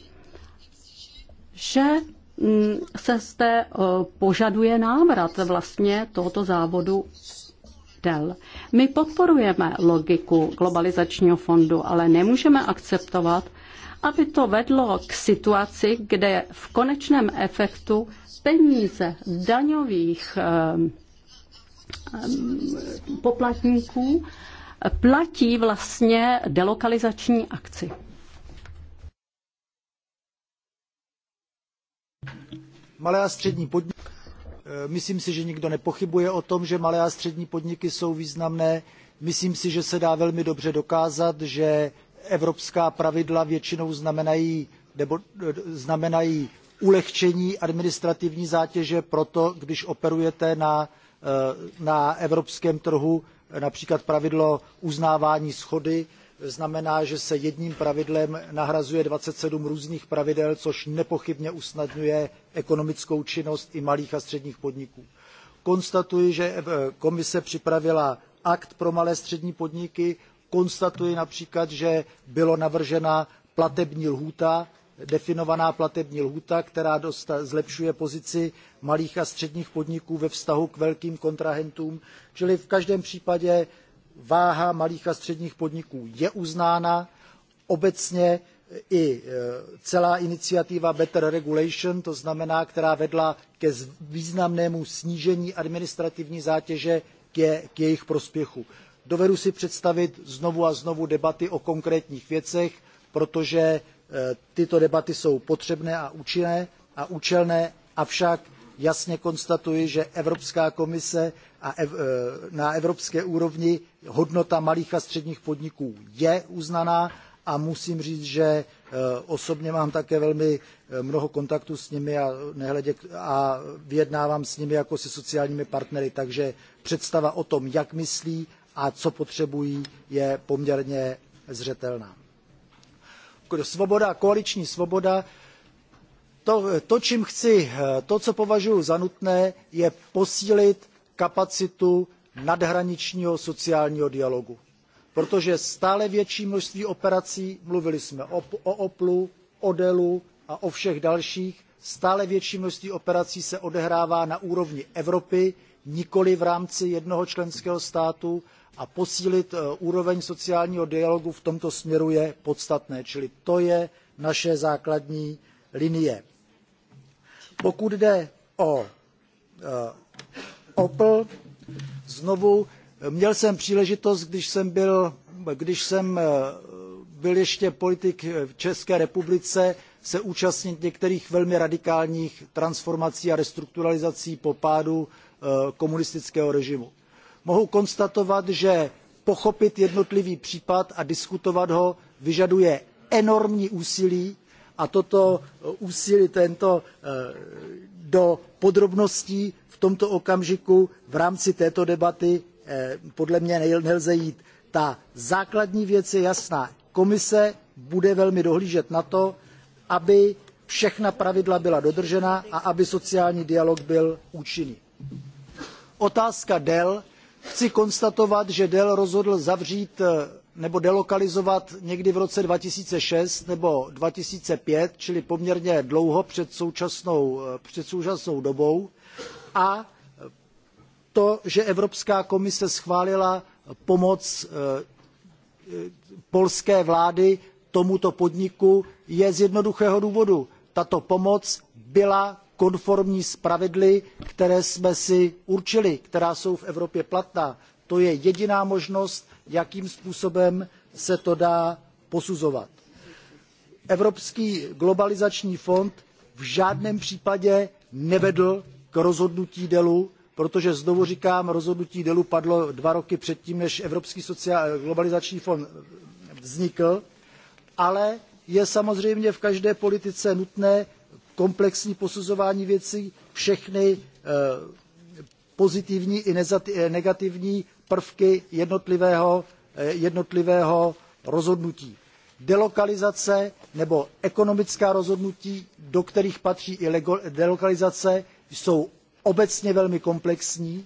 že mm, se zde eh, požaduje návrat vlastně tohoto závodu pravidel. My podporujeme logiku globalizačního fondu, ale nemůžeme akceptovat, aby to vedlo k situaci, kde v konečném efektu peníze daňových ehm, ehm, poplatníků platí vlastně delokalizační akci. Malé a střední podniky Eh, myslím si, že nikdo nepochybuje o tom, že malé a střední podniky jsou významné. Myslím si, že se dá velmi dobře dokázat, že evropská pravidla většinou znamenají, nebo, eh, znamenají ulehčení administrativní zátěže proto, když operujete na, eh, na evropském trhu, například pravidlo uznávání schody znamená, že se jedním pravidlem nahrazuje 27 různých pravidel, což nepochybně usnadňuje ekonomickou činnost i malých a středních podniků. Konstatuji, že eh, komise připravila akt pro malé a střední podniky, konstatuji například, že byla navržena platební lhůta, definovaná platební lhůta, která dosta, eh, zlepšuje pozici malých a středních podniků ve vztahu k velkým kontrahentům. Čili v každém případě váha malých a středních podniků je uznána. Obecně i e, celá iniciativa Better Regulation, to znamená, která vedla ke významnému snížení administrativní zátěže k jejich prospěchu. Dovedu si představit znovu a znovu debaty o konkrétních věcech, protože e, tyto debaty jsou potřebné a účinné a účelné, avšak jasně konstatuji, že Evropská komise a ev, eh, na evropské úrovni hodnota malých a středních podniků je uznaná a musím říct, že eh, osobně mám také velmi eh, mnoho kontaktů s nimi a, nehledě, a vyjednávám s nimi jako se sociálními partnery, takže představa o tom, jak myslí a co potřebují, je poměrně zřetelná. Svoboda, koaliční svoboda, to, to, čím chci, eh, to, co považuji za nutné, je posílit kapacitu nadhraničního sociálního dialogu. Protože stále větší množství operací, mluvili jsme o, o OPLu, o DELu a o všech dalších, stále větší množství operací se odehrává na úrovni Evropy, nikoli v rámci jednoho členského státu a posílit eh, úroveň sociálního dialogu v tomto směru je podstatné. Čili to je naše základní linie. Pokud jde o eh, Opel, znovu měl jsem příležitost, když jsem byl, když jsem eh, byl ještě politik v České republice, se účastnit některých velmi radikálních transformací a restrukturalizací po pádu eh, komunistického režimu. Mohu konstatovat, že pochopit jednotlivý případ a diskutovat ho vyžaduje enormní úsilí a toto e, úsilí tento e, do podrobností v tomto okamžiku v rámci této debaty e, podle mě nelze jít. Ta základní věc je jasná. Komise bude velmi dohlížet na to, aby všechna pravidla byla dodržena a aby sociální dialog byl účinný. Otázka Dell. Chci konstatovat, že Dell rozhodl zavřít nebo delokalizovat někdy v roce 2006 nebo 2005, čili poměrně dlouho před současnou, eh, před současnou dobou. A to, že Evropská komise schválila pomoc eh, polské vlády tomuto podniku, je z jednoduchého důvodu. Tato pomoc byla konformní s pravidly, které jsme si určili, která jsou v Evropě platná. To je jediná možnost, jakým způsobem se to dá posuzovat. Evropský globalizační fond v žádném případě nevedl k rozhodnutí DELu, protože znovu říkám, rozhodnutí DELu padlo dva roky předtím, než Evropský sociál, globalizační fond vznikl, ale je samozřejmě v každé politice nutné komplexní posuzování věcí, všechny eh, pozitivní i negativní prvky jednotlivého, eh, jednotlivého rozhodnutí. Delokalizace nebo ekonomická rozhodnutí, do kterých patří i delokalizace, jsou obecně velmi komplexní.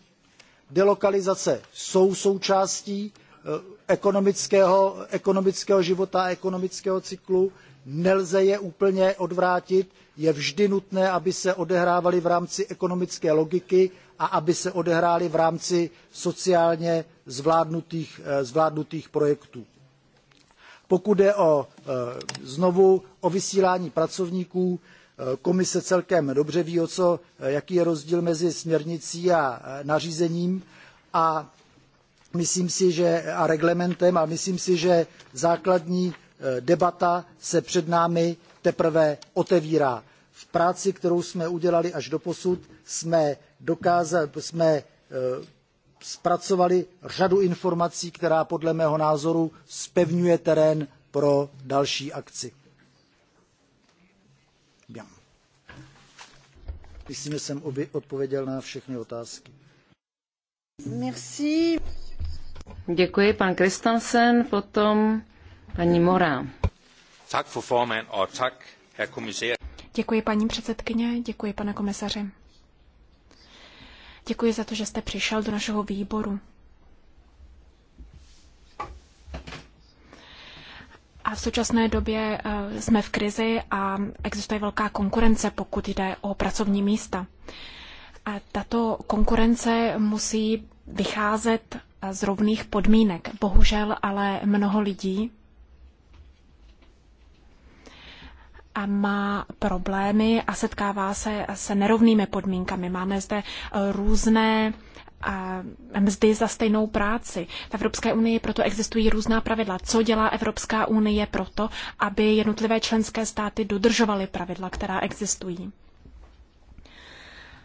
Delokalizace jsou součástí eh, ekonomického, ekonomického života a ekonomického cyklu. Nelze je úplně odvrátit. Je vždy nutné, aby se odehrávaly v rámci ekonomické logiky a aby se odehrály v rámci sociálně zvládnutých, eh, zvládnutých projektů. Pokud jde o, eh, znovu o vysílání pracovníků, eh, komise celkem dobře ví, o co, jaký je rozdíl mezi směrnicí a nařízením a myslím si, že a reglementem a myslím si, že základní debata se před námi teprve otevírá v práci, kterou jsme udělali až doposud, jsme, dokázali, jsme e, zpracovali řadu informací, která podle mého názoru spevňuje terén pro další akci. Myslím, že jsem odpověděl na všechny otázky. Merci. Děkuji, pan Kristansen, potom paní Mora. Tak, for formand, og tak, herr kommissær. Děkuji paní předsedkyně, děkuji pane komisaři. Děkuji za to, že jste přišel do našeho výboru. A v současné době eh, jsme v krizi a existuje velká konkurence, pokud jde o pracovní místa. A tato konkurence musí vycházet eh, z rovných podmínek. Bohužel ale mnoho lidí a má problémy a setkává se se nerovnými podmínkami. Máme zde eh, různé eh, mzdy za stejnou práci. V Evropské unii proto existují různá pravidla. Co dělá Evropská unie proto, aby jednotlivé členské státy dodržovaly pravidla, která existují?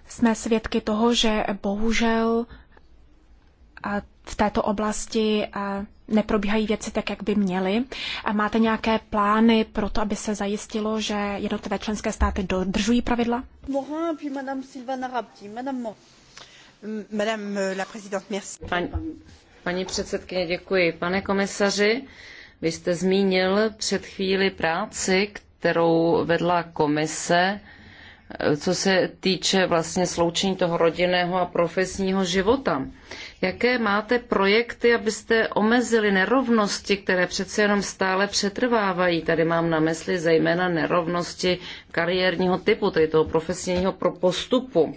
Jsme svědky toho, že bohužel a v této oblasti eh, neprobíhají věci tak, jak by měly. Máte nějaké plány pro to, aby se zajistilo, že jednotlivé členské státy dodržují pravidla? Madame Sylvana Madame mm, Madame euh, la présidente, merci. paní předsedkyně, děkuji. Pane komisaři, vy jste zmínil před chvíli práci, kterou vedla komise co se týče vlastně sloučení toho rodinného a profesního života. Jaké máte projekty, abyste omezili nerovnosti, které přece jenom stále přetrvávají? Tady mám na mysli zejména nerovnosti kariérního typu, tedy toho profesního postupu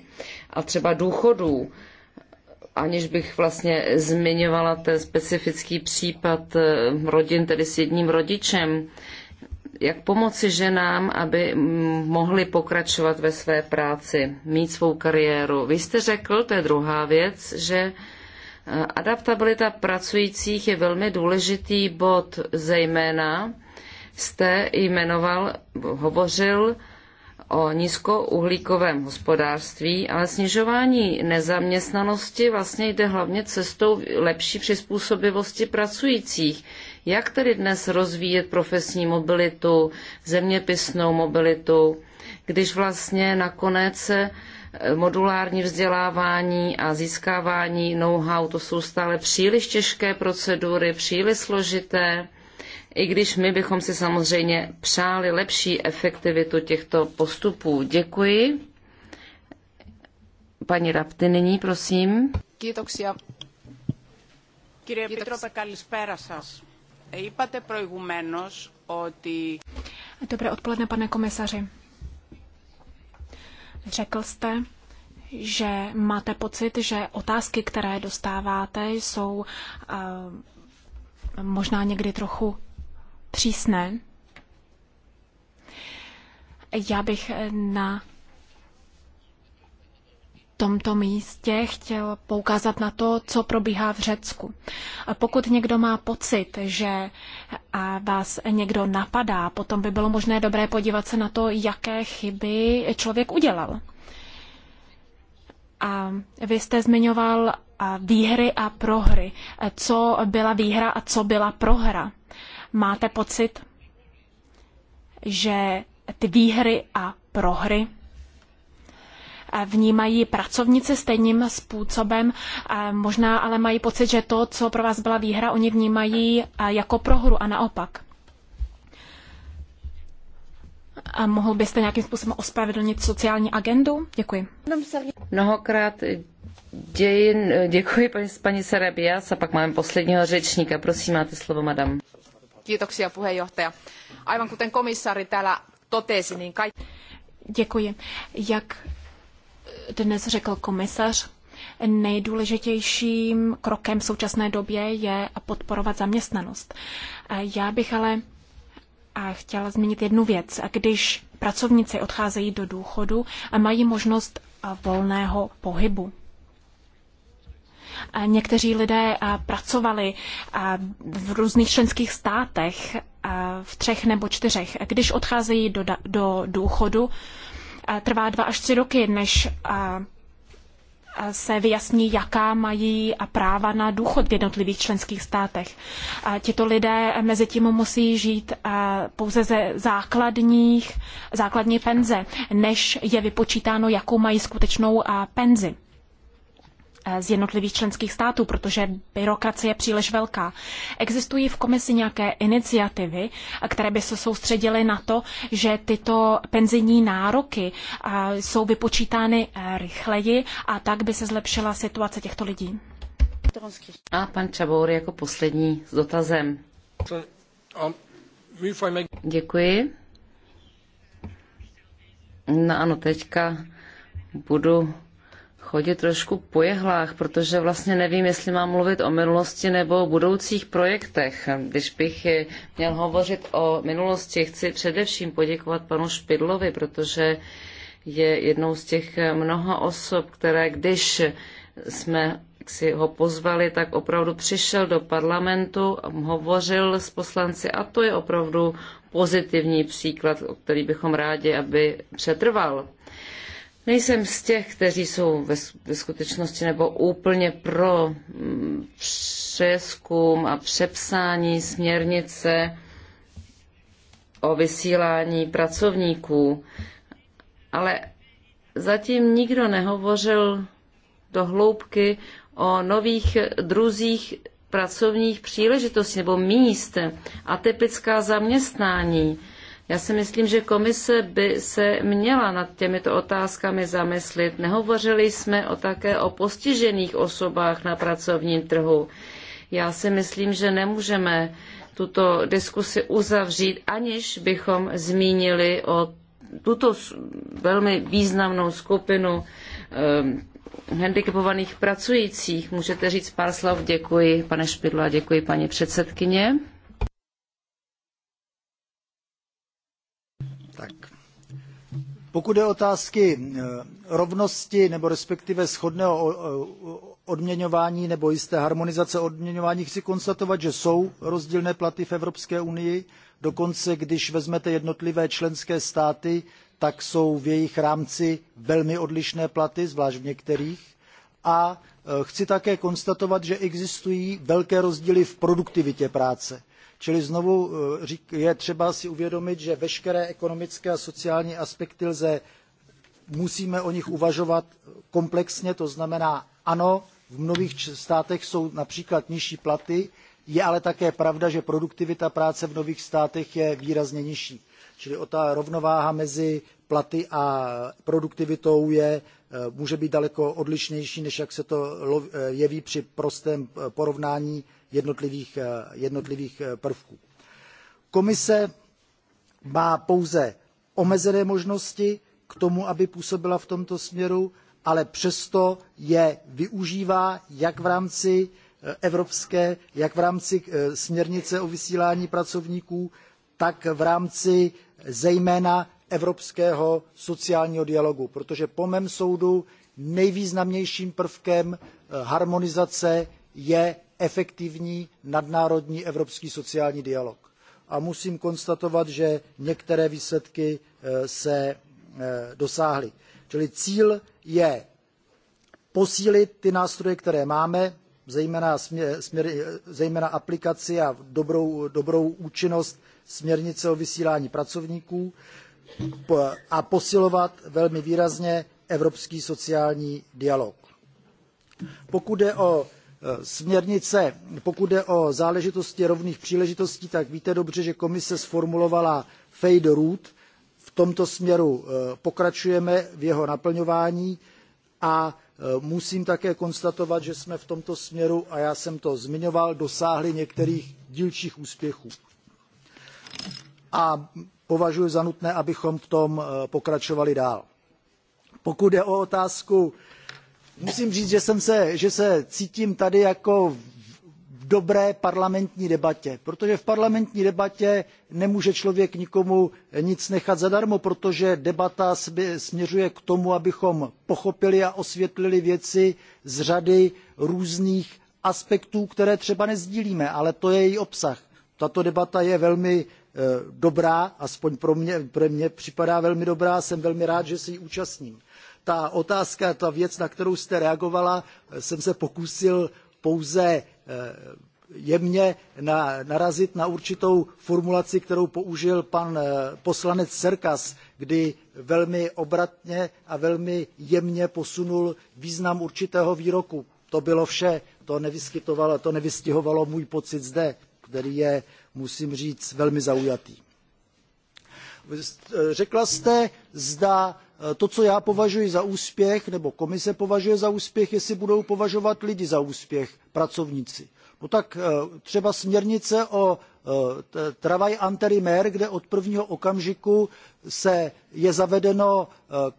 a třeba důchodů aniž bych vlastně zmiňovala ten specifický případ eh, rodin, tedy s jedním rodičem jak pomoci ženám, aby mohly pokračovat ve své práci, mít svou kariéru. Vy jste řekl, to je druhá věc, že eh, adaptabilita pracujících je velmi důležitý bod, zejména jste jmenoval, hovořil o nízkouhlíkovém hospodářství, ale snižování nezaměstnanosti vlastně jde hlavně cestou lepší přizpůsobivosti pracujících. Jak tedy dnes rozvíjet profesní mobilitu, zeměpisnou mobilitu, když vlastně nakonec eh, modulární vzdělávání a získávání know-how, to jsou stále příliš těžké procedury, příliš složité, i když my bychom si samozřejmě přáli lepší efektivitu těchto postupů. Děkuji. Paní Rapty nyní, prosím. Kiitoksia. Kiitoksia. Είπατε προηγουμένως ότι... Dobré odpoledne, pane komisaři. Řekl jste, že máte pocit, že otázky, které dostáváte, jsou uh, možná někdy trochu přísné. Já bych na tomto místě chtěl poukázat na to, co probíhá v Řecku. A pokud někdo má pocit, že vás někdo napadá, potom by bylo možné dobré podívat se na to, jaké chyby člověk udělal. A vy jste zmiňoval výhry a prohry. Co byla výhra a co byla prohra? Máte pocit, že ty výhry a prohry vnímají pracovnice stejným způsobem, možná ale mají pocit, že to, co pro vás byla výhra, oni vnímají jako prohru a naopak. A mohl byste nějakým způsobem ospravedlnit sociální agendu? Děkuji. Mnohokrát dějin, děkuji paní, paní Sarabias a pak máme posledního řečníka. Prosím, máte slovo, madam. Kiitoksia puheenjohtaja. Aivan kuten komissaari täällä totesi, niin kaikki... Děkuji. Jak dnes řekl komisař, nejdůležitějším krokem v současné době je podporovat zaměstnanost. Já bych ale chtěla zmínit jednu věc. Když pracovníci odcházejí do důchodu, a mají možnost volného pohybu. Někteří lidé pracovali v různých členských státech, v třech nebo čtyřech. Když odcházejí do, do důchodu, trvá dva až tři roky, než se vyjasní, jaká mají práva na důchod v jednotlivých členských státech. Tito lidé mezi tím musí žít pouze ze základních, základní penze, než je vypočítáno, jakou mají skutečnou penzi. Eh, z jednotlivých členských států, protože byrokracie je příliš velká. Existují v komisi nějaké iniciativy, eh, které by se soustředily na to, že tyto penzijní nároky eh, jsou vypočítány rychleji a tak by se zlepšila situace těchto lidí. A pan Čabour jako poslední s dotazem. Děkuji. No ano, teďka budu chodit trošku po jehlách, protože vlastně nevím, jestli mám mluvit o minulosti nebo o budoucích projektech. Když bych měl hovořit o minulosti, chci především poděkovat panu Špidlovi, protože je jednou z těch mnoha osob, které když jsme si ho pozvali, tak opravdu přišel do parlamentu, hovořil s poslanci a to je opravdu pozitivní příklad, který bychom rádi, aby přetrval. Nejsem z těch, kteří jsou ve, ve skutečnosti nebo úplně pro mm, přeskum a přepsání směrnice o vysílání pracovníků, ale zatím nikdo nehovořil do hloubky o nových druzích pracovních příležitostí nebo míst, atypická zaměstnání já si myslím, že komise by se měla nad těmito otázkami zamyslit. Nehovořili jsme o také o postižených osobách na pracovním trhu. Já si myslím, že nemůžeme tuto diskusi uzavřít, aniž bychom zmínili o tuto velmi významnou skupinu eh, handicapovaných pracujících. Můžete říct pár slov. Děkuji, pane Špidlo, a děkuji, paní předsedkyně. Pokud je otázky eh, rovnosti nebo respektive shodného odměňování nebo jisté harmonizace odměňování, chci konstatovat, že jsou rozdílné platy v Evropské unii. Dokonce, když vezmete jednotlivé členské státy, tak jsou v jejich rámci velmi odlišné platy, zvlášť v některých. A eh, chci také konstatovat, že existují velké rozdíly v produktivitě práce Čili znovu eh, je třeba si uvědomit, že veškeré ekonomické a sociální aspekty lze, musíme o nich uvažovat komplexně, to znamená ano, v mnohých státech jsou například nižší platy, je ale také pravda, že produktivita práce v nových státech je výrazně nižší. Čili o ta rovnováha mezi platy a produktivitou je, eh, může být daleko odlišnější, než jak se to eh, jeví při prostém porovnání jednotlivých, eh, jednotlivých eh, prvků. Komise má pouze omezené možnosti k tomu, aby působila v tomto směru, ale přesto je využívá jak v rámci eh, evropské, jak v rámci směrnice o vysílání pracovníků, tak v rámci zejména evropského sociálního dialogu, protože po mém soudu nejvýznamnějším prvkem harmonizace je efektivní nadnárodní evropský sociální dialog. A musím konstatovat, že některé výsledky eh, se eh, dosáhly. Čili cíl je posílit ty nástroje, které máme, zejména, směr, zejména aplikaci a dobrou, dobrou účinnost směrnice o vysílání pracovníků a posilovat velmi výrazně evropský sociální dialog. Pokud jde o Eh, směrnice, pokud jde o záležitosti rovných příležitostí, tak víte dobře, že komise sformulovala fade route. V tomto směru eh, pokračujeme v jeho naplňování a eh, musím také konstatovat, že jsme v tomto směru, a já jsem to zmiňoval, dosáhli některých dílčích úspěchů. A považuji za nutné, abychom v tom pokračovali dál. Pokud jde o otázku musím říct, že, jsem se, že se cítím tady jako v dobré parlamentní debatě, protože v parlamentní debatě nemůže člověk nikomu nic nechat zadarmo, protože debata směřuje k tomu, abychom pochopili a osvětlili věci z řady různých aspektů, které třeba nezdílíme, ale to je její obsah. Tato debata je velmi e, dobrá, aspoň pro mě, pro mě připadá velmi dobrá, jsem velmi rád, že se jí účastním ta otázka, ta věc, na kterou jste reagovala, eh, jsem se pokusil pouze eh, jemně narazit na určitou formulaci, kterou použil pan eh, poslanec Serkas, kdy velmi obratně a velmi jemně posunul význam určitého výroku. To bylo vše, to, nevyskytovalo, to nevystihovalo můj pocit zde, který je, musím říct, velmi zaujatý. Řekla jste, zda Eh, to, co já považuji za úspěch, nebo komise považuje za úspěch, jestli budou považovat lidi za úspěch, pracovníci. No tak eh, třeba směrnice o eh, travail anterimér, kde od prvního okamžiku se je zavedeno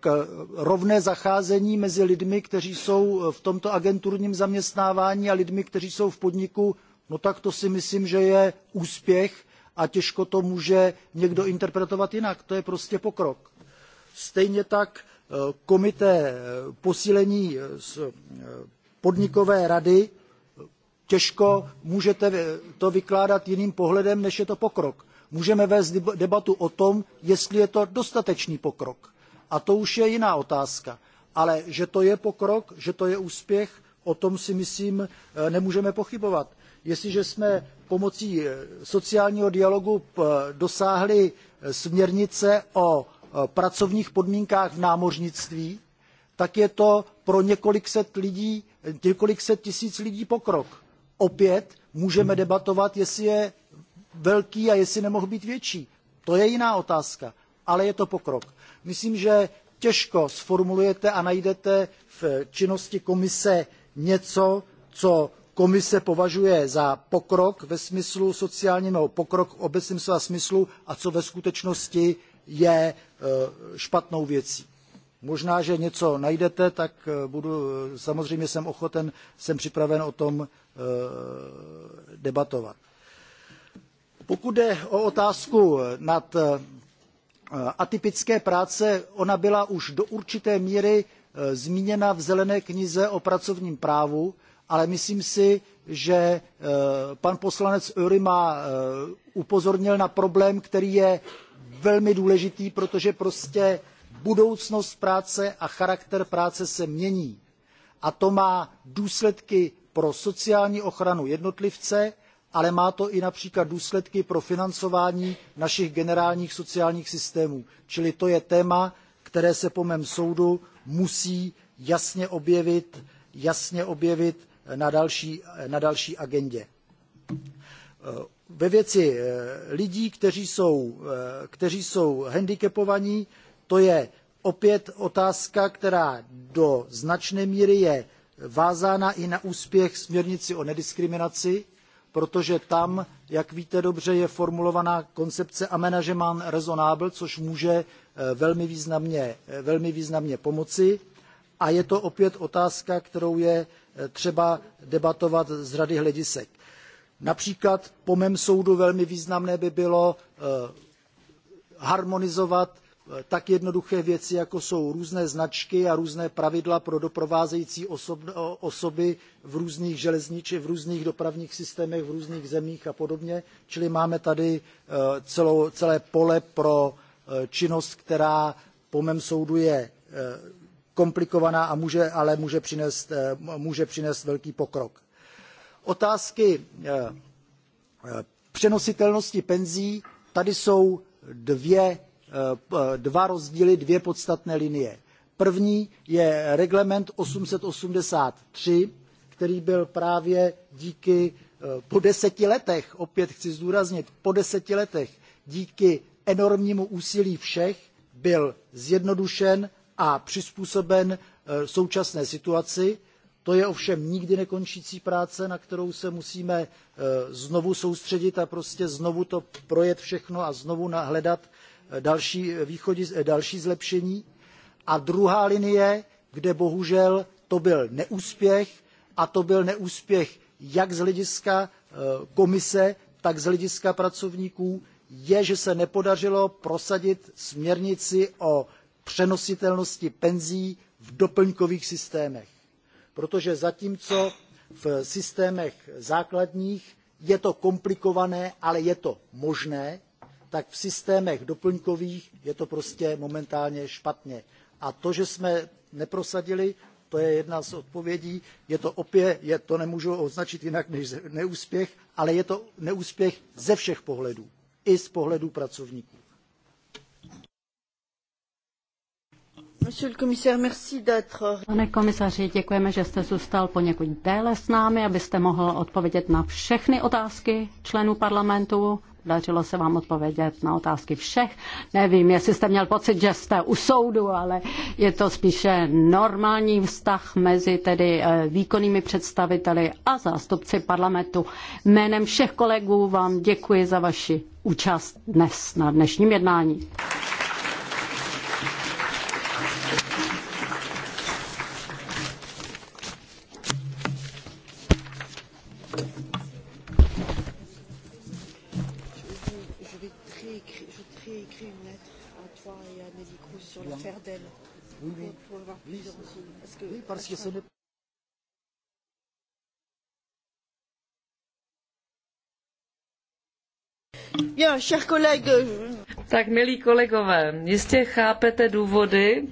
k rovné zacházení mezi lidmi, kteří jsou v tomto agenturním zaměstnávání a lidmi, kteří jsou v podniku, no tak to si myslím, že je úspěch a těžko to může někdo interpretovat jinak. To je prostě pokrok. Stejně tak eh, komité eh, posílení eh, podnikové rady těžko můžete to vykládat jiným pohledem, než je to pokrok. Můžeme vést debatu o tom, jestli je to dostatečný pokrok. A to už je jiná otázka. Ale že to je pokrok, že to je úspěch, o tom si myslím nemůžeme pochybovat. Jestliže jsme pomocí sociálního dialogu dosáhli směrnice o Eh, pracovních podmínkách v námořnictví, tak je to pro několik set, lidí, několik set tisíc lidí pokrok. Opět můžeme hmm. debatovat, jestli je velký a jestli nemohl být větší. To je jiná otázka, ale je to pokrok. Myslím, že těžko sformulujete a najdete v činnosti komise něco, co komise považuje za pokrok ve smyslu sociálního pokroku v obecném slova smyslu a co ve skutečnosti je eh, špatnou věcí. Možná, že něco najdete, tak eh, budu, eh, samozřejmě jsem ochoten, jsem připraven o tom debatovat. Pokud jde o otázku nad atypické práce, ona byla už do určité míry zmíněna v zelené knize o pracovním právu, ale myslím si, že pan poslanec Öry má upozornil na problém, který je velmi důležitý, protože prostě budoucnost práce a charakter práce se mění. A to má důsledky pro sociální ochranu jednotlivce, ale má to i například důsledky pro financování našich generálních sociálních systémů. Čili to je téma, které se po mém soudu musí jasně objevit, jasně objevit na, další, na další agendě ve věci eh, lidí, kteří jsou, eh, kteří jsou handicapovaní, to je opět otázka, která do značné míry je vázána i na úspěch směrnici o nediskriminaci, protože tam, jak víte dobře, je formulovaná koncepce amenagement raisonnable, což může eh, velmi významně, velmi významně pomoci. A je to opět otázka, kterou je třeba debatovat z řady hledisek. Například po mém soudu velmi významné by bylo eh, harmonizovat eh, tak jednoduché věci, jako jsou různé značky a různé pravidla pro doprovázející eh, osoby v různých železničích, v různých dopravních systémech, v různých zemích a podobně. Čili máme tady celou, celé pole pro činnost, která po mém soudu je komplikovaná a může, ale může přinést, může přinést velký pokrok. Otázky eh, eh, přenositelnosti penzí, tady jsou dvě, eh, dva rozdíly, dvě podstatné linie. První je reglement 883, který byl právě díky po deseti letech, opět chci zdůraznit, po deseti letech, díky enormnímu úsilí všech byl zjednodušen a přizpůsoben současné situaci to je ovšem nikdy nekončící práce, na kterou se musíme eh, znovu soustředit a prostě znovu to projet všechno a znovu hledat eh, další, východiz, eh, další zlepšení. A druhá linie, kde bohužel to byl neúspěch, a to byl neúspěch jak z hlediska komise, tak z hlediska pracovníků, je, že se nepodařilo prosadit směrnici o přenositelnosti penzí v doplňkových systémech protože zatímco v systémech základních je to komplikované, ale je to možné, tak v systémech doplňkových je to prostě momentálně špatně. A to, že jsme neprosadili, to je jedna z odpovědí, je to opět, je, to nemůžu označit jinak než neúspěch, ale je to neúspěch ze všech pohledů, i z pohledu pracovníků. Pane komisaři, děkujeme, že jste zůstal poněkud déle s námi, abyste mohl odpovědět na všechny otázky členů parlamentu. Dařilo se vám odpovědět na otázky všech. Nevím, jestli jste měl pocit, že jste u soudu, ale je to spíše normální vztah mezi tedy eh, výkonnými představiteli a zástupci parlamentu. Jménem všech kolegů vám děkuji za vaši účast dnes na dnešním jednání. oui, oui. pour, oui, que, oui, parce que ce n'est Bien, chers collègues. Tak, milí kolegové, jistě chápete důvody,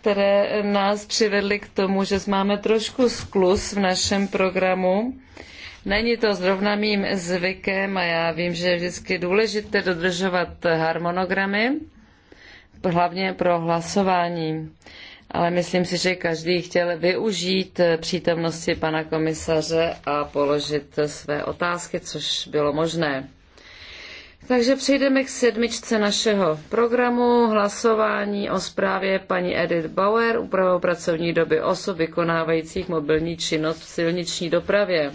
které nás přivedly k tomu, že máme trošku sklus v našem programu. Není to zrovna mým zvykem a já vím, že je vždycky důležité dodržovat harmonogramy, hlavně pro hlasování. Ale myslím si, že každý chtěl využít přítomnosti pana komisaře a položit své otázky, což bylo možné. Takže přejdeme k sedmičce našeho programu hlasování o zprávě paní Edith Bauer úpravou pracovní doby osob vykonávajících mobilní činnost v silniční dopravě.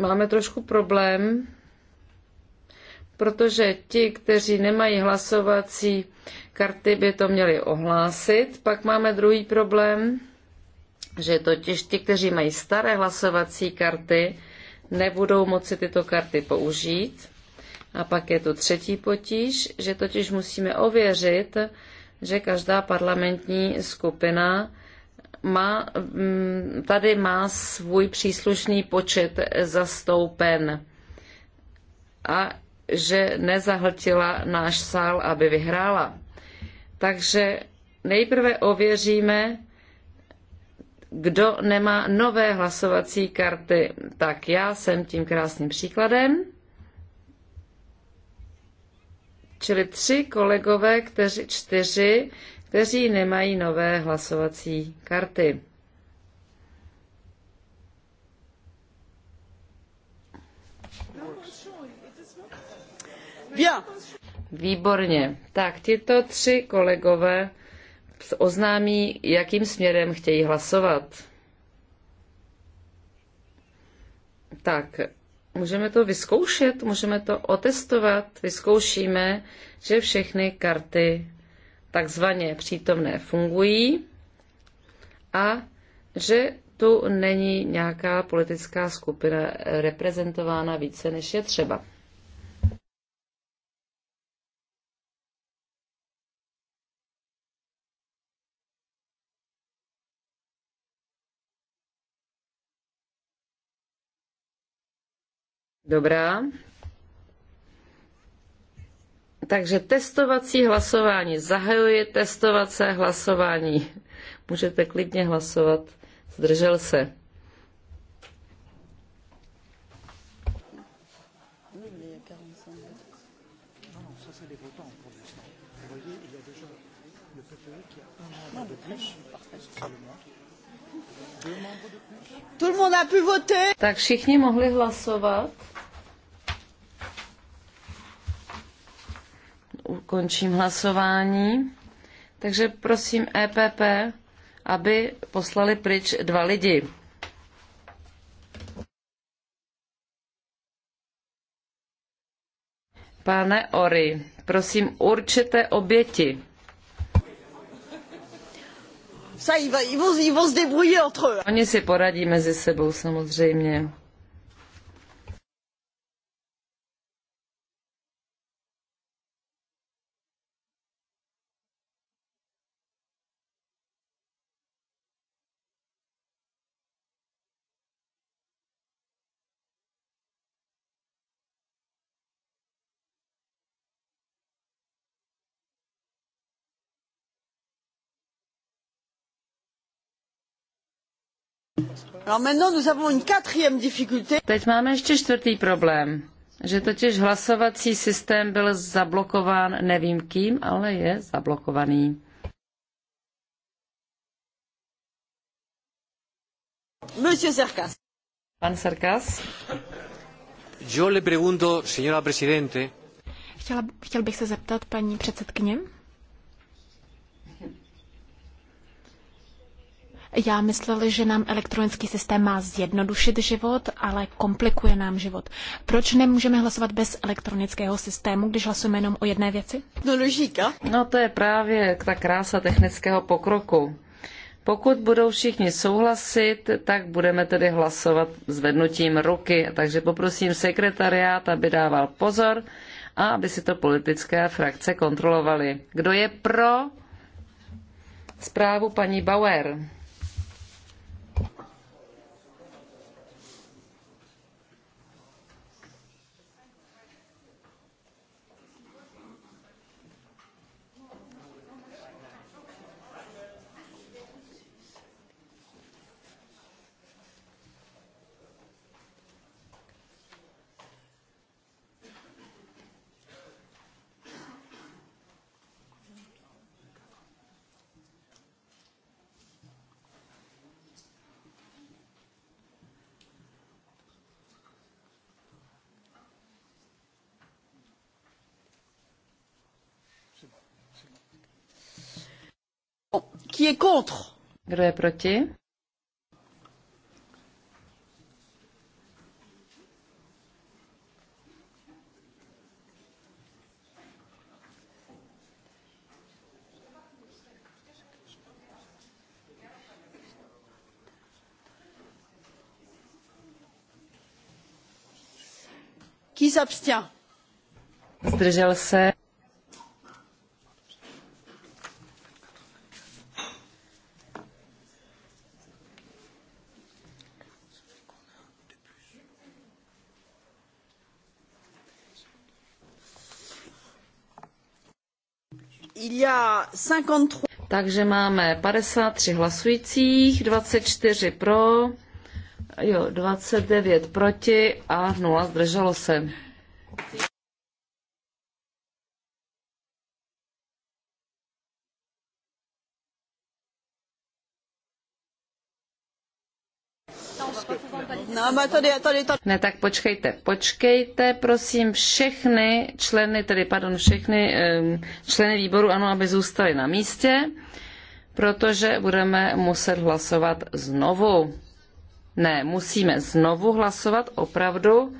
Máme trošku problém protože ti, kteří nemají hlasovací karty, by to měli ohlásit. Pak máme druhý problém, že totiž ti, kteří mají staré hlasovací karty, nebudou moci tyto karty použít. A pak je tu třetí potíž, že totiž musíme ověřit, že každá parlamentní skupina má, mm, tady má svůj příslušný počet zastoupen. A že nezahltila náš sál, aby vyhrála. Takže nejprve ověříme, kdo nemá nové hlasovací karty. Tak já jsem tím krásným příkladem. Čili tři kolegové, kteři, čtyři, kteří nemají nové hlasovací karty. Výborně. Tak tyto tři kolegové oznámí, jakým směrem chtějí hlasovat. Tak, můžeme to vyzkoušet, můžeme to otestovat, vyzkoušíme, že všechny karty takzvaně přítomné fungují a že tu není nějaká politická skupina reprezentována více, než je třeba. Dobrá. Takže testovací hlasování. zahajuje testovací hlasování. Můžete klidně hlasovat. Zdržel se. Tak všichni mohli hlasovat. ukončím hlasování. Takže prosím EPP, aby poslali pryč dva lidi. Pane Ory, prosím, určete oběti. Oni si poradí mezi sebou samozřejmě. Teď máme ještě čtvrtý problém, že totiž hlasovací systém byl zablokován nevím kým, ale je zablokovaný. Monsieur Sarkas. Pan Sarkas. Yo le pregunto, señora presidente. chtěl bych se zeptat paní předsedkyně. Já myslel, že nám elektronický systém má zjednodušit život, ale komplikuje nám život. Proč nemůžeme hlasovat bez elektronického systému, když hlasujeme jenom o jedné věci? No, ložíka. No, to je právě ta krása technického pokroku. Pokud budou všichni souhlasit, tak budeme tedy hlasovat zvednutím ruky. Takže poprosím sekretariát, aby dával pozor a aby si to politické frakce kontrolovaly. Kdo je pro zprávu paní Bauer? est contre? Kdo je proti? Qui s'abstient? Zdržel se. Takže máme 53 hlasujících, 24 pro, jo, 29 proti a 0 zdrželo se. ale tady, tady, tady. Ne, tak počkejte, počkejte, prosím, všechny členy, tedy, pardon, všechny členy výboru, ano, aby zůstali na místě, protože budeme muset hlasovat znovu. Ne, musíme znovu hlasovat opravdu,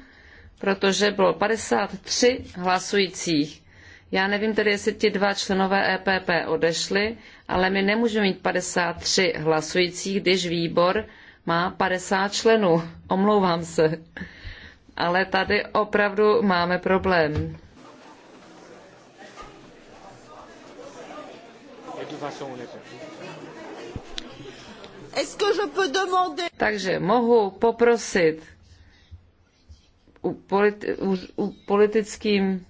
protože bylo 53 hlasujících. Já nevím tedy, jestli ti dva členové EPP odešli, ale my nemůžeme mít 53 hlasujících, když výbor má 50 členů. Omlouvám se. Ale tady opravdu máme problém. Takže mohu poprosit u, politi- u, u politickým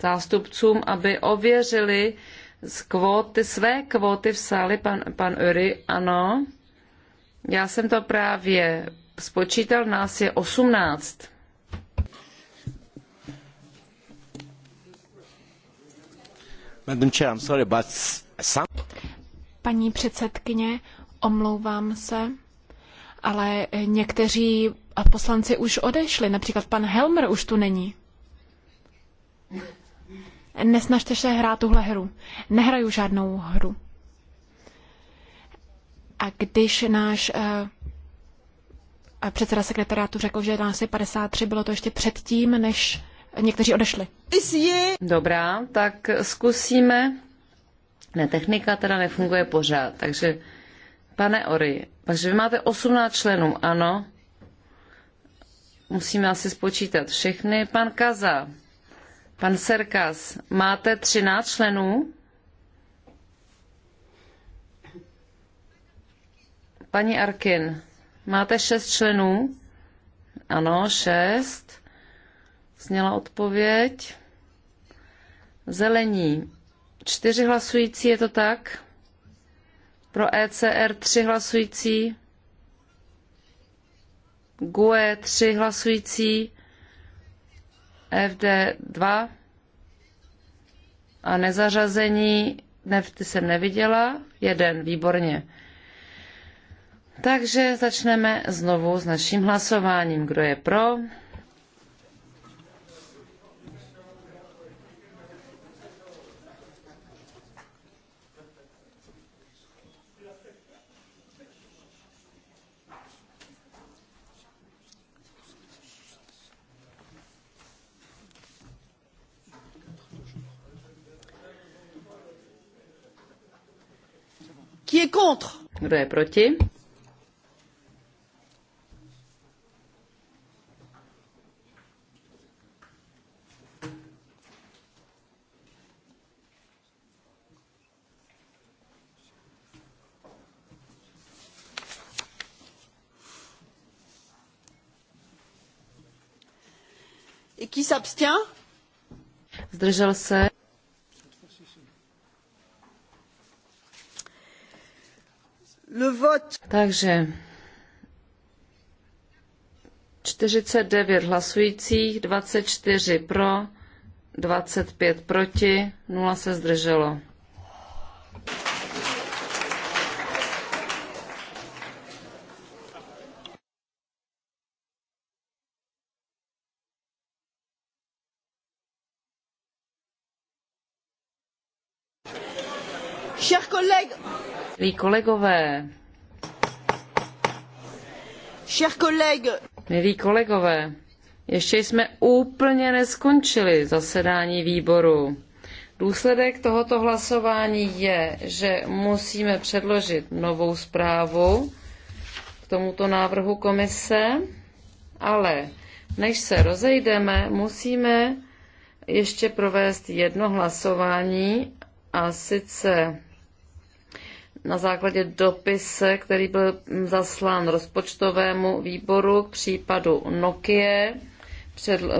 zástupcům, aby ověřili z kvóty, své kvóty v sále pan, pan Uri, ano. Já jsem to právě spočítal, nás je 18. Paní předsedkyně, omlouvám se, ale někteří poslanci už odešli, například pan Helmer už tu není. Nesnažte se hrát tuhle hru. Nehraju žádnou hru. A když náš eh, předseda sekretariátu řekl, že nás je 53, bylo to ještě předtím, než někteří odešli. Dobrá, tak zkusíme. Ne, technika teda nefunguje pořád, takže pane Ory, takže vy máte 18 členů, ano. Musíme asi spočítat všechny. Pan Kaza, pan Serkas, máte 13 členů? Paní Arkin, máte šest členů? Ano, šest. Zněla odpověď. Zelení. Čtyři hlasující, je to tak? Pro ECR tři hlasující. GUE tři hlasující. FD dva. A nezařazení, ne, ty jsem neviděla, jeden, výborně. Takže začneme znovu s naším hlasováním. Kdo je pro? Kdo je proti? Et qui s'abstient? Zdržel se. Le vote. Takže 49 hlasujících, 24 pro, 25 proti, 0 se zdrželo. Milí kolegové, milí kolegové, ještě jsme úplně neskončili zasedání výboru. Důsledek tohoto hlasování je, že musíme předložit novou zprávu k tomuto návrhu komise, ale než se rozejdeme, musíme ještě provést jedno hlasování a sice na základě dopise, který byl zaslán rozpočtovému výboru k případu Nokia,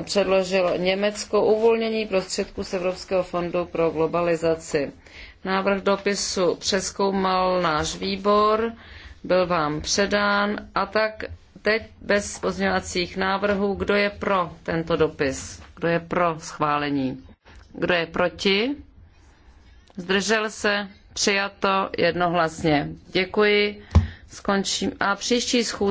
předložilo Německo uvolnění prostředků z Evropského fondu pro globalizaci. Návrh dopisu přeskoumal náš výbor, byl vám předán a tak teď bez pozměňovacích návrhů, kdo je pro tento dopis, kdo je pro schválení, kdo je proti, zdržel se, Přijato jednohlasně. Děkuji. Skončím. A příští schůze